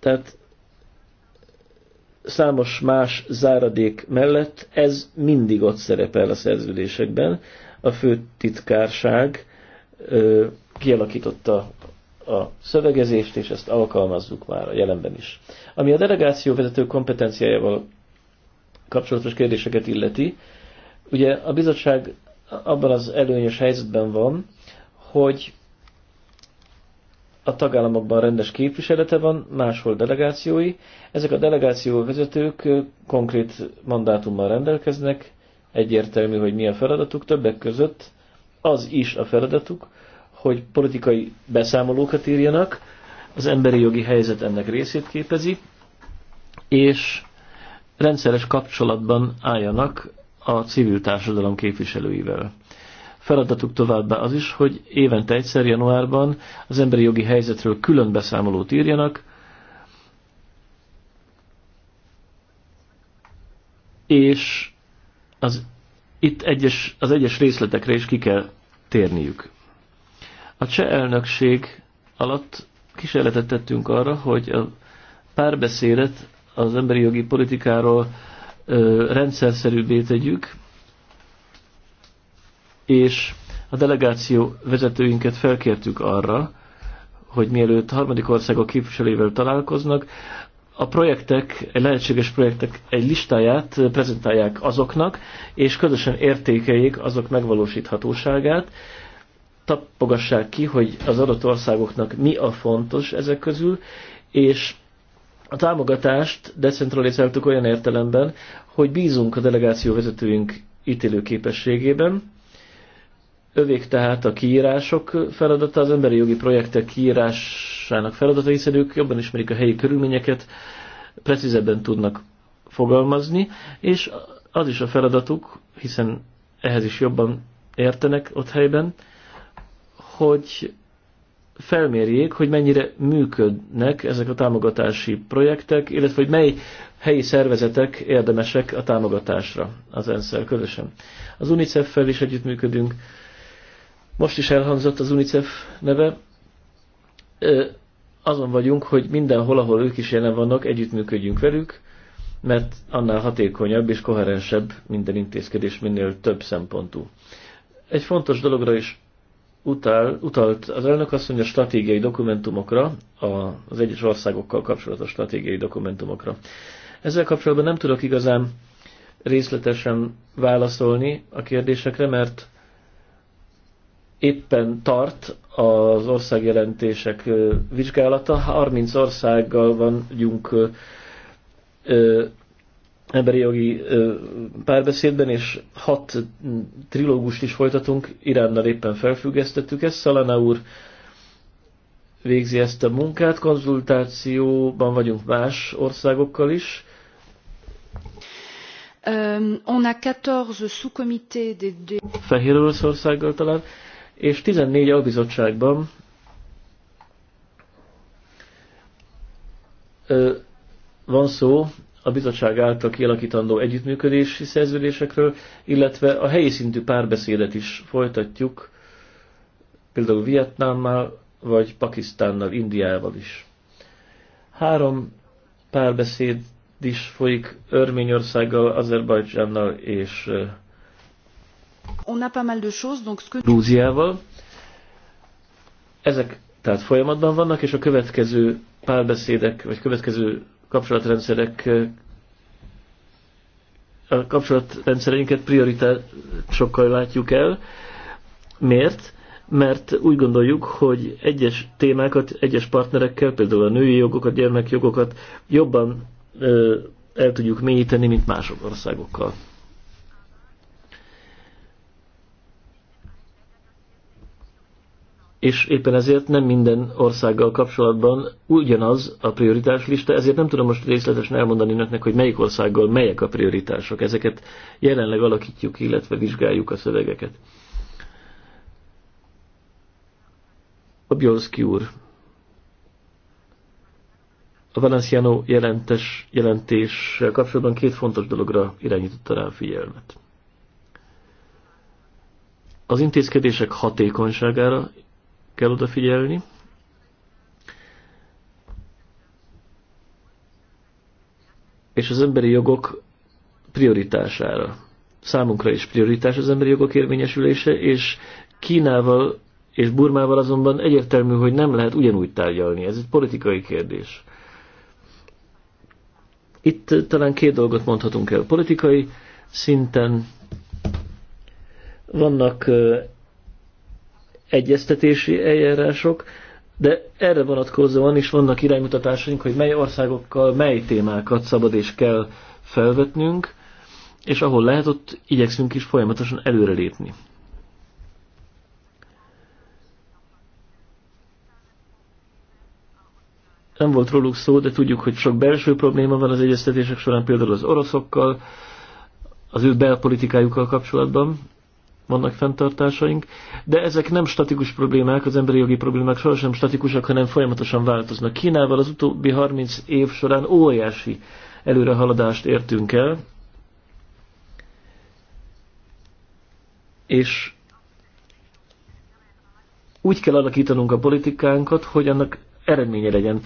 Tehát számos más záradék mellett ez mindig ott szerepel a szerződésekben. A főtitkárság ö, kialakította a szövegezést, és ezt alkalmazzuk már a jelenben is. Ami a delegáció vezető kompetenciájával kapcsolatos kérdéseket illeti, ugye a bizottság abban az előnyös helyzetben van, hogy a tagállamokban rendes képviselete van, máshol delegációi. Ezek a delegáció vezetők konkrét mandátummal rendelkeznek, egyértelmű, hogy mi a feladatuk, többek között az is a feladatuk, hogy politikai beszámolókat írjanak, az emberi jogi helyzet ennek részét képezi, és rendszeres kapcsolatban álljanak a civil társadalom képviselőivel. Feladatuk továbbá az is, hogy évente egyszer januárban az emberi jogi helyzetről külön beszámolót írjanak, és az, itt egyes, az egyes részletekre is ki kell térniük. A cseh elnökség alatt kísérletet tettünk arra, hogy a párbeszédet az emberi jogi politikáról ö, rendszerszerűbbé tegyük, és a delegáció vezetőinket felkértük arra, hogy mielőtt harmadik országok képviselővel találkoznak, a projektek, lehetséges projektek egy listáját prezentálják azoknak, és közösen értékeljék azok megvalósíthatóságát, tapogassák ki, hogy az adott országoknak mi a fontos ezek közül, és a támogatást decentralizáltuk olyan értelemben, hogy bízunk a delegáció vezetőink ítélőképességében, Övék tehát a kiírások feladata, az emberi jogi projektek kiírásának feladata, hiszen ők jobban ismerik a helyi körülményeket, precízebben tudnak fogalmazni, és az is a feladatuk, hiszen ehhez is jobban értenek ott helyben, hogy felmérjék, hogy mennyire működnek ezek a támogatási projektek, illetve hogy mely helyi szervezetek érdemesek a támogatásra az ensz közösen. Az UNICEF-fel is együttműködünk, most is elhangzott az UNICEF neve. Azon vagyunk, hogy mindenhol, ahol ők is jelen vannak, együttműködjünk velük, mert annál hatékonyabb és koherensebb minden intézkedés, minél több szempontú. Egy fontos dologra is utál, utalt az elnök asszony a stratégiai dokumentumokra, az egyes országokkal kapcsolatos stratégiai dokumentumokra. Ezzel kapcsolatban nem tudok igazán részletesen válaszolni a kérdésekre, mert éppen tart az országjelentések vizsgálata. 30 országgal vagyunk emberi jogi párbeszédben, és hat trilógust is folytatunk, Iránnal éppen felfüggesztettük ezt. Szalana úr végzi ezt a munkát, konzultációban vagyunk más országokkal is. Um, on a 14 sous comité des... Fehér Oroszországgal talán és 14 albizottságban van szó a bizottság által kialakítandó együttműködési szerződésekről, illetve a helyi szintű párbeszédet is folytatjuk, például Vietnámmal, vagy Pakisztánnal, Indiával is. Három párbeszéd is folyik Örményországgal, Azerbajdzsánnal és On Grúziával. Ezek tehát folyamatban vannak, és a következő párbeszédek, vagy következő kapcsolatrendszerek a kapcsolatrendszereinket prioritásokkal látjuk el. Miért? Mert úgy gondoljuk, hogy egyes témákat, egyes partnerekkel, például a női jogokat, gyermekjogokat jobban ö, el tudjuk mélyíteni, mint más országokkal. és éppen ezért nem minden országgal kapcsolatban ugyanaz a prioritás lista, ezért nem tudom most részletesen elmondani önöknek, hogy melyik országgal melyek a prioritások. Ezeket jelenleg alakítjuk, illetve vizsgáljuk a szövegeket. A Bjolszki úr. A Valenciano jelentes, jelentés kapcsolatban két fontos dologra irányította rá a figyelmet. Az intézkedések hatékonyságára kell odafigyelni. És az emberi jogok prioritására. Számunkra is prioritás az emberi jogok érvényesülése, és Kínával és Burmával azonban egyértelmű, hogy nem lehet ugyanúgy tárgyalni. Ez egy politikai kérdés. Itt talán két dolgot mondhatunk el. Politikai szinten vannak egyeztetési eljárások, de erre vonatkozóan is vannak iránymutatásaink, hogy mely országokkal mely témákat szabad és kell felvetnünk, és ahol lehet, ott igyekszünk is folyamatosan előrelépni. Nem volt róluk szó, de tudjuk, hogy sok belső probléma van az egyeztetések során, például az oroszokkal, az ő belpolitikájukkal kapcsolatban, vannak fenntartásaink, de ezek nem statikus problémák, az emberi jogi problémák sohasem statikusak, hanem folyamatosan változnak. Kínával az utóbbi 30 év során óriási előrehaladást értünk el, és úgy kell alakítanunk a politikánkat, hogy annak eredménye legyen.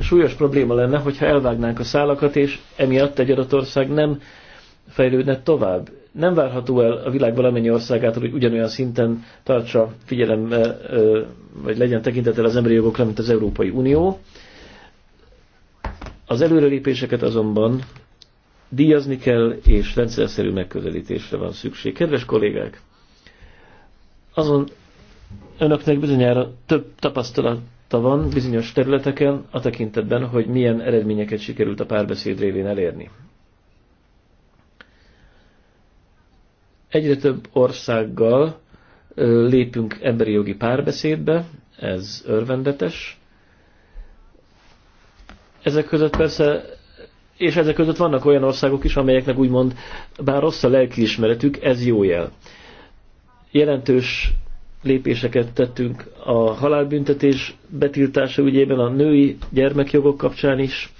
Súlyos probléma lenne, hogyha elvágnánk a szálakat, és emiatt egy adott ország nem fejlődne tovább nem várható el a világ valamennyi országától, hogy ugyanolyan szinten tartsa figyelem, vagy legyen tekintetel az emberi jogokra, mint az Európai Unió. Az előrelépéseket azonban díjazni kell, és rendszerszerű megközelítésre van szükség. Kedves kollégák, azon önöknek bizonyára több tapasztalata van bizonyos területeken a tekintetben, hogy milyen eredményeket sikerült a párbeszéd révén elérni. Egyre több országgal lépünk emberi jogi párbeszédbe, ez örvendetes. Ezek között persze, és ezek között vannak olyan országok is, amelyeknek úgymond, bár rossz a lelkiismeretük, ez jó jel. Jelentős lépéseket tettünk a halálbüntetés betiltása ügyében, a női gyermekjogok kapcsán is.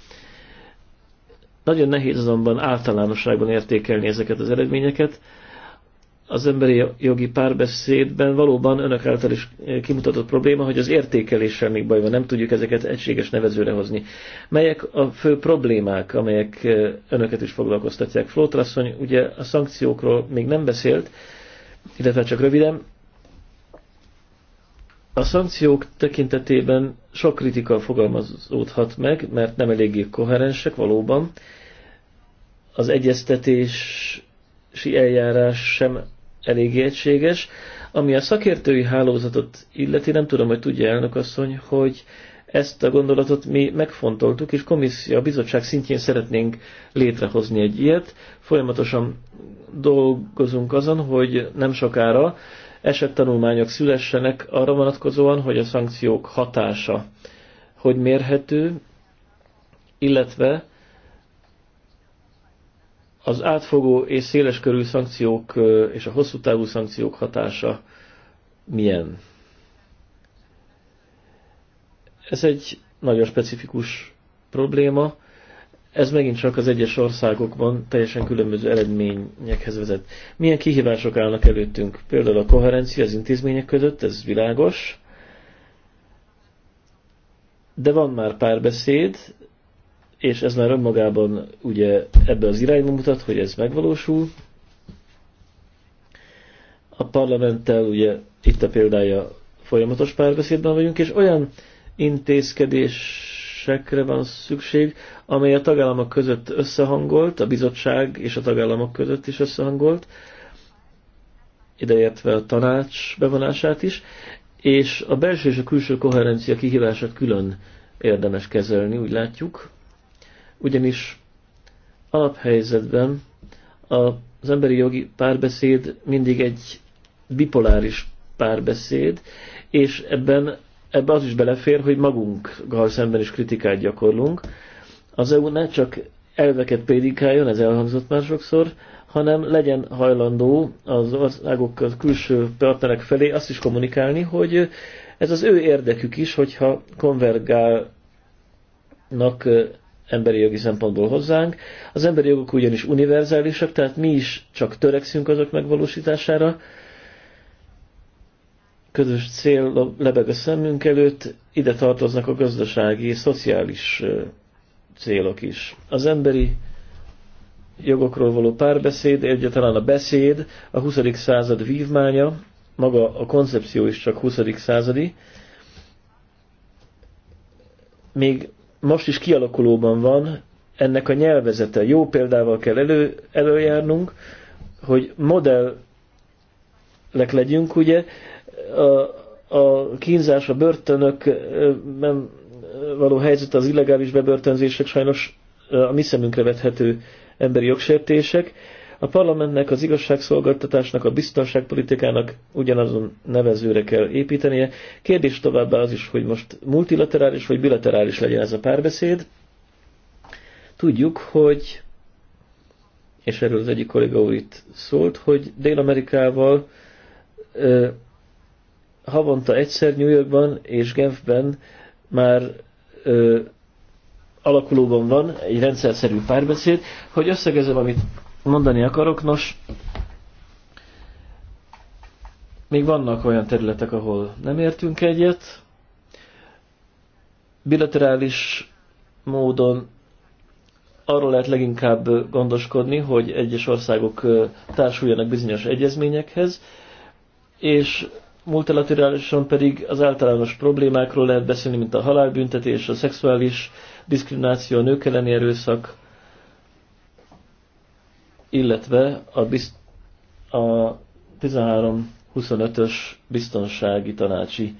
Nagyon nehéz azonban általánosságban értékelni ezeket az eredményeket az emberi jogi párbeszédben valóban önök által is eh, kimutatott probléma, hogy az értékeléssel még baj van, nem tudjuk ezeket egységes nevezőre hozni. Melyek a fő problémák, amelyek eh, önöket is foglalkoztatják? Flótrasszony ugye a szankciókról még nem beszélt, illetve csak röviden. A szankciók tekintetében sok kritika fogalmazódhat meg, mert nem eléggé koherensek valóban. Az egyeztetés eljárás sem elég egységes. Ami a szakértői hálózatot illeti, nem tudom, hogy tudja elnök asszony, hogy ezt a gondolatot mi megfontoltuk, és komisszió, a bizottság szintjén szeretnénk létrehozni egy ilyet. Folyamatosan dolgozunk azon, hogy nem sokára esettanulmányok szülessenek arra vonatkozóan, hogy a szankciók hatása hogy mérhető, illetve az átfogó és széleskörű szankciók és a hosszú távú szankciók hatása milyen? Ez egy nagyon specifikus probléma. Ez megint csak az egyes országokban teljesen különböző eredményekhez vezet. Milyen kihívások állnak előttünk? Például a koherencia az intézmények között, ez világos. De van már párbeszéd, és ez már önmagában ugye ebbe az irányba mutat, hogy ez megvalósul. A parlamenttel ugye itt a példája folyamatos párbeszédben vagyunk, és olyan intézkedésekre van szükség, amely a tagállamok között összehangolt, a bizottság és a tagállamok között is összehangolt, ideértve a tanács bevonását is, és a belső és a külső koherencia kihívását külön érdemes kezelni, úgy látjuk ugyanis alaphelyzetben az emberi jogi párbeszéd mindig egy bipoláris párbeszéd, és ebben ebbe az is belefér, hogy magunkkal szemben is kritikát gyakorlunk. Az EU ne csak elveket prédikáljon, ez elhangzott már sokszor, hanem legyen hajlandó az országok, az külső partnerek felé azt is kommunikálni, hogy ez az ő érdekük is, hogyha konvergálnak emberi jogi szempontból hozzánk. Az emberi jogok ugyanis univerzálisak, tehát mi is csak törekszünk azok megvalósítására. Közös cél lebeg a szemünk előtt, ide tartoznak a gazdasági, szociális célok is. Az emberi jogokról való párbeszéd, egyáltalán a beszéd a 20. század vívmánya, maga a koncepció is csak 20. századi, még most is kialakulóban van, ennek a nyelvezete. Jó példával kell elő, előjárnunk, hogy modellek legyünk, ugye a, a kínzás, a börtönökben való helyzet, az illegális bebörtönzések sajnos a mi szemünkre vethető emberi jogsértések, a parlamentnek, az igazságszolgáltatásnak, a biztonságpolitikának ugyanazon nevezőre kell építenie. Kérdés továbbá az is, hogy most multilaterális vagy bilaterális legyen ez a párbeszéd. Tudjuk, hogy, és erről az egyik kolléga úr itt szólt, hogy Dél-Amerikával havonta egyszer New Yorkban és Genfben már ö, alakulóban van egy rendszerszerű párbeszéd, hogy összegezem, amit mondani akarok. Nos, még vannak olyan területek, ahol nem értünk egyet. Bilaterális módon arról lehet leginkább gondoskodni, hogy egyes országok társuljanak bizonyos egyezményekhez, és multilaterálisan pedig az általános problémákról lehet beszélni, mint a halálbüntetés, a szexuális diszkrimináció, a nők elleni erőszak, illetve a, bizt, a 13-25-ös biztonsági tanácsi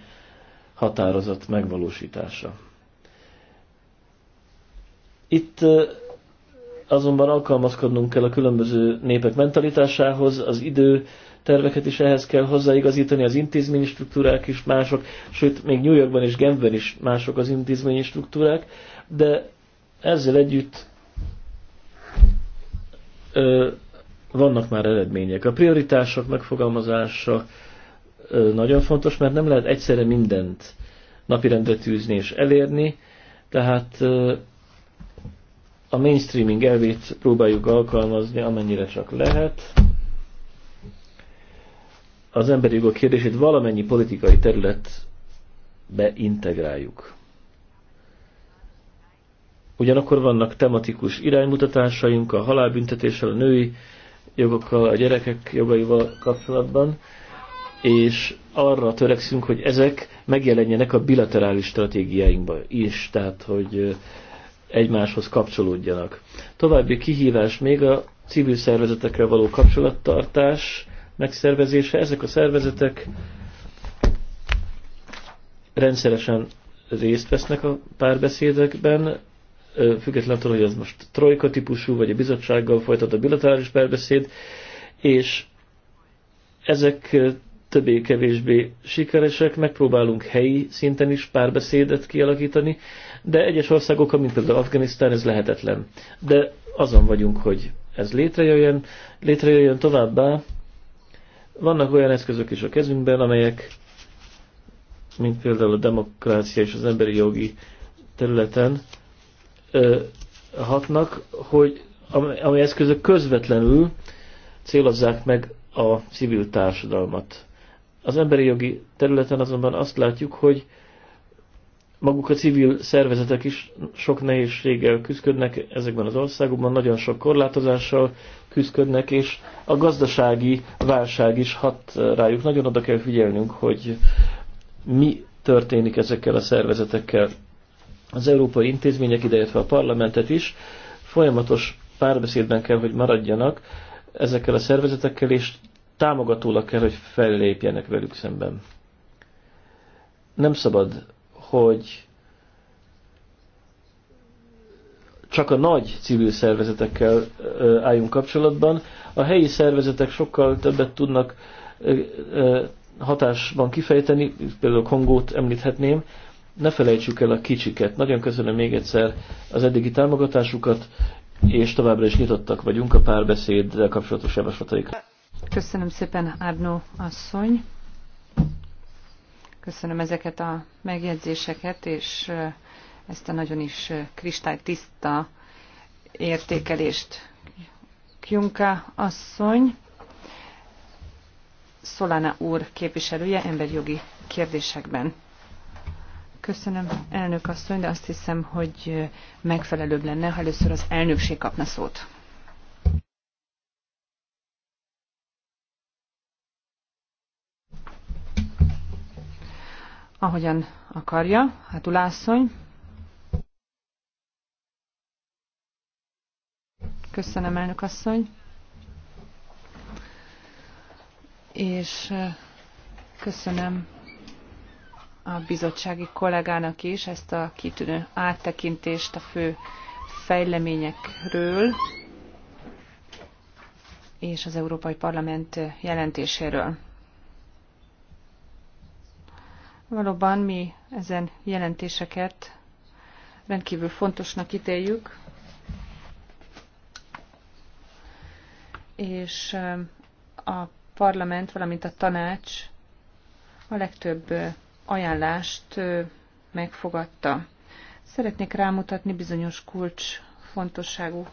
határozat megvalósítása. Itt azonban alkalmazkodnunk kell a különböző népek mentalitásához, az idő terveket is ehhez kell hozzáigazítani, az intézményi struktúrák is mások, sőt, még New Yorkban és Genfben is mások az intézményi struktúrák, de ezzel együtt vannak már eredmények. A prioritások megfogalmazása nagyon fontos, mert nem lehet egyszerre mindent napirendre tűzni és elérni, tehát a mainstreaming elvét próbáljuk alkalmazni, amennyire csak lehet. Az emberi jogok kérdését valamennyi politikai területbe integráljuk. Ugyanakkor vannak tematikus iránymutatásaink a halálbüntetéssel, a női jogokkal, a gyerekek jogaival kapcsolatban, és arra törekszünk, hogy ezek megjelenjenek a bilaterális stratégiáinkban is, tehát hogy egymáshoz kapcsolódjanak. További kihívás még a civil szervezetekre való kapcsolattartás megszervezése. Ezek a szervezetek rendszeresen részt vesznek a párbeszédekben, független attól, hogy az most trojka típusú, vagy a bizottsággal folytat a bilaterális párbeszéd, és ezek többé-kevésbé sikeresek, megpróbálunk helyi szinten is párbeszédet kialakítani, de egyes országok, mint például Afganisztán, ez lehetetlen. De azon vagyunk, hogy ez létrejöjjön, létrejöjjön továbbá. Vannak olyan eszközök is a kezünkben, amelyek, mint például a demokrácia és az emberi jogi területen, hatnak, hogy ami eszközök közvetlenül célozzák meg a civil társadalmat. Az emberi jogi területen azonban azt látjuk, hogy maguk a civil szervezetek is sok nehézséggel küzdködnek ezekben az országokban, nagyon sok korlátozással küzdködnek, és a gazdasági válság is hat rájuk. Nagyon oda kell figyelnünk, hogy mi történik ezekkel a szervezetekkel az európai intézmények, ideértve a parlamentet is, folyamatos párbeszédben kell, hogy maradjanak ezekkel a szervezetekkel, és támogatólag kell, hogy fellépjenek velük szemben. Nem szabad, hogy csak a nagy civil szervezetekkel álljunk kapcsolatban. A helyi szervezetek sokkal többet tudnak hatásban kifejteni, például Kongót említhetném, ne felejtsük el a kicsiket. Nagyon köszönöm még egyszer az eddigi támogatásukat, és továbbra is nyitottak vagyunk a párbeszéddel kapcsolatos javaslataikra. Köszönöm szépen, Árnó asszony. Köszönöm ezeket a megjegyzéseket, és ezt a nagyon is kristálytiszta értékelést. Kjunka asszony, Szolana úr képviselője emberjogi kérdésekben. Köszönöm, elnök asszony, de azt hiszem, hogy megfelelőbb lenne, ha először az elnökség kapna szót. Ahogyan akarja, hát ulászony. Köszönöm, elnök asszony. És köszönöm a bizottsági kollégának is ezt a kitűnő áttekintést a fő fejleményekről és az Európai Parlament jelentéséről. Valóban mi ezen jelentéseket rendkívül fontosnak ítéljük, és a parlament, valamint a tanács a legtöbb ajánlást megfogadta. Szeretnék rámutatni bizonyos kulcs fontosságú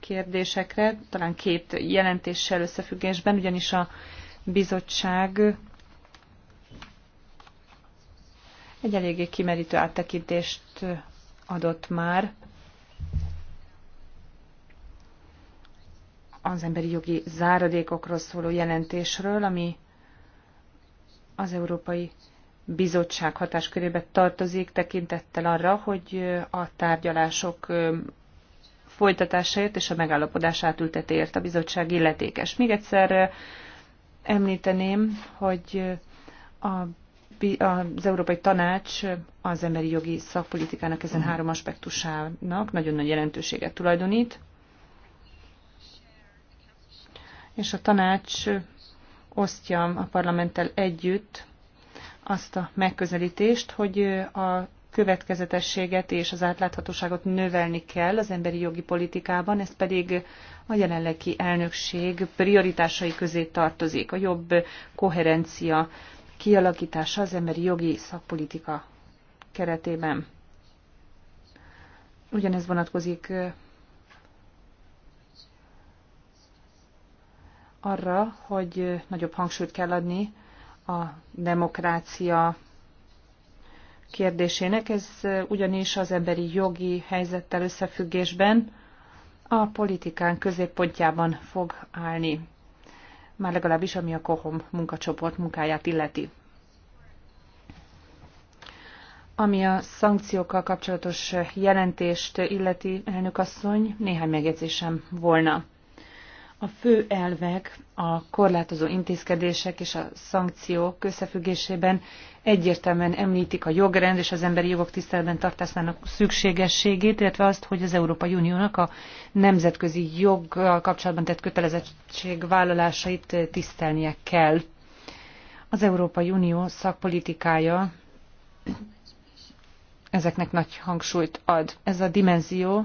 kérdésekre, talán két jelentéssel összefüggésben, ugyanis a bizottság egy eléggé kimerítő áttekintést adott már az emberi jogi záradékokról szóló jelentésről, ami az Európai bizottság hatáskörébe tartozik tekintettel arra, hogy a tárgyalások folytatásáért és a megállapodás átültetéért a bizottság illetékes. Még egyszer említeném, hogy a az Európai Tanács az emberi jogi szakpolitikának ezen mhm. három aspektusának nagyon nagy jelentőséget tulajdonít, és a tanács osztja a parlamenttel együtt azt a megközelítést, hogy a következetességet és az átláthatóságot növelni kell az emberi jogi politikában, ez pedig a jelenlegi elnökség prioritásai közé tartozik, a jobb koherencia kialakítása az emberi jogi szakpolitika keretében. Ugyanez vonatkozik arra, hogy nagyobb hangsúlyt kell adni a demokrácia kérdésének. Ez ugyanis az emberi jogi helyzettel összefüggésben a politikán középpontjában fog állni. Már legalábbis, ami a KOHOM munkacsoport munkáját illeti. Ami a szankciókkal kapcsolatos jelentést illeti, elnök asszony, néhány megjegyzésem volna. A fő elvek a korlátozó intézkedések és a szankciók összefüggésében egyértelműen említik a jogrend és az emberi jogok tiszteletben tartásának szükségességét, illetve azt, hogy az Európai Uniónak a nemzetközi joggal kapcsolatban tett kötelezettségvállalásait tisztelnie kell. Az Európai Unió szakpolitikája ezeknek nagy hangsúlyt ad. Ez a dimenzió,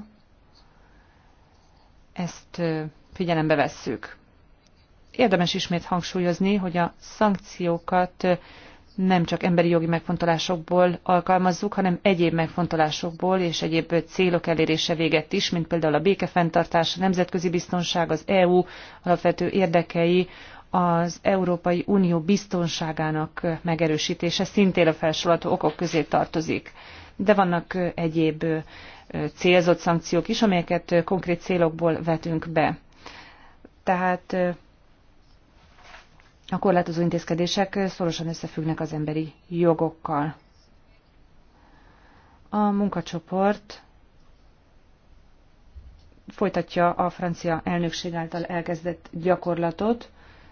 ezt figyelembe vesszük. Érdemes ismét hangsúlyozni, hogy a szankciókat nem csak emberi jogi megfontolásokból alkalmazzuk, hanem egyéb megfontolásokból és egyéb célok elérése véget is, mint például a békefenntartás, a nemzetközi biztonság, az EU alapvető érdekei, az Európai Unió biztonságának megerősítése szintén a felsorolható okok közé tartozik. De vannak egyéb célzott szankciók is, amelyeket konkrét célokból vetünk be. Tehát a korlátozó intézkedések szorosan összefüggnek az emberi jogokkal. A munkacsoport folytatja a francia elnökség által elkezdett gyakorlatot,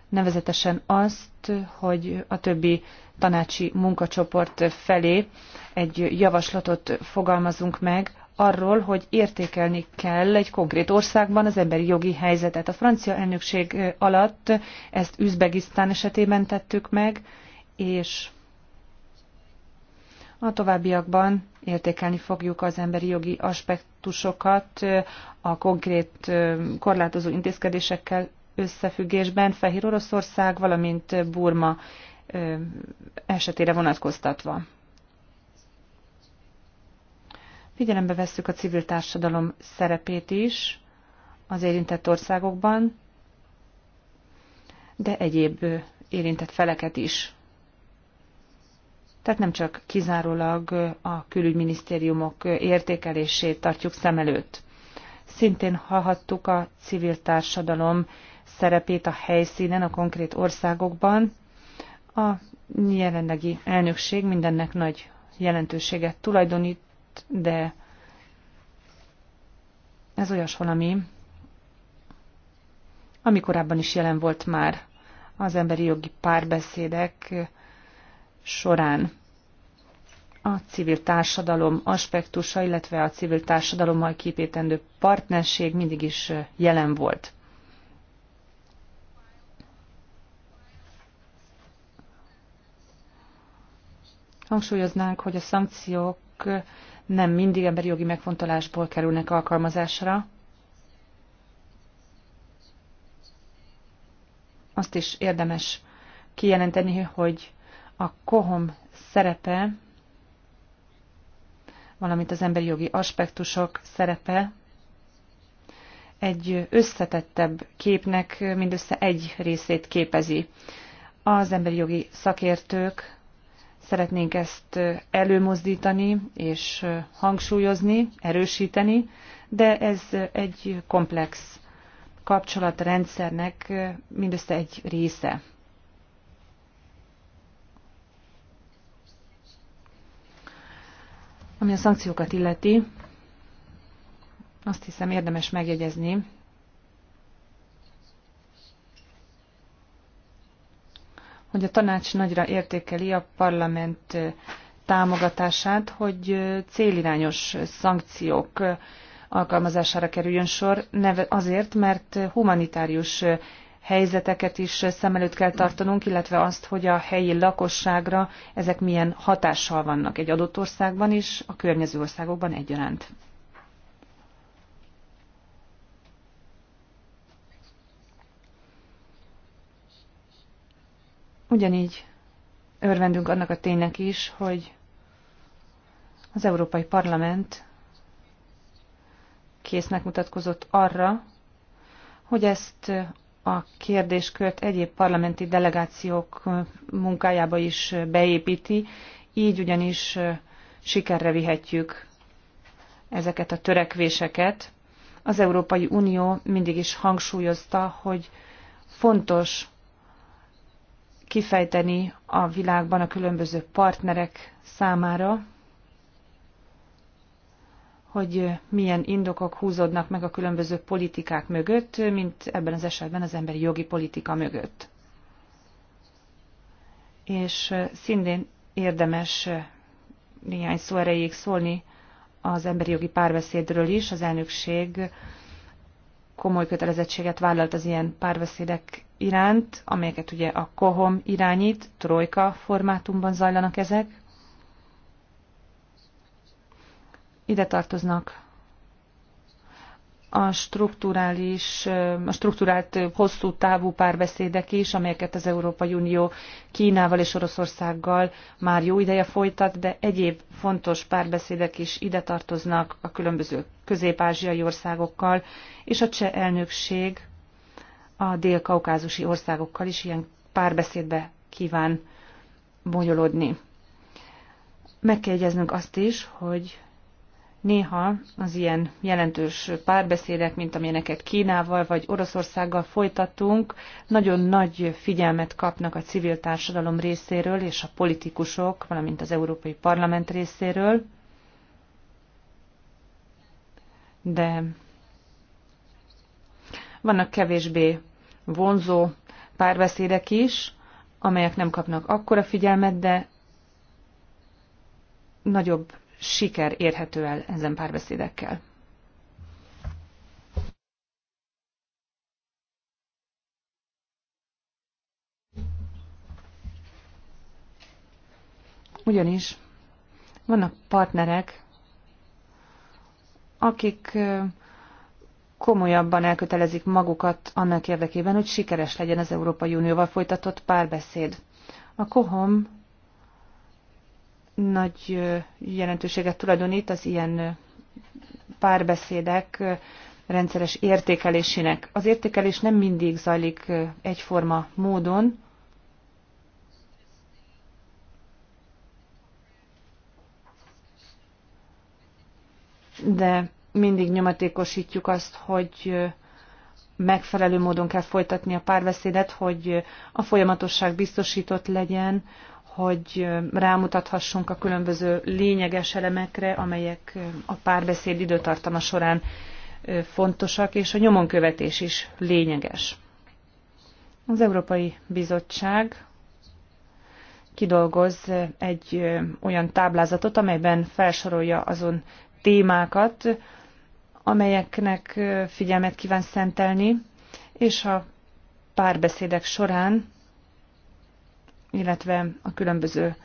nevezetesen azt, hogy a többi tanácsi munkacsoport felé egy javaslatot fogalmazunk meg arról, hogy értékelni kell egy konkrét országban az emberi jogi helyzetet. A francia elnökség alatt ezt Üzbegisztán esetében tettük meg, és a továbbiakban értékelni fogjuk az emberi jogi aspektusokat a konkrét korlátozó intézkedésekkel összefüggésben Fehér Oroszország, valamint Burma esetére vonatkoztatva. Figyelembe vesszük a civil társadalom szerepét is az érintett országokban, de egyéb érintett feleket is. Tehát nem csak kizárólag a külügyminisztériumok értékelését tartjuk szem előtt. Szintén hallhattuk a civil társadalom szerepét a helyszínen, a konkrét országokban. A jelenlegi elnökség mindennek nagy jelentőséget tulajdonít, de ez olyas valami, amikorábban is jelen volt már az emberi jogi párbeszédek során. A civil társadalom aspektusa, illetve a civil társadalommal képítendő partnerség mindig is jelen volt. Hangsúlyoznánk, hogy a szankciók nem mindig emberi jogi megfontolásból kerülnek alkalmazásra. Azt is érdemes kijelenteni, hogy a kohom szerepe, valamint az emberi jogi aspektusok szerepe egy összetettebb képnek mindössze egy részét képezi. Az emberi jogi szakértők Szeretnénk ezt előmozdítani és hangsúlyozni, erősíteni, de ez egy komplex kapcsolatrendszernek mindössze egy része. Ami a szankciókat illeti, azt hiszem érdemes megjegyezni, hogy a tanács nagyra értékeli a parlament támogatását, hogy célirányos szankciók alkalmazására kerüljön sor, neve azért, mert humanitárius helyzeteket is szem előtt kell tartanunk, illetve azt, hogy a helyi lakosságra ezek milyen hatással vannak egy adott országban is, a környező országokban egyaránt. Ugyanígy örvendünk annak a ténynek is, hogy az Európai Parlament késznek mutatkozott arra, hogy ezt a kérdéskört egyéb parlamenti delegációk munkájába is beépíti, így ugyanis sikerre vihetjük ezeket a törekvéseket. Az Európai Unió mindig is hangsúlyozta, hogy fontos kifejteni a világban a különböző partnerek számára, hogy milyen indokok húzódnak meg a különböző politikák mögött, mint ebben az esetben az emberi jogi politika mögött. És szintén érdemes néhány szó erejéig szólni az emberi jogi párbeszédről is. Az elnökség komoly kötelezettséget vállalt az ilyen párbeszédek iránt, amelyeket ugye a kohom irányít, trojka formátumban zajlanak ezek. Ide tartoznak a strukturális, a strukturált hosszú távú párbeszédek is, amelyeket az Európai Unió Kínával és Oroszországgal már jó ideje folytat, de egyéb fontos párbeszédek is ide tartoznak a különböző közép-ázsiai országokkal, és a cseh elnökség a dél-kaukázusi országokkal is ilyen párbeszédbe kíván bonyolodni. Meg kell jegyeznünk azt is, hogy Néha az ilyen jelentős párbeszédek, mint amilyeneket Kínával vagy Oroszországgal folytatunk, nagyon nagy figyelmet kapnak a civil társadalom részéről és a politikusok, valamint az Európai Parlament részéről. De vannak kevésbé vonzó párbeszédek is, amelyek nem kapnak akkora figyelmet, de nagyobb siker érhető el ezen párbeszédekkel. Ugyanis vannak partnerek, akik komolyabban elkötelezik magukat annak érdekében, hogy sikeres legyen az Európai Unióval folytatott párbeszéd. A kohom nagy jelentőséget tulajdonít az ilyen párbeszédek rendszeres értékelésének. Az értékelés nem mindig zajlik egyforma módon, de mindig nyomatékosítjuk azt, hogy megfelelő módon kell folytatni a párbeszédet, hogy a folyamatosság biztosított legyen, hogy rámutathassunk a különböző lényeges elemekre, amelyek a párbeszéd időtartama során fontosak, és a nyomonkövetés is lényeges. Az Európai Bizottság kidolgoz egy olyan táblázatot, amelyben felsorolja azon témákat, amelyeknek figyelmet kíván szentelni, és a párbeszédek során illetve a különböző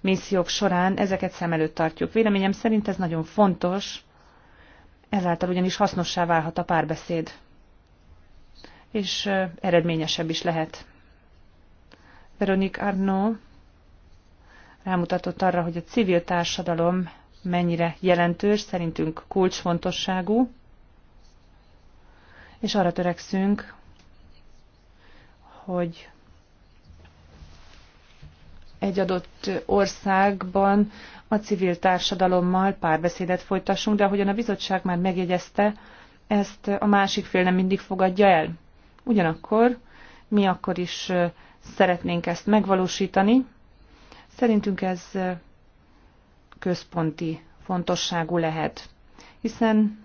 missziók során ezeket szem előtt tartjuk. Véleményem szerint ez nagyon fontos, ezáltal ugyanis hasznossá válhat a párbeszéd, és eredményesebb is lehet. Veronique Arnaud rámutatott arra, hogy a civil társadalom mennyire jelentős, szerintünk kulcsfontosságú, és arra törekszünk, hogy egy adott országban a civil társadalommal párbeszédet folytassunk, de ahogyan a bizottság már megjegyezte, ezt a másik fél nem mindig fogadja el. Ugyanakkor mi akkor is szeretnénk ezt megvalósítani. Szerintünk ez központi fontosságú lehet, hiszen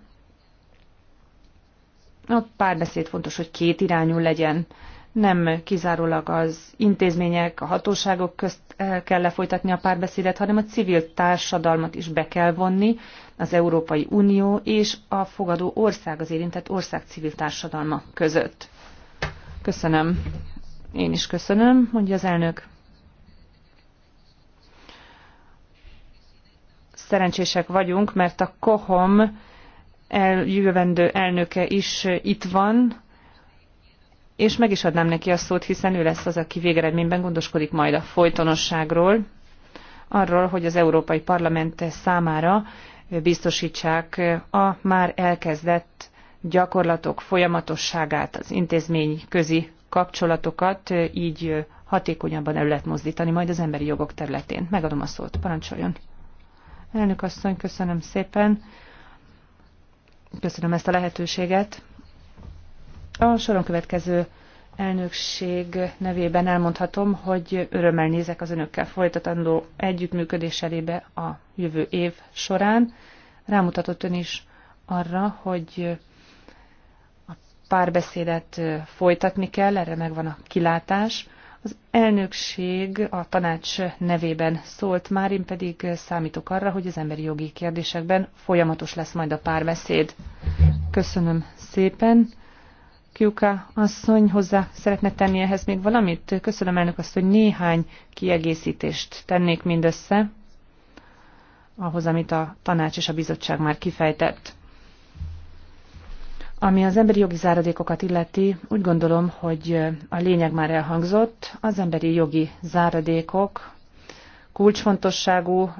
a párbeszéd fontos, hogy két irányú legyen nem kizárólag az intézmények, a hatóságok közt eh, kell lefolytatni a párbeszédet, hanem a civil társadalmat is be kell vonni, az Európai Unió és a fogadó ország, az érintett ország civil társadalma között. Köszönöm. Én is köszönöm, mondja az elnök. Szerencsések vagyunk, mert a KOHOM eljövendő elnöke is itt van, és meg is adnám neki a szót, hiszen ő lesz az, aki végeredményben gondoskodik majd a folytonosságról, arról, hogy az Európai Parlament számára biztosítsák a már elkezdett gyakorlatok folyamatosságát, az intézmény közi kapcsolatokat, így hatékonyabban elő lehet mozdítani majd az emberi jogok területén. Megadom a szót, parancsoljon. Elnök asszony, köszönöm szépen. Köszönöm ezt a lehetőséget. A soron következő elnökség nevében elmondhatom, hogy örömmel nézek az önökkel folytatandó együttműködés elébe a jövő év során. Rámutatott ön is arra, hogy a párbeszédet folytatni kell, erre megvan a kilátás. Az elnökség a tanács nevében szólt már, én pedig számítok arra, hogy az emberi jogi kérdésekben folyamatos lesz majd a párbeszéd. Köszönöm szépen. Kiuka asszony hozzá szeretne tenni ehhez még valamit? Köszönöm elnök azt, hogy néhány kiegészítést tennék mindössze ahhoz, amit a tanács és a bizottság már kifejtett. Ami az emberi jogi záradékokat illeti, úgy gondolom, hogy a lényeg már elhangzott. Az emberi jogi záradékok kulcsfontosságú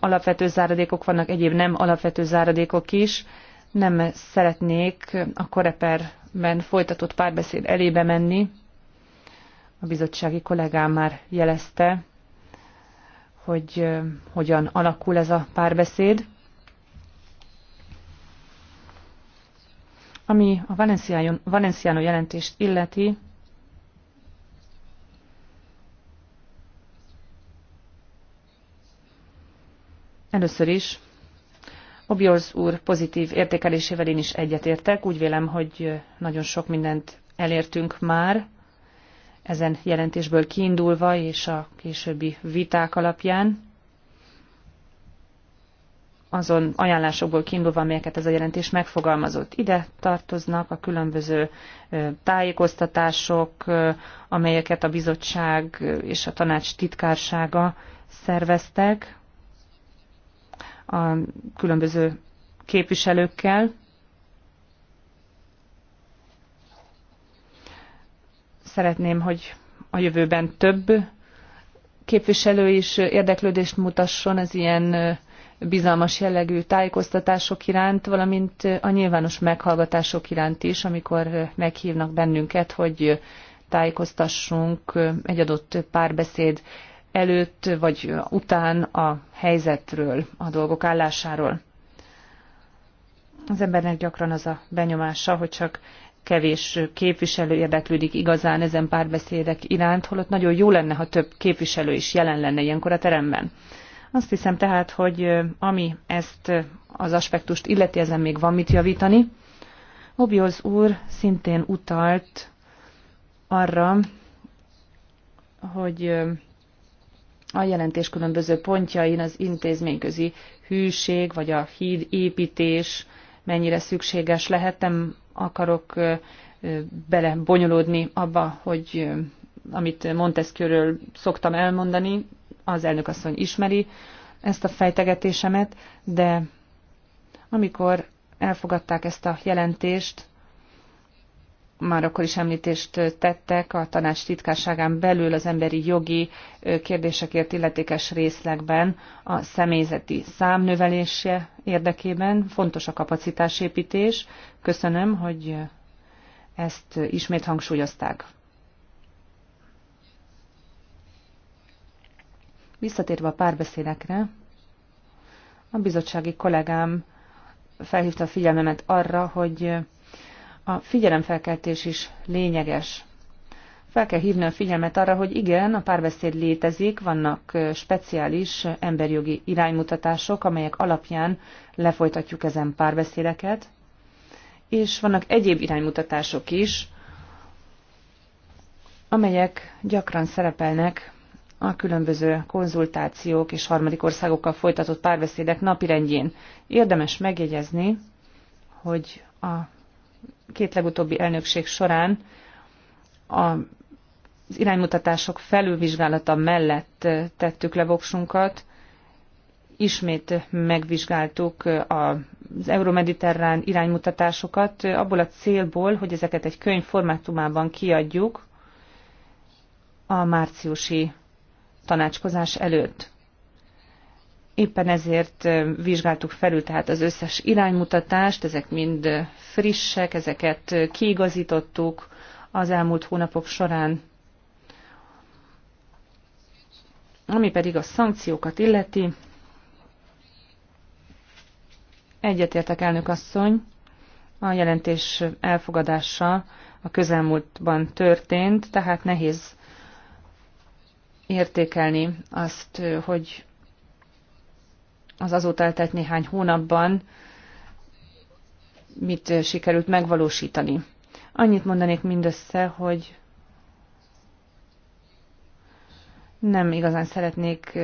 alapvető záradékok vannak, egyéb nem alapvető záradékok is. Nem szeretnék a koreper ben folytatott párbeszéd elébe menni. A bizottsági kollégám már jelezte, hogy hogyan alakul ez a párbeszéd. Ami a Valenciano jelentést illeti, először is Obiols úr pozitív értékelésével én is egyetértek. Úgy vélem, hogy nagyon sok mindent elértünk már ezen jelentésből kiindulva és a későbbi viták alapján azon ajánlásokból kiindulva, amelyeket ez a jelentés megfogalmazott. Ide tartoznak a különböző tájékoztatások, amelyeket a bizottság és a tanács titkársága szerveztek, a különböző képviselőkkel. Szeretném, hogy a jövőben több képviselő is érdeklődést mutasson az ilyen bizalmas jellegű tájékoztatások iránt, valamint a nyilvános meghallgatások iránt is, amikor meghívnak bennünket, hogy tájékoztassunk egy adott párbeszéd előtt vagy után a helyzetről, a dolgok állásáról. Az embernek gyakran az a benyomása, hogy csak kevés képviselő érdeklődik igazán ezen párbeszédek iránt, holott nagyon jó lenne, ha több képviselő is jelen lenne ilyenkor a teremben. Azt hiszem tehát, hogy ami ezt az aspektust illeti, ezen még van mit javítani. Obioz úr szintén utalt arra, hogy a jelentés különböző pontjain az intézményközi hűség vagy a híd építés mennyire szükséges lehet. Nem akarok belebonyolódni abba, hogy amit Montesquieu-ről szoktam elmondani, az elnök asszony ismeri ezt a fejtegetésemet, de amikor elfogadták ezt a jelentést, már akkor is említést tettek a tanács titkárságán belül az emberi jogi kérdésekért illetékes részlegben a személyzeti szám növelése érdekében. Fontos a kapacitásépítés. Köszönöm, hogy ezt ismét hangsúlyozták. Visszatérve a párbeszédekre, a bizottsági kollégám felhívta a figyelmemet arra, hogy a figyelemfelkeltés is lényeges. Fel kell hívni a figyelmet arra, hogy igen, a párbeszéd létezik, vannak speciális emberjogi iránymutatások, amelyek alapján lefolytatjuk ezen párbeszédeket, és vannak egyéb iránymutatások is, amelyek gyakran szerepelnek a különböző konzultációk és harmadik országokkal folytatott párbeszédek napirendjén. Érdemes megjegyezni, hogy a két legutóbbi elnökség során a az iránymutatások felülvizsgálata mellett eh, tettük le voksunkat, ismét megvizsgáltuk eh, az euromediterrán iránymutatásokat eh, abból a célból, hogy ezeket egy könyv formátumában kiadjuk a márciusi tanácskozás előtt. Éppen ezért vizsgáltuk felül tehát az összes iránymutatást, ezek mind frissek, ezeket kiigazítottuk az elmúlt hónapok során. Ami pedig a szankciókat illeti, egyetértek elnök asszony, a jelentés elfogadása a közelmúltban történt, tehát nehéz értékelni azt, hogy az azóta eltelt néhány hónapban mit sikerült megvalósítani. Annyit mondanék mindössze, hogy nem igazán szeretnék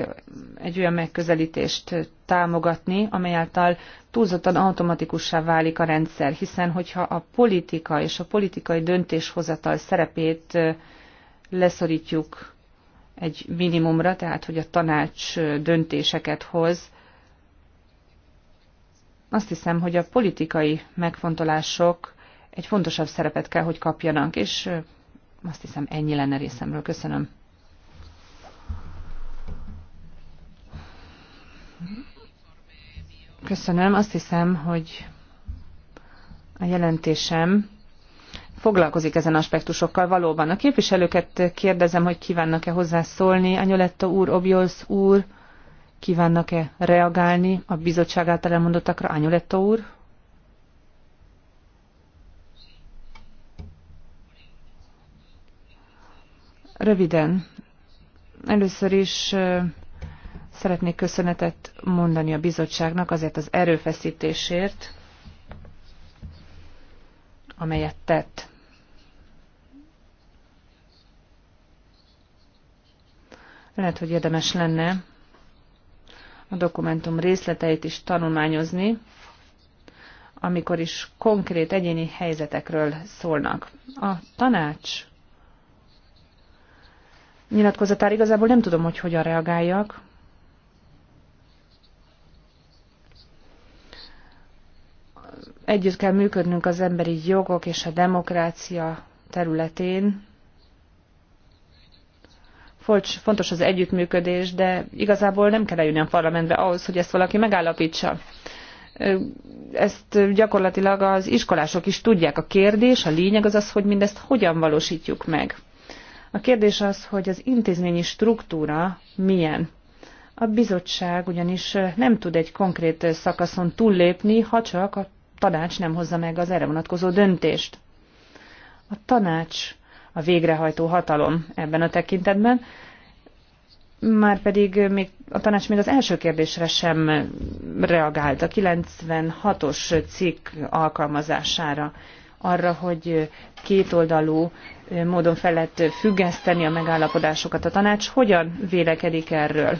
egy olyan megközelítést támogatni, amely által túlzottan automatikussá válik a rendszer, hiszen hogyha a politika és a politikai döntéshozatal szerepét leszorítjuk egy minimumra, tehát hogy a tanács döntéseket hoz, azt hiszem, hogy a politikai megfontolások egy fontosabb szerepet kell, hogy kapjanak, és azt hiszem ennyi lenne részemről. Köszönöm. Köszönöm. Azt hiszem, hogy a jelentésem foglalkozik ezen aspektusokkal valóban. A képviselőket kérdezem, hogy kívánnak-e hozzászólni. Anyoletto úr, Obiols úr, Kívánnak-e reagálni a bizottság által elmondottakra, Ányuletto úr? Röviden. Először is szeretnék köszönetet mondani a bizottságnak azért az erőfeszítésért, amelyet tett. Lehet, hogy érdemes lenne a dokumentum részleteit is tanulmányozni, amikor is konkrét egyéni helyzetekről szólnak. A tanács nyilatkozatára igazából nem tudom, hogy hogyan reagáljak. Együtt kell működnünk az emberi jogok és a demokrácia területén, fontos az együttműködés, de igazából nem kell eljönni a parlamentbe ahhoz, hogy ezt valaki megállapítsa. Ezt gyakorlatilag az iskolások is tudják. A kérdés, a lényeg az az, hogy mindezt hogyan valósítjuk meg. A kérdés az, hogy az intézményi struktúra milyen. A bizottság ugyanis nem tud egy konkrét szakaszon túllépni, ha csak a tanács nem hozza meg az erre vonatkozó döntést. A tanács a végrehajtó hatalom ebben a tekintetben. Márpedig még a tanács még az első kérdésre sem reagált, a 96-os cikk alkalmazására, arra, hogy kétoldalú módon fel lehet függeszteni a megállapodásokat. A tanács hogyan vélekedik erről?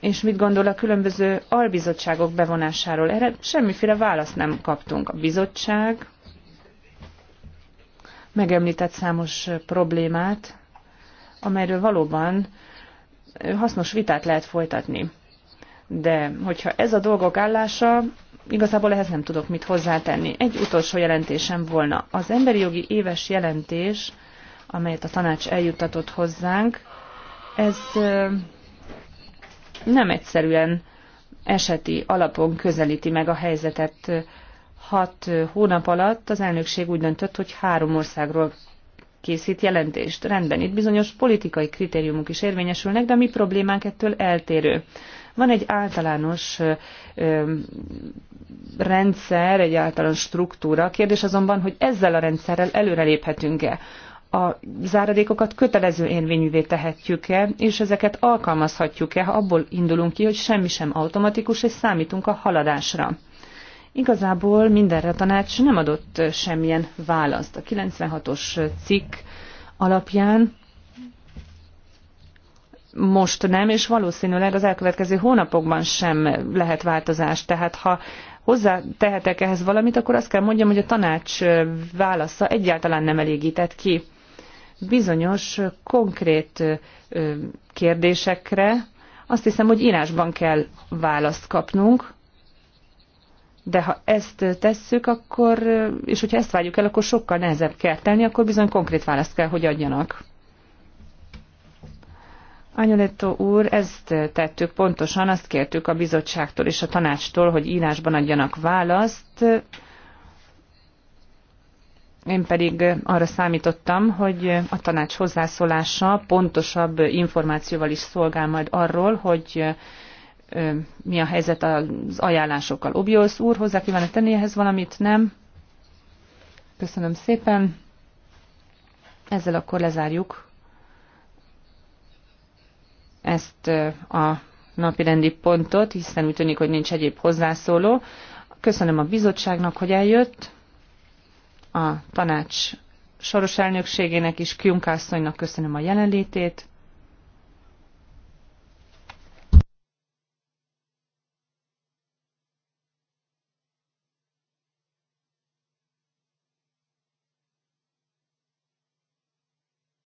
és mit gondol a különböző albizottságok bevonásáról. Erre semmiféle választ nem kaptunk. A bizottság megemlített számos problémát, amelyről valóban hasznos vitát lehet folytatni. De hogyha ez a dolgok állása, igazából ehhez nem tudok mit hozzátenni. Egy utolsó jelentésem volna. Az emberi jogi éves jelentés, amelyet a tanács eljuttatott hozzánk, ez nem egyszerűen eseti alapon közelíti meg a helyzetet hat hónap alatt az elnökség úgy döntött, hogy három országról készít jelentést. Rendben, itt bizonyos politikai kritériumok is érvényesülnek, de a mi problémánk ettől eltérő. Van egy általános ö, rendszer, egy általános struktúra. kérdés azonban, hogy ezzel a rendszerrel előreléphetünk-e? A záradékokat kötelező érvényűvé tehetjük-e, és ezeket alkalmazhatjuk-e, ha abból indulunk ki, hogy semmi sem automatikus, és számítunk a haladásra. Igazából mindenre a tanács nem adott semmilyen választ. A 96-os cikk alapján most nem, és valószínűleg az elkövetkező hónapokban sem lehet változás. Tehát ha hozzá tehetek ehhez valamit, akkor azt kell mondjam, hogy a tanács válasza egyáltalán nem elégített ki. Bizonyos konkrét kérdésekre azt hiszem, hogy írásban kell választ kapnunk, de ha ezt tesszük, akkor, és hogyha ezt várjuk el, akkor sokkal nehezebb kell tenni, akkor bizony konkrét választ kell, hogy adjanak. Anyoletto úr, ezt tettük pontosan, azt kértük a bizottságtól és a tanácstól, hogy írásban adjanak választ. Én pedig arra számítottam, hogy a tanács hozzászólása pontosabb információval is szolgál majd arról, hogy mi a helyzet az ajánlásokkal. Obiolsz úr, hozzá kívánok tenni ehhez valamit? Nem? Köszönöm szépen. Ezzel akkor lezárjuk ezt a napi rendi pontot, hiszen úgy tűnik, hogy nincs egyéb hozzászóló. Köszönöm a bizottságnak, hogy eljött, a tanács soros elnökségének is, Kjunkászonynak köszönöm a jelenlétét,